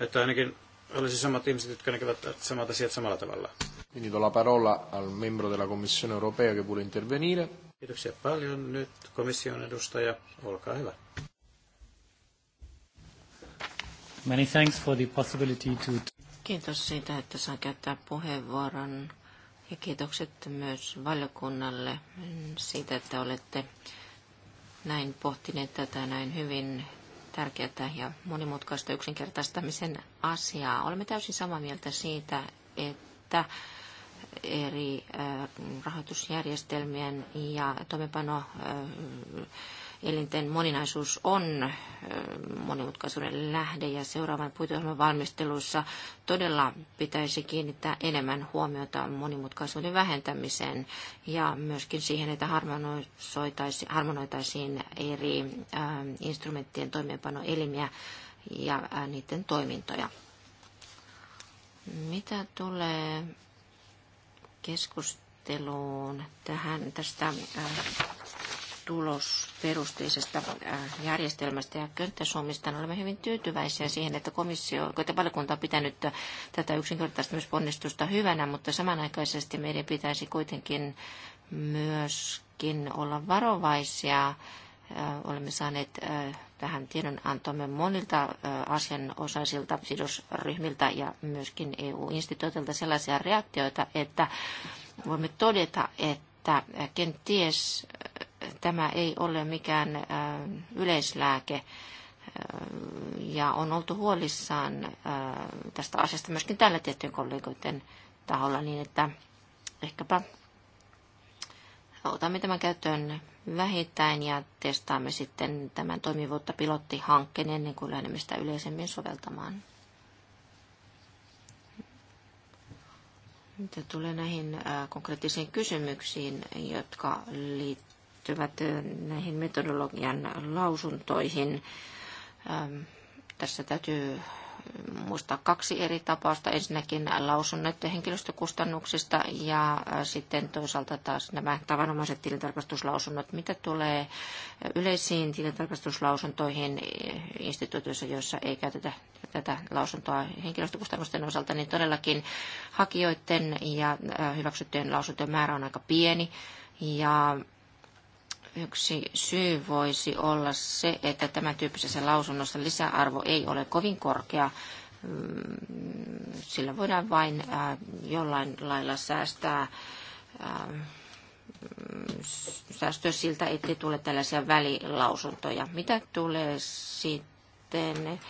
Että ainakin olisi samat ihmiset, jotka näkevät samat asiat samalla tavalla. Quindi do la parola al membro della Commissione europea che vuole intervenire. Kiitoksia paljon. Nyt komission edustaja, olkaa hyvä. Many thanks for the possibility to... Kiitos siitä, että saan käyttää puheenvuoron. Ja kiitokset myös valiokunnalle siitä, että olette näin pohtineet tätä näin hyvin tärkeää ja monimutkaista yksinkertaistamisen asiaa. Olemme täysin samaa mieltä siitä, että eri äh, rahoitusjärjestelmien ja toimenpano äh, elinten moninaisuus on monimutkaisuuden lähde ja seuraavan puitohjelman valmistelussa todella pitäisi kiinnittää enemmän huomiota monimutkaisuuden vähentämiseen ja myöskin siihen, että harmonoitaisiin eri instrumenttien toimeenpanoelimiä ja niiden toimintoja. Mitä tulee keskusteluun tähän tästä tulosperusteisesta äh, järjestelmästä ja könttäsummista. Olemme hyvin tyytyväisiä siihen, että komissio, että valiokunta on pitänyt tätä yksinkertaistamisponnistusta hyvänä, mutta samanaikaisesti meidän pitäisi kuitenkin myöskin olla varovaisia. Äh, olemme saaneet äh, tähän tiedonantomme monilta asianosaisilta sidosryhmiltä ja myöskin EU-instituutilta sellaisia reaktioita, että voimme todeta, että kenties tämä ei ole mikään äh, yleislääke äh, ja on oltu huolissaan äh, tästä asiasta myöskin täällä tiettyjen kollegoiden taholla niin, että ehkäpä otamme tämän käyttöön vähittäin ja testaamme sitten tämän toimivuutta pilottihankkeen ennen kuin lähdemme sitä yleisemmin soveltamaan. Mitä tulee näihin konkreettisiin kysymyksiin, jotka liittyvät liittyvät näihin metodologian lausuntoihin. Ähm, tässä täytyy muistaa kaksi eri tapausta. Ensinnäkin lausunnot henkilöstökustannuksista ja äh, sitten toisaalta taas nämä tavanomaiset tilintarkastuslausunnot, mitä tulee äh, yleisiin tilintarkastuslausuntoihin e, instituutioissa, joissa ei käytetä tätä lausuntoa henkilöstökustannusten osalta, niin todellakin hakijoiden ja äh, hyväksyttyjen lausuntojen määrä on aika pieni. Ja Yksi syy voisi olla se, että tämän tyyppisessä lausunnossa lisäarvo ei ole kovin korkea. Mm, sillä voidaan vain äh, jollain lailla säästää äh, säästöä siltä, ettei tule tällaisia välilausuntoja. Mitä tulee sitten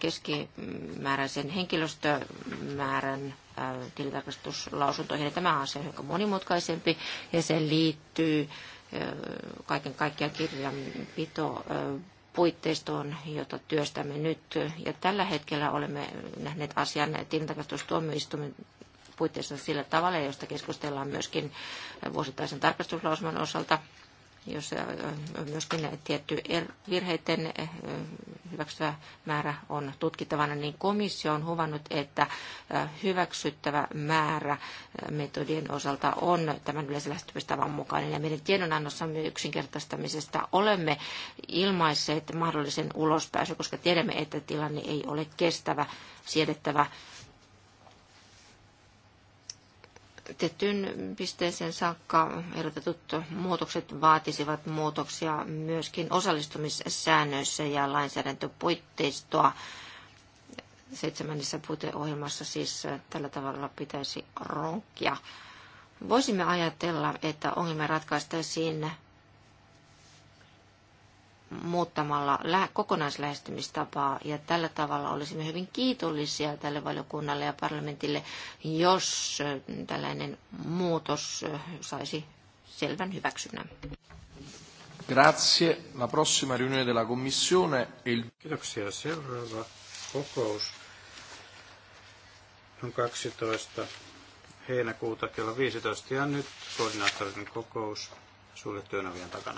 keskimääräisen henkilöstömäärän äh, tilintarkastuslausuntoihin. Niin tämä asia on hiukan monimutkaisempi ja se liittyy kaiken kaikkiaan kirjanpito puitteistoon, jota työstämme nyt. Ja tällä hetkellä olemme nähneet asian tilintarkastustuomioistuimen puitteissa sillä tavalla, josta keskustellaan myöskin vuosittaisen tarkastuslausman osalta jos äh, myöskin tietty er-, virheiden äh, hyväksyttävä määrä on tutkittavana, niin komissio on huvannut, että äh, hyväksyttävä määrä metodien osalta on tämän yleislähestymistavan mukainen. Ja meidän tiedonannossamme yksinkertaistamisesta olemme ilmaisseet mahdollisen ulospääsy, koska tiedämme, että tilanne ei ole kestävä, siedettävä tiettyyn pisteeseen saakka ehdotetut muutokset vaatisivat muutoksia myöskin osallistumissäännöissä ja lainsäädäntöpuitteistoa. Seitsemännessä puiteohjelmassa siis tällä tavalla pitäisi ronkkia. Voisimme ajatella, että ongelmia ratkaistaisiin muuttamalla kokonaislähestymistapaa. Ja tällä tavalla olisimme hyvin kiitollisia tälle valiokunnalle ja parlamentille, jos tällainen muutos saisi selvän hyväksynnän. Grazie. La prossima riunione della Commissione è il... Kiitoksia. Seuraava kokous on 12. heinäkuuta kello 15 ja nyt koordinaattorin kokous suljettujen ovien takana.